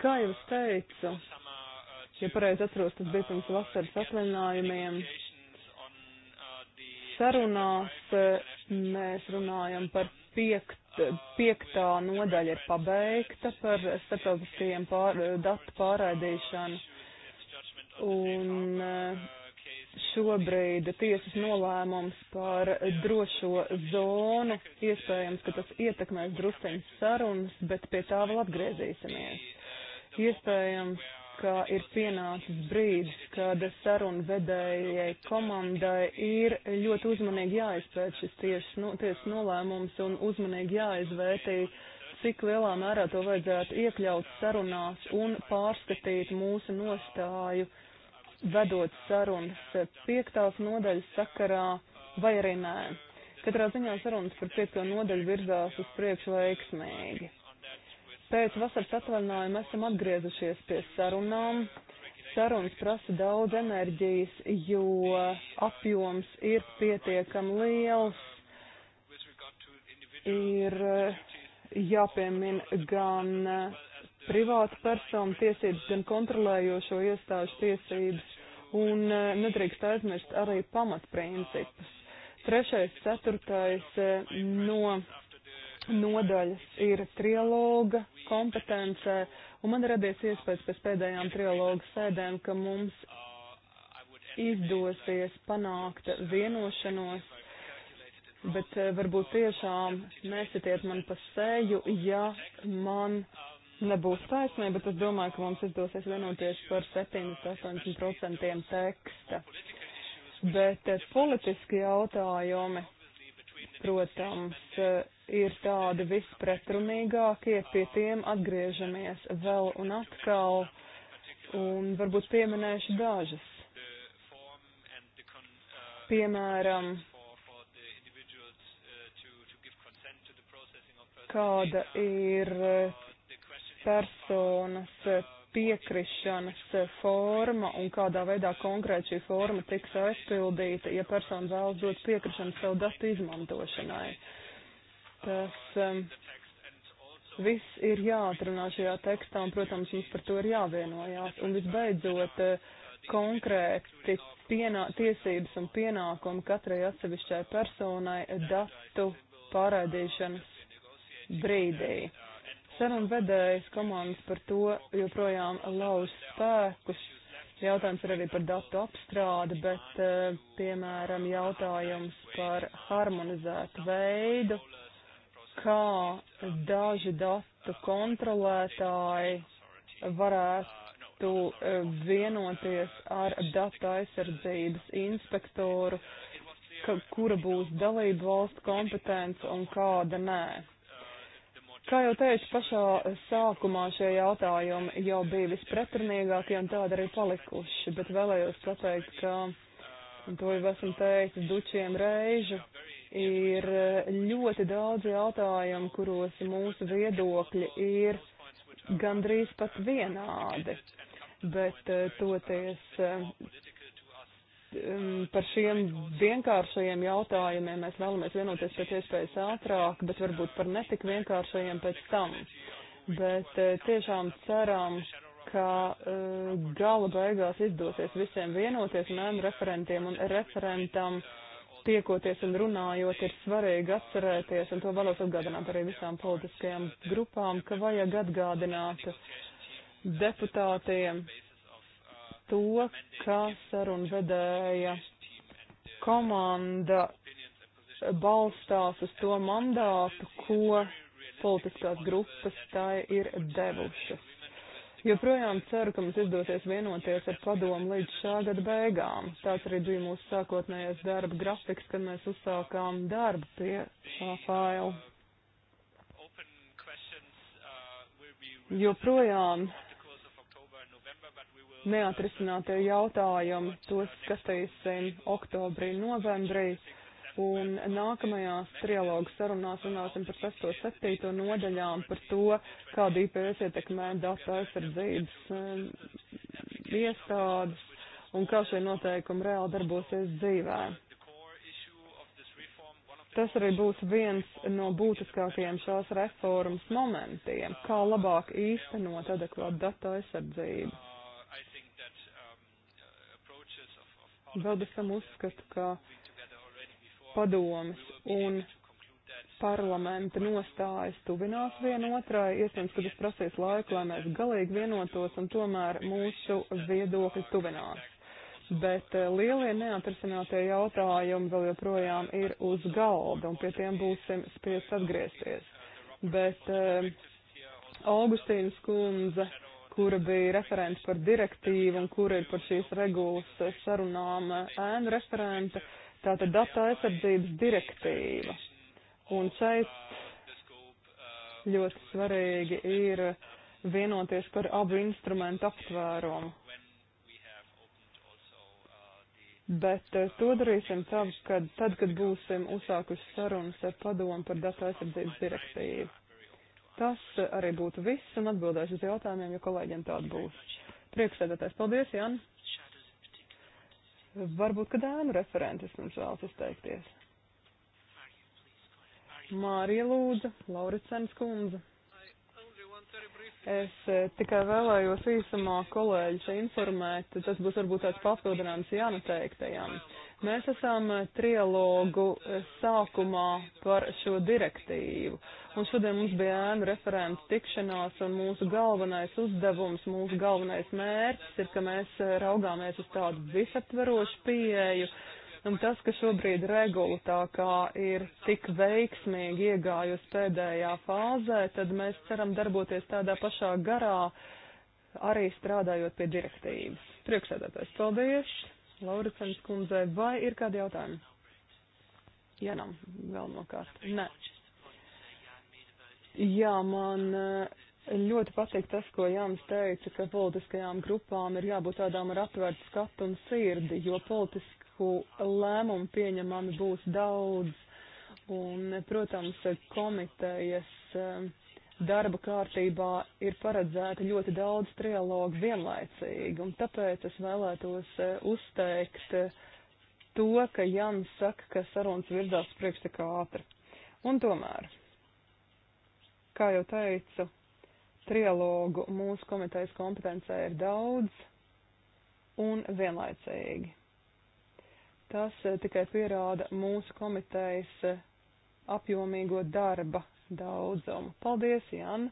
Kā jau es teicu, ja pareizi atceros, tas bija pirms vasaras atvaļinājumiem. Sarunās e, mēs runājam par piektu piektā nodaļa ir pabeigta par starptautiskajiem pār, datu pārraidīšanu. Un eh, šobrīd tiesas nolēmums par drošo zonu, iespējams, ka tas ietekmēs drusceņas sarunas, bet pie tā vēl atgriezīsimies. Iespējams, ka ir pienācis brīdis, kad sarunu vedējai komandai ir ļoti uzmanīgi jāizpēt šis tiesas no, tiesas nolēmums un uzmanīgi jāizvērtī, cik lielā mērā to vajadzētu iekļaut sarunās un pārskatīt mūsu nostāju uh, vedot sarunas piektās nodaļas sakarā vai arī nē. Katrā ziņā sarunas par piekto nodaļu virzās uz priekšu veiksmīgi. Pēc vasaras atvaļinājuma esam atgriezušies pie sarunām. Sarunas prasa daudz enerģijas, jo apjoms ir pietiekami liels. Ir jāpiemina gan privātu personu tiesības, gan kontrolējošo iestāžu tiesības, un e, nedrīkst aizmirst arī pamatprincipus. Trešais, ceturtais e, no nodaļas ir trialoga kompetence, un man radies iespējas pēc pēdējām trialoga sēdēm, ka mums izdosies panākt vienošanos, bet e, varbūt tiešām nesitiet man pa seju, ja man nebūs taisnība, bet es domāju, ka mums izdosies vienoties par 70-80% teksta. Bet eh, politiski jautājumi, protams, eh, ir tādi vispretrunīgākie, pie tiem atgriežamies vēl un atkal, un varbūt pieminēšu dažas. Piemēram, kāda ir eh, personas eh, piekrišanas eh, forma un kādā veidā konkrēti šī forma tiks aizpildīta, ja persona vēlas dot piekrišanu savu datu izmantošanai. Tas um, viss ir jāatrunā šajā tekstā un, protams, mums par to ir jāvienojās. Un visbeidzot, eh, konkrēti pienā, tiesības un pienākumi katrai atsevišķai personai datu pārādīšanas brīdī sarunvedējas komandas par to joprojām lauž spēkus. Jautājums ir arī par datu apstrādi, bet, eh, piemēram, jautājums par harmonizētu veidu, kā daži datu kontrolētāji varētu eh, vienoties ar datu aizsardzības inspektoru, ka, kura būs dalību valstu kompetence un kāda nē. Kā jau teicu, pašā sākumā šie jautājumi jau bija vispretrunīgākie un tādi arī palikuši, bet vēlējos pateikt, ka, un to jau esmu teicis dučiem reižu, ir eh, ļoti daudz jautājumu, kuros mūsu viedokļi ir gandrīz pat vienādi, bet eh, toties eh, Um, par šiem vienkāršajiem jautājumiem mēs vēlamies vienoties pēc iespējas ātrāk, bet varbūt par netik vienkāršajiem pēc tam. Bet eh, tiešām ceram, ka uh, gala beigās izdosies visiem vienoties un ēnu referentiem un referentam tiekoties un runājot ir svarīgi atcerēties, un to vēlos atgādināt arī visām politiskajām grupām, ka vajag atgādināt deputātiem, uh, to, kā sarunvedēja komanda balstās uz to mandātu, ko politiskās grupas tai ir devušas. Joprojām ceru, ka mums izdosies vienoties ar padomu līdz šā gada beigām. Tāds arī bija mūsu sākotnējais darba grafiks, kad mēs uzsākām darbu pie šā faila. Joprojām neatrisinātie jautājumi, tos skatīsim oktobrī, novembrī. Un nākamajās trialogu sarunās runāsim par 6. un 7. nodaļām par to, kāda IPS ietekmē datu aizsardzības um, iestādes un kā šie noteikumi reāli darbosies dzīvē. Tas arī būs viens no būtiskākajiem šās reformas momentiem, kā labāk īstenot adekvātu datu aizsardzību. Vēl bez tam uzskatu, ka padomas un parlamenta nostājas tuvinās vienotrai. Iespējams, ka tas prasīs laiku, lai mēs galīgi vienotos un tomēr mūsu viedokļi tuvinās. Bet eh, lielie neatrisinātie jautājumi vēl joprojām ir uz galda un pie tiem būsim spiest atgriezties. Bet eh, Augustīnas kundze kura bija referents par direktīvu un kura ir par šīs regulas sarunām eh, ēnu referente, tātad data aizsardzības direktīva. Un šeit ļoti svarīgi ir vienoties par abu instrumentu aptvērumu. Bet eh, to darīsim tad, kad, tad, kad būsim uzsākuši sarunas ar padomu par datu aizsardzības direktīvu. Tas arī būtu viss un atbildēšu uz jautājumiem, ja kolēģiem tāda būs. Priekšsēdētājs, paldies, Jan. Varbūt, ka dēnu referentis mums vēlas izteikties. Mārija Lūdza, Lauricens Kundze. Es e, tikai vēlējos īsumā kolēģis informēt, tas būs varbūt tāds papildinājums Jāna teiktajam. Mēs esam trialogu e, sākumā par šo direktīvu, Un šodien mums bija ēnu referents tikšanās, un mūsu galvenais uzdevums, mūsu galvenais mērķis ir, ka mēs eh, raugāmies uz tādu visaptverošu pieeju. Un tas, ka šobrīd regula tā kā ir tik veiksmīgi iegājusi pēdējā fāzē, tad mēs ceram darboties tādā pašā garā, arī strādājot pie direktīvas. Priekšsēdētājs, paldies! Lauricens kundzei, vai ir kādi jautājumi? Ja nav, vēl nokārt. Nē. Jā, man eh, ļoti patīk tas, ko Jānis teica, ka politiskajām grupām ir jābūt tādām ar atvērtu skatu un sirdi, jo politisku lēmumu pieņemami būs daudz. Un, eh, protams, komitejas eh, darba kārtībā ir paredzēta ļoti daudz trialogu vienlaicīgi, un tāpēc es vēlētos uzteikt to, ka Jānis saka, ka sarunas virzās priekš tik ātri. Un tomēr Kā jau teicu, trialogu mūsu komitejas kompetencē ir daudz un vienlaicīgi. Tas eh, tikai pierāda mūsu komitejas eh, apjomīgo darba daudzumu. Paldies, Jan!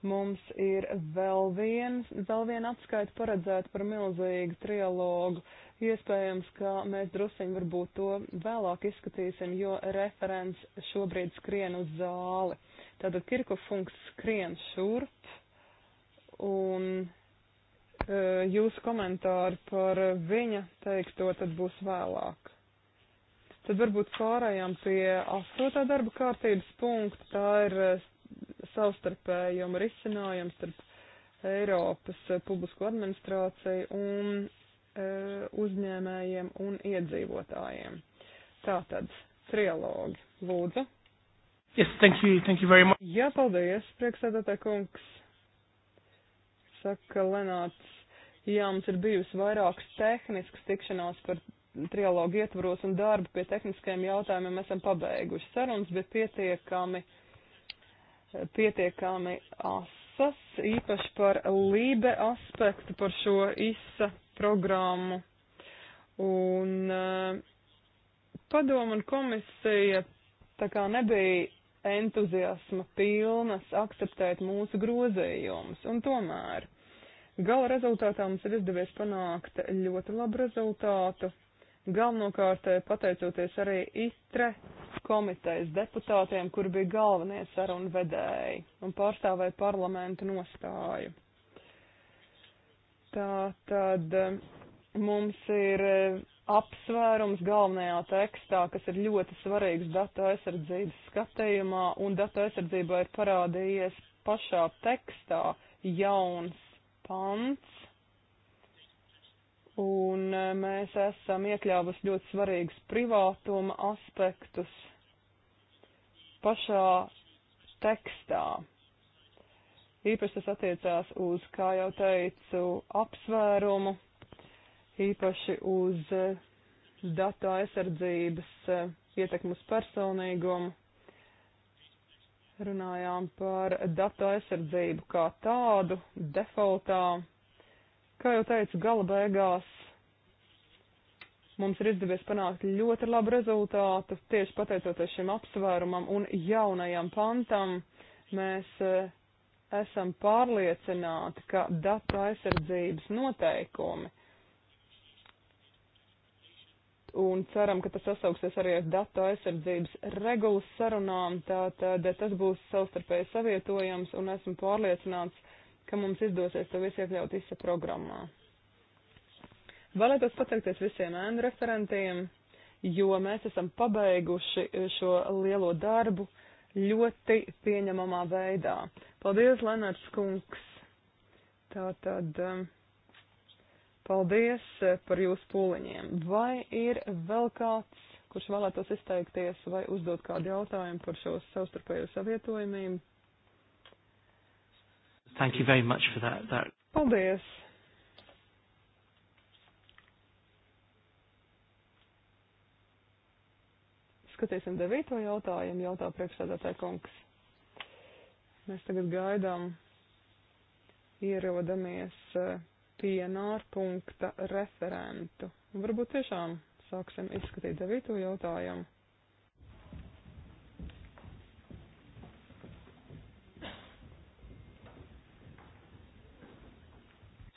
Mums ir vēl, viens, vēl viena atskaita paredzēta par milzīgu trialogu Iespējams, ka mēs drusiņi varbūt to vēlāk izskatīsim, jo referents šobrīd skrien uz zāli. Tātad Kirkofunks skrien šurp, un e, jūsu komentāri par viņa teikto tad būs vēlāk. Tad varbūt pārējām pie astotā darba kārtības punkta, tā ir e, savstarpējuma risinājums starp Eiropas publisko administrāciju un E, uzņēmējiem un iedzīvotājiem. Tātad, trialogi, lūdzu. Yes, thank you, thank you very much. Jā, paldies, priekšsēdētāj kungs. Saka Lenāts, jā, mums ir bijusi vairākas tehniskas tikšanās par trialogu ietvaros un darbu pie tehniskajiem jautājumiem esam pabeiguši. Sarunas bija pietiekami, pietiekami asas, īpaši par lībe aspektu, par šo isa programmu. Un eh, padomu un komisija tā kā nebija entuziasma pilnas akceptēt mūsu grozījumus. Un tomēr gala rezultātā mums ir izdevies panākt ļoti labu rezultātu. Galvenokārt eh, pateicoties arī ITRE komitejas deputātiem, kuri bija galvenie sarunu vedēji un pārstāvēja parlamentu nostāju. Tā tad eh, mums ir eh, apsvērums galvenajā tekstā, kas ir ļoti svarīgs datu aizsardzības skatījumā, un datu aizsardzībā ir parādījies pašā tekstā jauns pants, un eh, mēs esam iekļāvus ļoti svarīgus privātuma aspektus pašā tekstā. Īpaši tas attiecās uz, kā jau teicu, apsvērumu, īpaši uz eh, datu aizsardzības eh, ietekmu uz personīgumu. Runājām par datu aizsardzību kā tādu, defaultā. Kā jau teicu, gala beigās mums ir izdevies panākt ļoti labu rezultātu. Tieši pateicoties šim apsvērumam un jaunajam pantam, mēs eh, esam pārliecināti, ka datu aizsardzības noteikumi un ceram, ka tas sasauksies arī ar datu aizsardzības regulas sarunām, tātad tas būs savstarpēji savietojams un esmu pārliecināts, ka mums izdosies to visu iekļaut ISA programmā. Vēlētos pateikties visiem ēnu referentiem, jo mēs esam pabeiguši šo lielo darbu. Uh, ļoti pieņemamā veidā. Paldies, Lenards Kungs! Tātad, um, paldies eh, par jūsu pūliņiem. Vai ir vēl kāds, kurš vēlētos izteikties vai uzdot kādu jautājumu par šo savstarpējo savietojumību? Thank you very much for that. that... Paldies! Skatīsim devīto jautājumu, jautā priekšsēdētāja kungs. Mēs tagad gaidām ierodamies eh, pie nārpunkta referentu. Un varbūt tiešām sāksim izskatīt devīto jautājumu.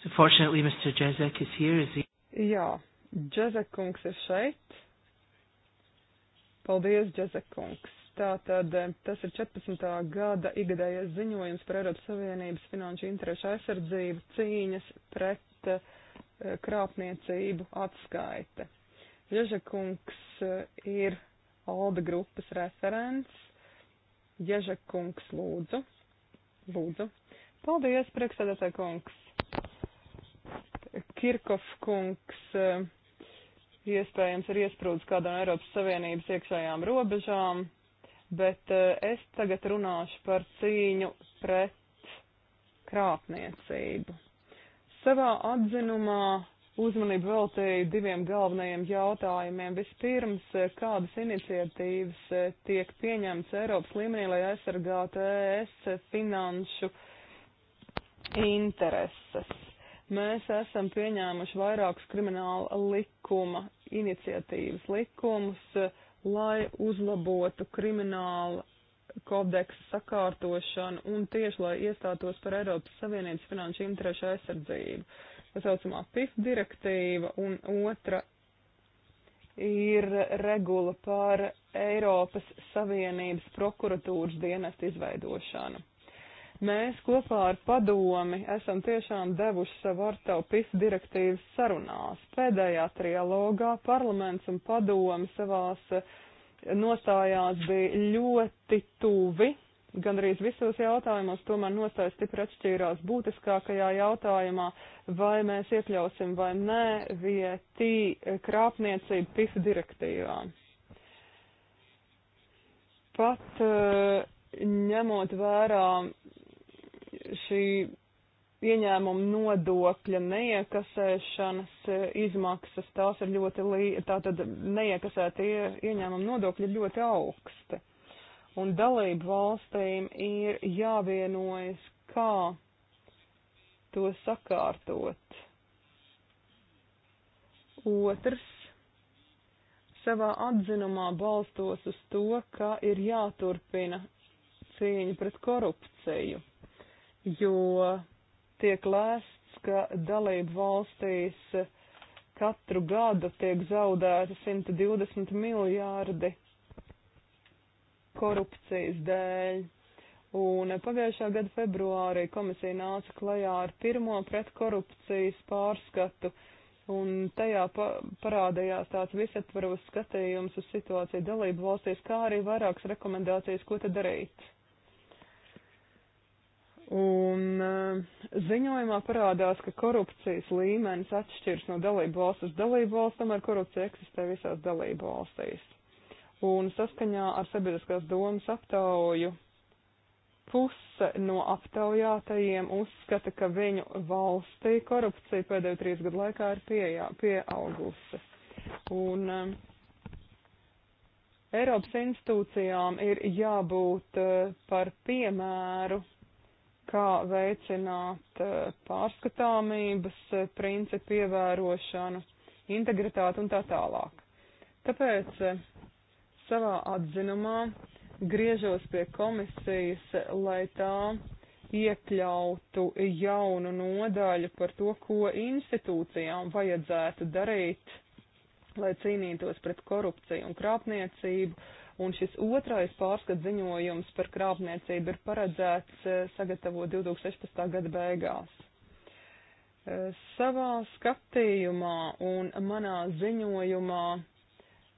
So fortunately, Mr. Jezek is here. Is he... Jā, Džezekungs ir šeit. Paldies, Džezekungs. Tātad eh, tas ir 14. gada igadējais ziņojums par Eiropas Savienības finanšu interešu aizsardzību cīņas pret uh, krāpniecību atskaite. Ježakungs eh, ir Alda grupas referents. Ježakungs lūdzu. Lūdzu. Paldies, priekšsēdētāj kungs. Kirkov kungs. Uh, iespējams ir iesprūdis kādā no Eiropas Savienības iekšējām robežām, bet eh, es tagad runāšu par cīņu pret krāpniecību. Savā atzinumā uzmanību veltīju diviem galvenajiem jautājumiem. Vispirms, eh, kādas iniciatīvas eh, tiek pieņemts Eiropas līmenī, lai aizsargātu ES finanšu intereses. Mēs esam pieņēmuši vairākus krimināla likuma iniciatīvas likumus, lai uzlabotu krimināla kodeksa sakārtošanu un tieši, lai iestātos par Eiropas Savienības finanšu interešu aizsardzību. Tā saucamā PIF direktīva un otra ir regula par Eiropas Savienības prokuratūras dienestu izveidošanu. Mēs kopā ar padomi esam tiešām devuši savu artavu PIS direktīvas sarunās. Pēdējā trialogā parlaments un padomi savās eh, nostājās bija ļoti tuvi, gandrīz visos jautājumos, tomēr nostājas stipri atšķīrās būtiskākajā jautājumā, vai mēs iekļausim vai nē vietī krāpniecību PIF direktīvā. Pat eh, ņemot vērā šī ieņēmuma nodokļa neiekasēšanas e, izmaksas, tās ir ļoti, tātad neiekasētie ieņēmuma nodokļi ir ļoti augsti. Un dalību valstīm ir jāvienojas, kā to sakārtot. Otrs savā atzinumā balstos uz to, ka ir jāturpina cīņa pret korupciju jo tiek lēsts, ka dalību valstīs katru gadu tiek zaudēta 120 miljārdi korupcijas dēļ. Un pagājušā gada februārī komisija nāca klajā ar pirmo pretkorupcijas pārskatu, un tajā pa parādījās tāds visaptvaros skatījums uz situāciju dalību valstīs, kā arī vairākas rekomendācijas, ko tad darīt. Un eh, ziņojumā parādās, ka korupcijas līmenis atšķirs no dalību valsts uz dalību valsts, tomēr korupcija eksistē visās dalību valstīs. Un saskaņā ar sabiedriskās domas aptauju puse no aptaujātajiem uzskata, ka viņu valstī korupcija pēdējo trīs gadu laikā ir pieejā, pieaugusi. Un um, Eiropas institūcijām ir jābūt uh, par piemēru kā veicināt e, pārskatāmības e, principu ievērošanu, integritāti un tā tālāk. Tāpēc e, savā atzinumā griežos pie komisijas, lai tā iekļautu jaunu nodaļu par to, ko institūcijām vajadzētu darīt, lai cīnītos pret korupciju un krāpniecību, un šis otrais pārskat ziņojums par krāpniecību ir paredzēts eh, sagatavot 2016. gada beigās. Eh, savā skatījumā un manā ziņojumā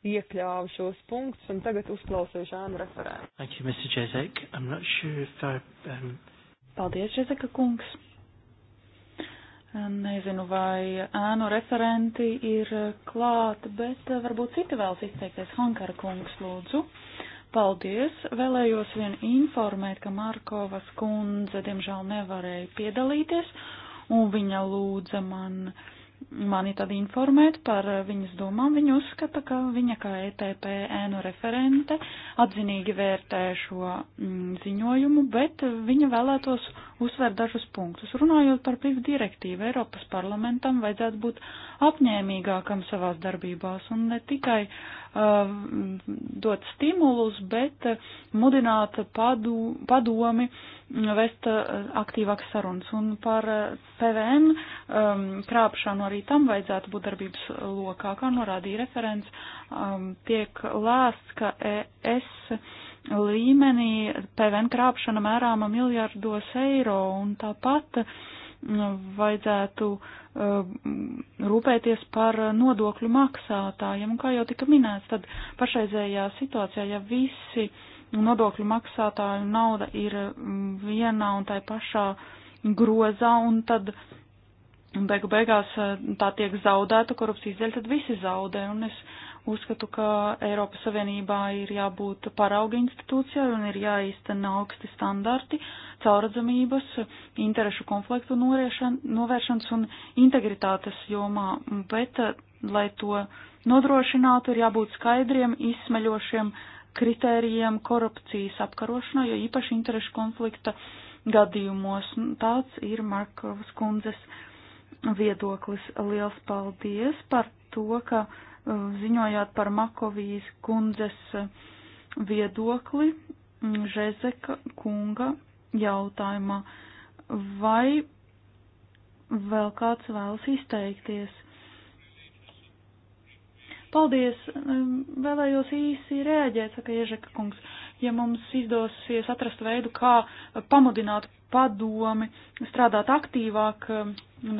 iekļāvu šos punktus un tagad uzklausīšu ēnu referēnu. Sure um... Paldies, Žezeka kungs! Nezinu, vai ēnu referenti ir klāt, bet eh, varbūt citi vēlas izteikties. Hankara kungs, lūdzu. Paldies! Vēlējos vien informēt, ka Markovas kundze, diemžēl, nevarēja piedalīties, un viņa lūdza man uh, mani tad informēt par viņas domām. Viņa uzskata, ka viņa kā ETPN referente atzinīgi vērtē šo mm, ziņojumu, bet viņa vēlētos uzsvērt dažus punktus. Runājot par PIV direktīvu, Eiropas parlamentam vajadzētu būt apņēmīgākam savās darbībās un ne tikai uh, Uh, dot stimulus, bet uh, mudināt padu, padomi mm, vest uh, aktīvākas sarunas. Un par PVN um, krāpšanu arī tam vajadzētu būt darbības lokā, kā norādīja referents, um, tiek lēsts, ka es līmenī PVN krāpšana mērāma miljardos eiro un tāpat mm, vajadzētu uh, Uh, rūpēties par nodokļu maksātājiem. Un kā jau tika minēts, tad pašreizējā situācijā, ja visi nodokļu maksātāju nauda ir mm, vienā un tai pašā grozā, un tad beigu beigās uh, tā tiek zaudēta korupcijas dēļ, tad visi zaudē. Un es Uzskatu, ka Eiropas Savienībā ir jābūt parauga institūcijai un ir jāīstena augsti standarti cauradzamības, interešu konfliktu novēršanas un integritātes jomā, bet, eh, lai to nodrošinātu, ir jābūt skaidriem, izsmeļošiem kritērijiem korupcijas apkarošanā, jo īpaši interešu konflikta gadījumos. Nu, tāds ir Markovas kundzes viedoklis. Liels paldies par to, ka ziņojāt par Makovijas kundzes viedokli Žezeka kunga jautājumā. Vai vēl kāds vēlas izteikties? Paldies, vēlējos īsi rēģēt, saka Iežeka kungs ja mums izdosies atrast veidu, kā pamudināt padomi, strādāt aktīvāk,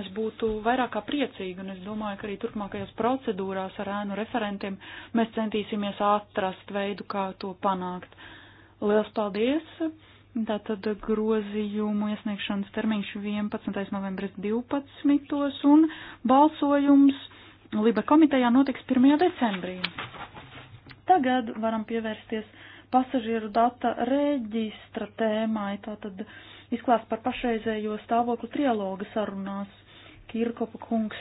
es būtu vairāk kā priecīgi, un es domāju, ka arī turpmākajās procedūrās ar ēnu referentiem mēs centīsimies atrast veidu, kā to panākt. Liels paldies! Tātad grozījumu iesniegšanas termiņš 11. novembris 12. un balsojums Liba komitejā notiks 1. decembrī. Tagad varam pievērsties pasažieru data reģistra tēmai, tātad izklāst par pašreizējo stāvokli trialoga sarunās. Kirkopa kungs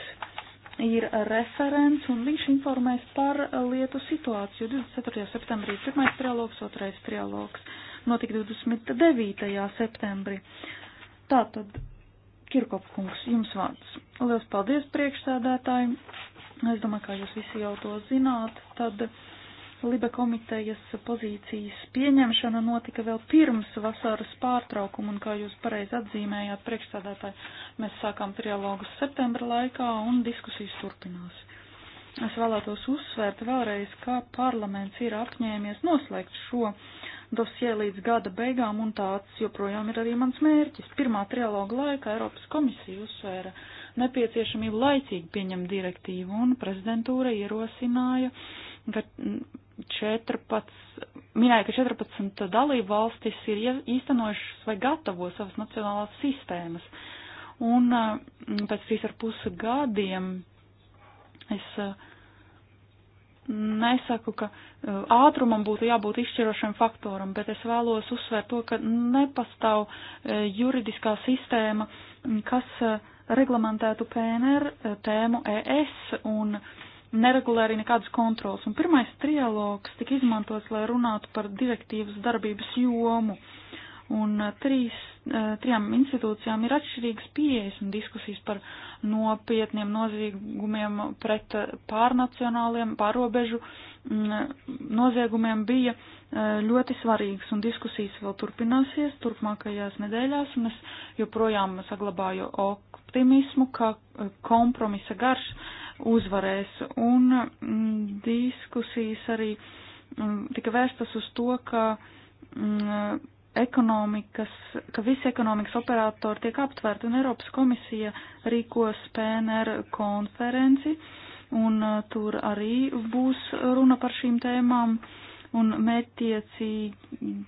ir referents un viņš informēs par lietu situāciju. 24. septembrī pirmais trialogs, otrais trialogs notika 29. septembrī. Tātad, Kirkopa kungs, jums vārds. Lielas paldies priekšsēdētājiem. Es domāju, kā jūs visi jau to zināt, tad Liba komitejas pozīcijas pieņemšana notika vēl pirms vasaras pārtraukuma, un kā jūs pareizi atzīmējāt, priekšstādātāji, mēs sākām trialogus septembra laikā un diskusijas turpinās. Es vēlētos uzsvērt vēlreiz, ka parlaments ir apņēmies noslēgt šo dosie līdz gada beigām, un tāds joprojām ir arī mans mērķis. Pirmā trialoga laikā Eiropas komisija uzsvēra nepieciešamību laicīgi pieņemt direktīvu, un prezidentūra ierosināja, ka 14, minēja, ka 14 dalību valstis ir īstenojušas vai gatavo savas nacionālās sistēmas. Un mm, pēc trīs ar pusi gadiem es eh, nesaku, ka eh, ātrumam būtu jābūt izšķirošam faktoram, bet es vēlos uzsvērt to, ka nepastāv eh, juridiskā sistēma, mm, kas reglamentētu PNR tēmu ES un uh, neregulē arī nekādas kontrols. Un pirmais trialogs tika izmantots, lai runātu par direktīvas darbības jomu. Un uh, trīs, uh, trijām institūcijām ir atšķirīgas pieejas un diskusijas par nopietniem noziegumiem pret uh, pārnacionāliem, pārobežu mm, noziegumiem bija ļoti svarīgas un diskusijas vēl turpināsies turpmākajās nedēļās. Un es joprojām saglabāju optimismu, ka kompromisa garš uzvarēs. Un mm, diskusijas arī mm, tika vērstas uz to, ka mm, ekonomikas, ka visi ekonomikas operatori tiek aptvērti un Eiropas komisija rīkos PNR konferenci un uh, tur arī būs runa par šīm tēmām un mērķiecīgi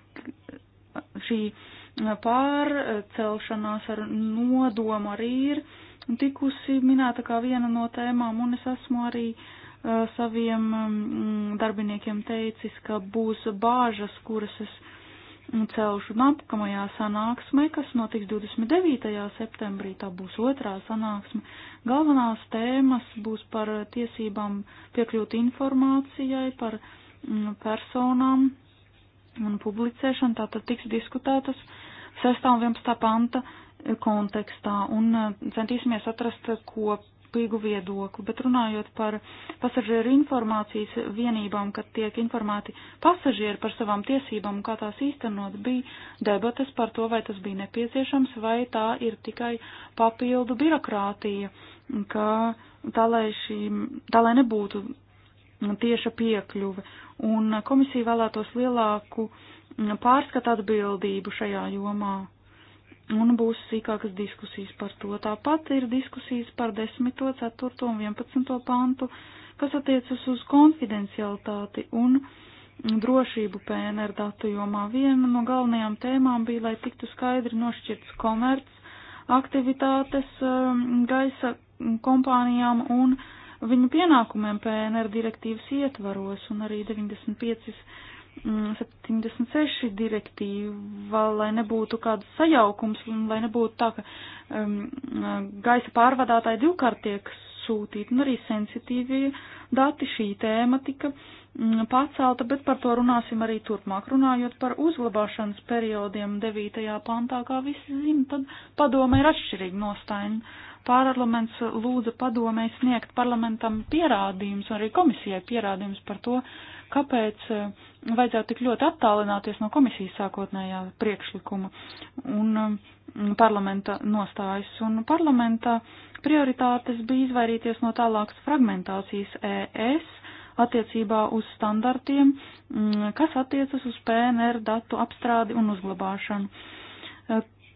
šī mm, pārcelšanās ar nodomu arī ir. Uh, tikusi minēta kā viena no tēmām, un es esmu arī uh, saviem um, darbiniekiem teicis, ka būs bāžas, kuras es mm, celšu nākamajā sanāksmē, kas notiks 29. septembrī, tā būs otrā sanāksme. Galvenās tēmas būs par tiesībām piekļūt informācijai, par mm, personām un publicēšanu, tātad tiks diskutētas 6. un 11. panta uh, kontekstā un eh, centīsimies atrast kopīgu viedokli. Bet runājot par pasažieru informācijas vienībām, kad tiek informēti pasažieri par savām tiesībām un kā tās īstenot, bija debates par to, vai tas bija nepieciešams, vai tā ir tikai papildu birokrātija, ka tā lai, šī, tā, lai nebūtu tieša piekļuve. Un komisija vēlētos lielāku pārskatu atbildību šajā jomā un būs sīkākas diskusijas par to. Tāpat ir diskusijas par 10, 4 un 11 pantu, kas attiecas uz konfidencialitāti un drošību PNR datu jomā. Viena no galvenajām tēmām bija, lai tiktu skaidri nošķirts komerc aktivitātes um, gaisa kompānijām un viņu pienākumiem PNR direktīvas ietvaros un arī 95 76 mm, direktīva, lai nebūtu kāds sajaukums, lai nebūtu tā, ka um, gaisa pārvadātāji divkārt tiek sūtīti, un arī sensitīvi dati šī tēma tika um, mm, pacelta, bet par to runāsim arī turpmāk. Runājot par uzglabāšanas periodiem 9. pantā, kā visi zina, tad padome ir atšķirīga nostāja. Parlaments lūdza padomē sniegt parlamentam pierādījums, arī komisijai pierādījums par to, kāpēc uh, vajadzētu tik ļoti attālināties no komisijas sākotnējā priekšlikuma un um, parlamenta nostājas. Un parlamenta prioritātes bija izvairīties no tālākas fragmentācijas ES attiecībā uz standartiem, mm, kas attiecas uz PNR datu apstrādi un uzglabāšanu.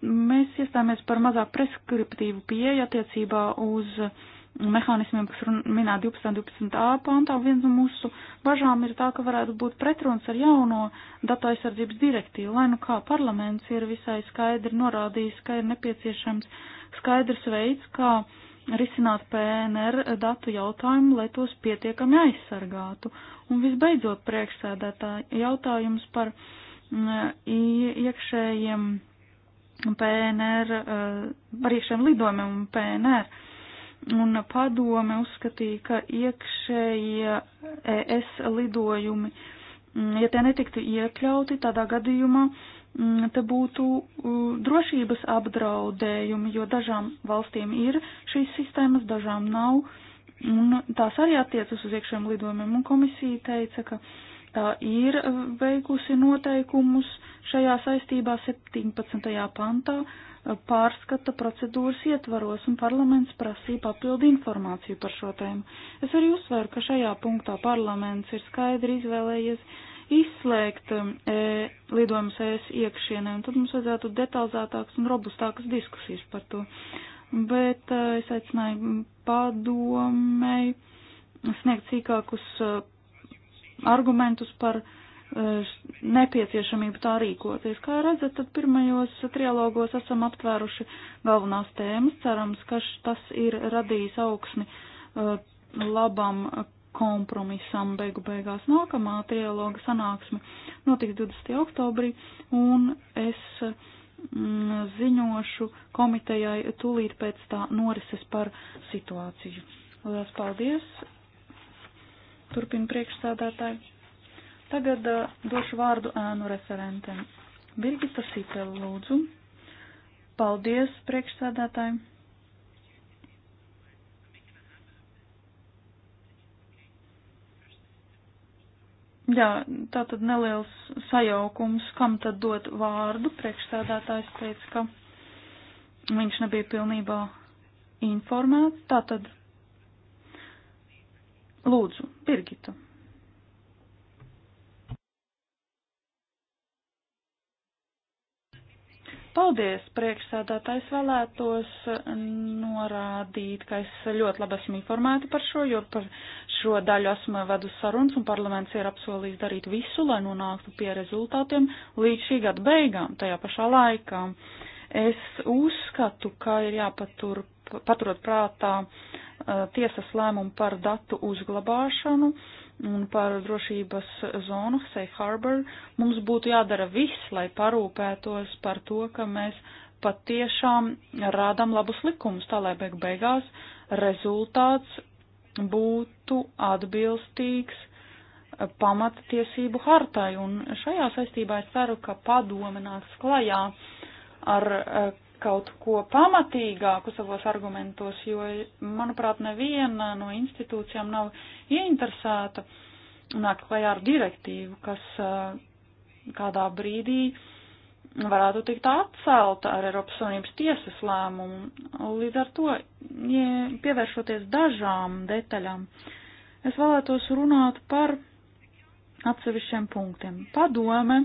Mēs iestājāmies par mazāk preskriptīvu pieeju attiecībā uz uh, mehānismiem, kas minēta 12. un 12a pantā. Viens no mūsu bažām ir tā, ka varētu būt pretruns ar jauno datu aizsardzības direktīvu, lai nu kā parlaments ir visai skaidri norādījis, ka ir nepieciešams skaidrs veids, kā risināt PNR datu jautājumu, lai tos pietiekami aizsargātu. Un visbeidzot, priekšsēdētāji jautājums par mm, iekšējiem PNR, eh, par iekšējiem lidojumiem un PNR un padome uzskatīja, ka iekšējie ES lidojumi, mm, ja tie netiktu iekļauti, tādā gadījumā mm, te būtu drošības apdraudējumi, jo dažām valstīm ir šīs sistēmas, dažām nav, un tās arī attiecas uz iekšējiem lidojumiem, un komisija teica, ka tā ir veikusi noteikumus šajā saistībā 17. pantā pārskata procedūras ietvaros, un parlaments prasīja papildu informāciju par šo tēmu. Es arī uzsveru, ka šajā punktā parlaments ir skaidri izvēlējies izslēgt um, e, lidojumus ES iekšienē, un tad mums vajadzētu detalizētākas un robustākas diskusijas par to. Bet e, es aicināju padomēji sniegt sīkākus e, argumentus par e, Eh, nepieciešamību tā rīkoties. Kā redzat, tad pirmajos trialogos esam aptvēruši galvenās tēmas. Cerams, ka tas ir radījis augsni eh, labam kompromisam beigu beigās. Nākamā trialoga sanāksme notiks 20. oktobrī, un es mm, ziņošu komitejai tūlīt pēc tā norises par situāciju. Lielas paldies! Turpin priekšstādātāji. Tagad uh, došu vārdu ēnu referentiem. Birgita Sitela, lūdzu. Paldies priekšsēdētājiem. Jā, tā tad neliels sajaukums, kam tad dot vārdu. Priekšsēdētājs teica, ka viņš nebija pilnībā informēts. Tā tad lūdzu, Birgita. Paldies, priekšsēdētājs vēlētos norādīt, ka es ļoti labi esmu informēta par šo, jo par šo daļu esmu vedus sarunas un parlaments ir apsolījis darīt visu, lai nonāktu pie rezultātiem līdz šī gada beigām tajā pašā laikā. Es uzskatu, ka ir jāpatur, paturot prātā uh, tiesas lēmumu par datu uzglabāšanu un par drošības zonu, Safe Harbor, mums būtu jādara viss, lai parūpētos par to, ka mēs patiešām rādām labus likumus, tā lai beig beigās rezultāts būtu atbilstīgs pamatiesību hartai. Un šajā saistībā es ceru, ka padome nāks klajā ar eh, kaut ko pamatīgāku savos argumentos, jo, manuprāt, neviena no institūcijām nav ieinteresēta nāk klajā ar direktīvu, kas eh, kādā brīdī varētu tikt atcelta ar Eiropas Savienības tiesas lēmumu. Līdz ar to, ja pievēršoties dažām detaļām, es vēlētos runāt par atsevišķiem punktiem. Padome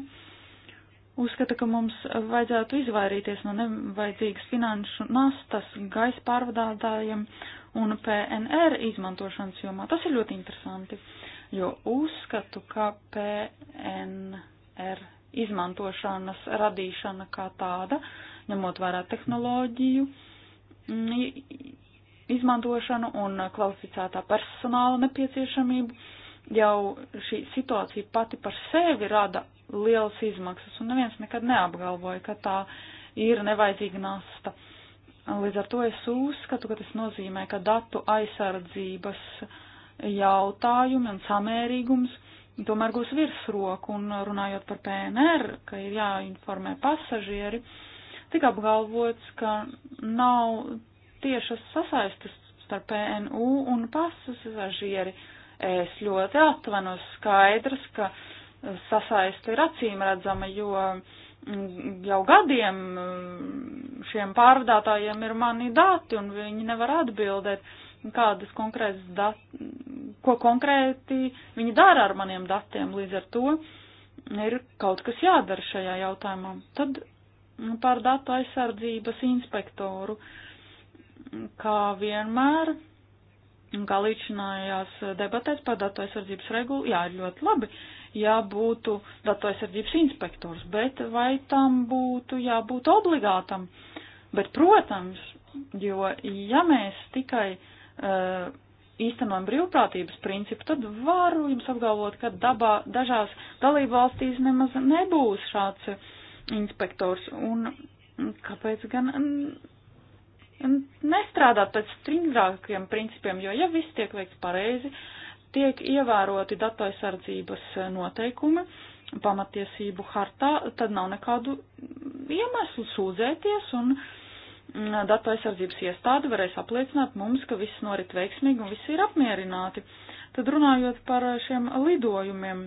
uzskata, ka mums vajadzētu izvairīties no nevajadzīgas finanšu nastas gaisa pārvadātājiem un PNR izmantošanas jomā. Tas ir ļoti interesanti, jo uzskatu, ka PNR izmantošanas radīšana kā tāda, ņemot vērā tehnoloģiju izmantošanu un kvalificētā personāla nepieciešamību, jau šī situācija pati par sevi rada lielas izmaksas, un neviens nekad neapgalvoja, ka tā ir nevajadzīga nasta. Līdz ar to es uzskatu, ka tas nozīmē, ka datu aizsardzības jautājumi un samērīgums tomēr būs virsroku, un runājot par PNR, ka ir jāinformē pasažieri, tika apgalvots, ka nav tiešas sasaistas starp PNU un pasažieri. Es ļoti atvainojos skaidrs, ka uh, sasaisti ir acīm redzama, jo mm, jau gadiem mm, šiem pārdātājiem ir mani dati un viņi nevar atbildēt, kādas konkrētas dat, ko konkrēti viņi dara ar maniem datiem. Līdz ar to ir kaut kas jādara šajā jautājumā. Tad mm, par datu aizsardzības inspektoru, kā vienmēr, kā līdzinājās debatēs par datu aizsardzības regulu, jā, ir ļoti labi, ja būtu datu aizsardzības inspektors, bet vai tam būtu jābūt obligātam? Bet, protams, jo ja mēs tikai uh, īstenojam brīvprātības principu, tad varu jums apgalvot, ka dabā, dažās dalībvalstīs nemaz nebūs šāds inspektors. Un kāpēc gan nestrādāt pēc stringrākiem principiem, jo ja viss tiek veikts pareizi, uh, tiek ievēroti datu aizsardzības eh, noteikumi pamatiesību hartā, tad nav nekādu iemeslu sūdzēties un mm, datu aizsardzības iestāde varēs apliecināt mums, ka viss norit veiksmīgi un visi ir apmierināti. Tad runājot par šiem lidojumiem,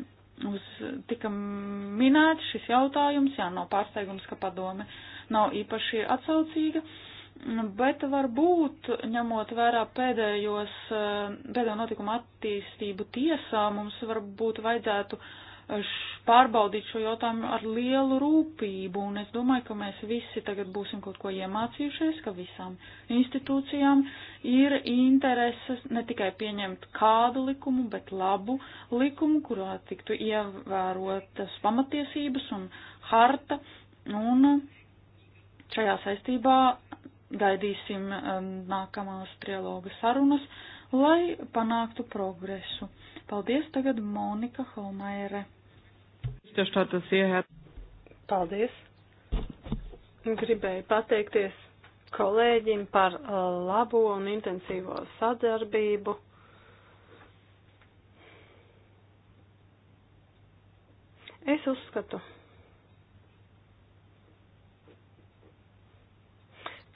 uz, tika minēts šis jautājums, jā, nav pārsteigums, ka padome nav īpaši atsaucīga. Uh, Nu, bet varbūt, ņemot vērā pēdējos, eh, pēdējo notikumu attīstību tiesā, mums varbūt vajadzētu eh, pārbaudīt šo jautājumu ar lielu rūpību, un es domāju, ka mēs visi tagad būsim kaut ko iemācījušies, ka visām institūcijām ir intereses ne tikai pieņemt kādu likumu, bet labu likumu, kurā tiktu ievērotas pamatiesības un harta, un eh, šajā saistībā gaidīsim um, nākamās trialoga sarunas, lai panāktu progresu. Paldies tagad Monika Holmaire. Paldies. Gribēju pateikties kolēģim par uh, labo un intensīvo sadarbību. Es uzskatu,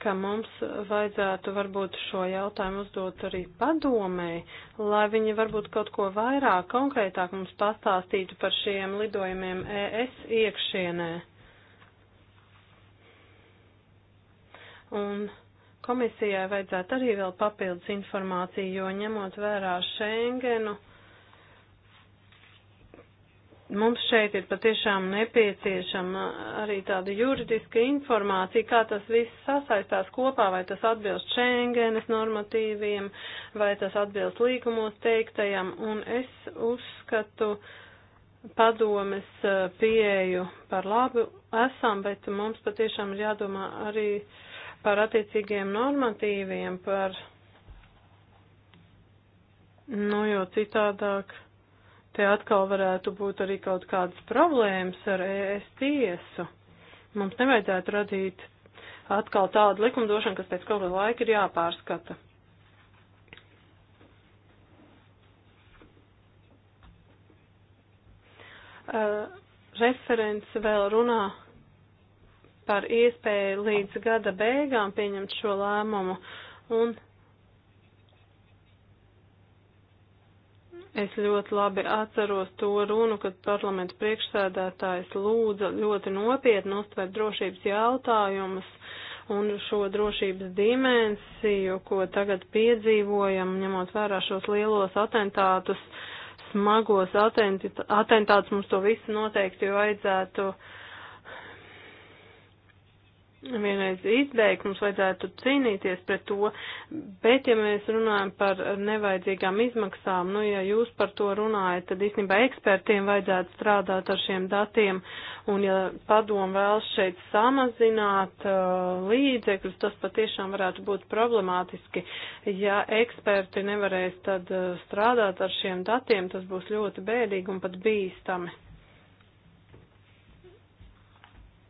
ka mums vajadzētu varbūt šo jautājumu uzdot arī padomēji, lai viņi varbūt kaut ko vairāk konkrētāk mums pastāstītu par šiem lidojumiem ES iekšienē. Un komisijai vajadzētu arī vēl papildus informāciju, jo ņemot vērā Schengenu. Mums šeit ir patiešām nepieciešama arī tāda juridiska informācija, kā tas viss sasaistās kopā, vai tas atbilst Schengenes normatīviem, vai tas atbilst līgumos teiktajam, un es uzskatu padomes eh, pieeju par labu esam, bet mums patiešām ir jādomā arī par attiecīgiem normatīviem, par, nu jo citādāk Te atkal varētu būt arī kaut kādas problēmas ar ES tiesu. Mums nevajadzētu radīt atkal tādu likumdošanu, kas pēc kaut kāda laika ir jāpārskata. Uh, referents vēl runā par iespēju līdz gada beigām pieņemt šo lēmumu, un Es ļoti labi atceros to runu, kad parlamenta priekšsēdētājs lūdza ļoti nopietni uztvert drošības jautājumus un šo drošības dimensiju, ko tagad piedzīvojam, ņemot vērā šos lielos atentātus, smagos atentātus, mums to visu noteikti vajadzētu uh, vienreiz izbeigt, mums vajadzētu cīnīties pret to, bet ja mēs runājam par nevajadzīgām izmaksām, nu ja jūs par to runājat, tad īstenībā ekspertiem vajadzētu strādāt ar šiem datiem, un ja padom vēlas šeit samazināt uh, līdzekļus, tas patiešām varētu būt problemātiski. Ja eksperti nevarēs tad uh, strādāt ar šiem datiem, tas būs ļoti bēdīgi un pat bīstami.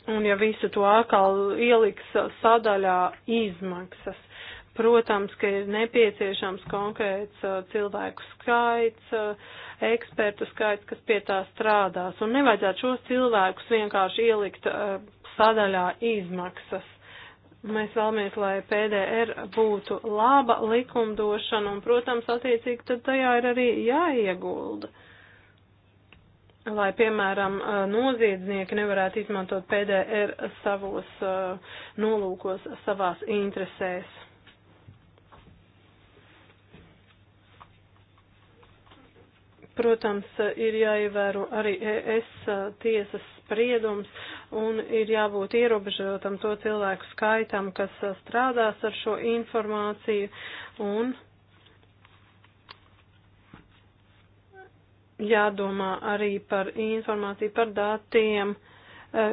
Un ja visu to atkal ieliks sadaļā izmaksas, protams, ka ir nepieciešams konkrēts uh, cilvēku skaits, uh, ekspertu skaits, kas pie tā strādās. Un nevajadzētu šos cilvēkus vienkārši ielikt uh, sadaļā izmaksas. Mēs vēlamies, lai PDR būtu laba likumdošana, un, protams, attiecīgi tad tajā ir arī jāiegulda. Uh, lai, piemēram, noziedznieki nevarētu izmantot PDR savos nolūkos, savās interesēs. Protams, ir jāievēro arī ES tiesas spriedums un ir jābūt ierobežotam to cilvēku skaitam, kas strādās ar šo informāciju un. jādomā arī par informāciju, par datiem, e,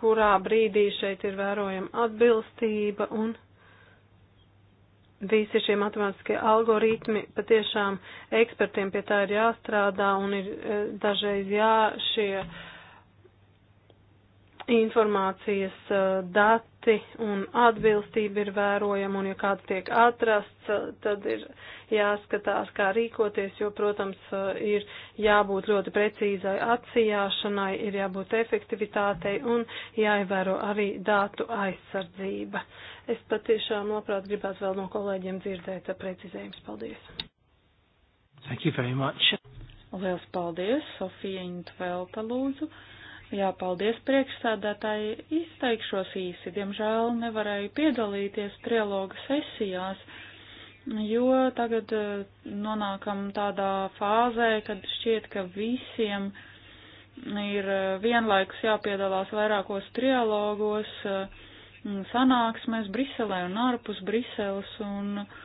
kurā brīdī šeit ir vērojama atbilstība un visi šie matemātiskie algoritmi patiešām ekspertiem pie tā ir jāstrādā un ir e, dažreiz jā šie informācijas eh, dati un atbilstība ir vērojama, un ja kāds tiek atrasts, eh, tad ir jāskatās, kā rīkoties, jo, protams, eh, ir jābūt ļoti precīzai atsijāšanai, ir jābūt efektivitātei un jāievēro arī datu aizsardzība. Es patiešām labprāt gribētu vēl no kolēģiem dzirdēt precizējums. Paldies! Thank you very much. Liels paldies, Sofija Intvelta lūdzu. Jā, paldies priekšsādātāji. Izteikšos īsi. Diemžēl nevarēju piedalīties trialoga sesijās, jo tagad eh, nonākam tādā fāzē, kad šķiet, ka visiem ir eh, vienlaikus jāpiedalās vairākos trialogos, eh, sanāksmēs Briselē un ārpus Briseles. Un, uh,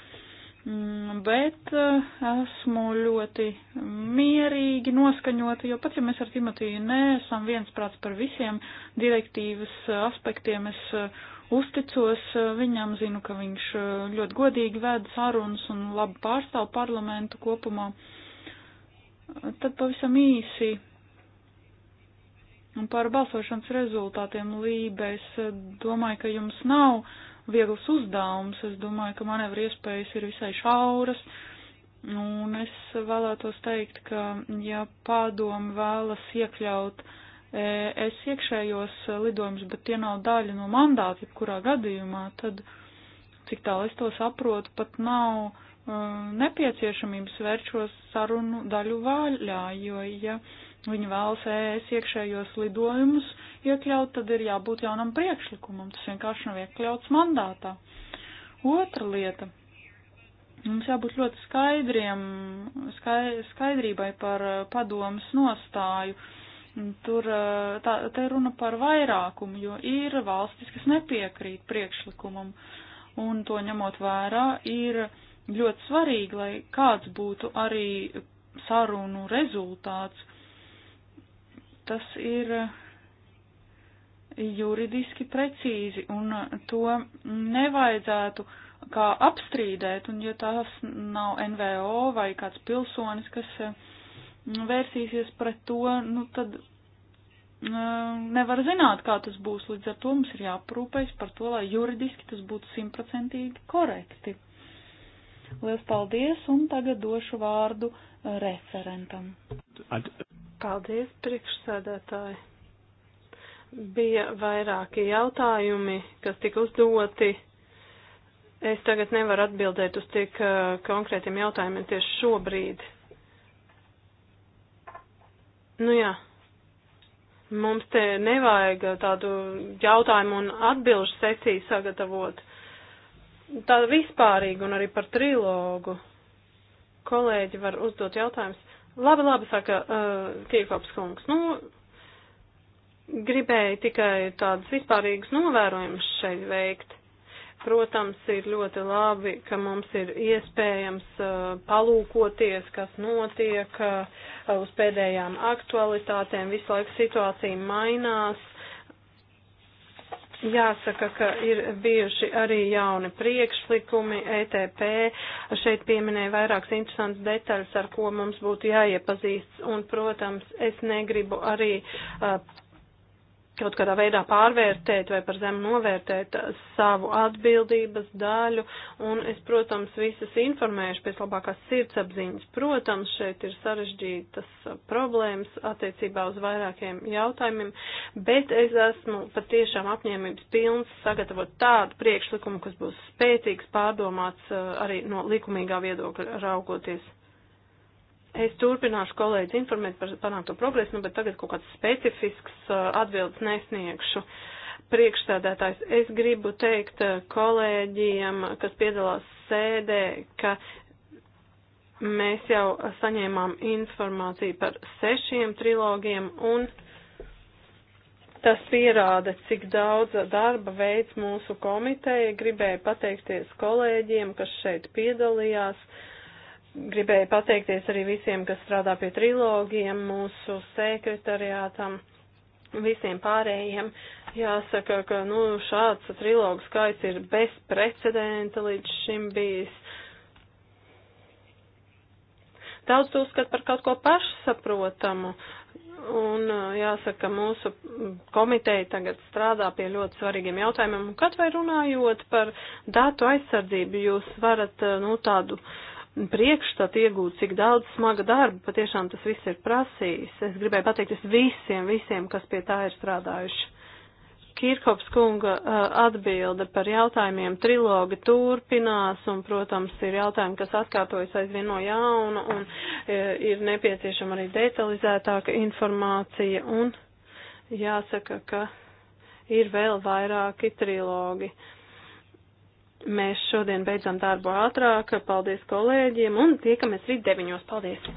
Mm, bet eh, esmu ļoti mierīgi noskaņota, jo pat ja mēs ar Timotiju neesam viensprāts par visiem direktīvas eh, aspektiem, es eh, uzticos viņam, zinu, ka viņš ļoti godīgi ved sarunas un labi pārstāv parlamentu kopumā. Tad pavisam īsi un par balsošanas rezultātiem Lībē es domāju, ka jums nav viegls uzdevums. Es domāju, ka manevra iespējas ir visai šauras. Un es vēlētos teikt, ka ja padomu vēlas iekļaut eh, es iekšējos lidojumus, bet tie nav daļa no mandāta, jebkurā gadījumā, tad, cik tālu es to saprotu, pat nav eh, nepieciešamības vērt šo sarunu daļu vaļā, jo, ja viņi vēlas ES iekšējos lidojumus iekļaut, tad ir jābūt jaunam priekšlikumam. Tas vienkārši nav iekļauts mandātā. Otra lieta. Mums jābūt ļoti skaidriem, skai, skaidrībai par eh, padomas nostāju. Tur eh, tā, te runa par vairākumu, jo ir valstis, kas nepiekrīt priekšlikumam. Un to ņemot vērā, ir ļoti svarīgi, lai kāds būtu arī sarunu rezultāts tas ir juridiski precīzi un to nevajadzētu kā apstrīdēt, un ja tas nav NVO vai kāds pilsonis, kas mm, vērsīsies pret to, nu tad mm, nevar zināt, kā tas būs, līdz ar to mums ir jāprūpējas par to, lai juridiski tas būtu simtprocentīgi korekti. Lielas paldies, un tagad došu vārdu referentam. Paldies, priekšsēdētāji. Bija vairāki jautājumi, kas tika uzdoti. Es tagad nevaru atbildēt uz tik uh, konkrētiem jautājumiem tieši šobrīd. Nu jā, mums te nevajag tādu jautājumu un atbilžu seciju sagatavot. Tāda vispārīga un arī par trilogu. Kolēģi var uzdot jautājumus. Labi, labi, saka uh, eh, Kirkops kungs. Nu, gribēju tikai tādus vispārīgus novērojumus šeit veikt. Protams, ir ļoti labi, ka mums ir iespējams uh, palūkoties, kas notiek uh, uz pēdējām aktualitātēm. Visu laiku situācija mainās Jāsaka, ka ir bijuši arī jauni priekšlikumi, ETP, šeit pieminēja vairākas interesantas detaļas, ar ko mums būtu jāiepazīst, un, protams, es negribu arī uh, kaut kādā veidā pārvērtēt vai par zemu novērtēt savu atbildības daļu, un es, protams, visas informēšu pēc labākās sirdsapziņas. Protams, šeit ir sarežģītas problēmas attiecībā uz vairākiem jautājumiem, bet es esmu patiešām apņēmības pilns sagatavot tādu priekšlikumu, kas būs spēcīgs, pārdomāts eh, arī no likumīgā viedokļa raugoties. Es turpināšu kolēģi informēt par panākto progresu, nu, bet tagad kaut kāds specifisks uh, atbildes nesniegšu. Priekšstādētājs, es gribu teikt uh, kolēģiem, kas piedalās sēdē, ka mēs jau saņēmām informāciju par sešiem trilogiem un tas pierāda, cik daudz darba veids mūsu komiteja. Gribēju pateikties kolēģiem, kas šeit piedalījās. Uh, Gribēju pateikties arī visiem, kas strādā pie trilogiem, mūsu sekretariātam, visiem pārējiem. Jāsaka, ka nu, šāds trilogu skaits ir bezprecedenta līdz šim bijis. Daudz to uzskat par kaut ko pašsaprotamu, un jāsaka, mūsu komiteja tagad strādā pie ļoti svarīgiem jautājumiem, un kad vai runājot par datu aizsardzību, jūs varat, nu, tādu uh, priekšstatu iegūt, cik daudz smaga darba patiešām tas viss ir prasījis. Es gribēju pateikties visiem, visiem, kas pie tā ir strādājuši. Kirkops kunga uh, atbilde par jautājumiem trilogi turpinās, un, protams, ir jautājumi, kas atkārtojas aizvien no jauna, un uh, ir nepieciešama arī detalizētāka informācija, un jāsaka, ka ir vēl vairāki trilogi. Uh, Mēs šodien beidzam darbu ātrāk. Paldies kolēģiem un tiekamies rīt deviņos. Paldies!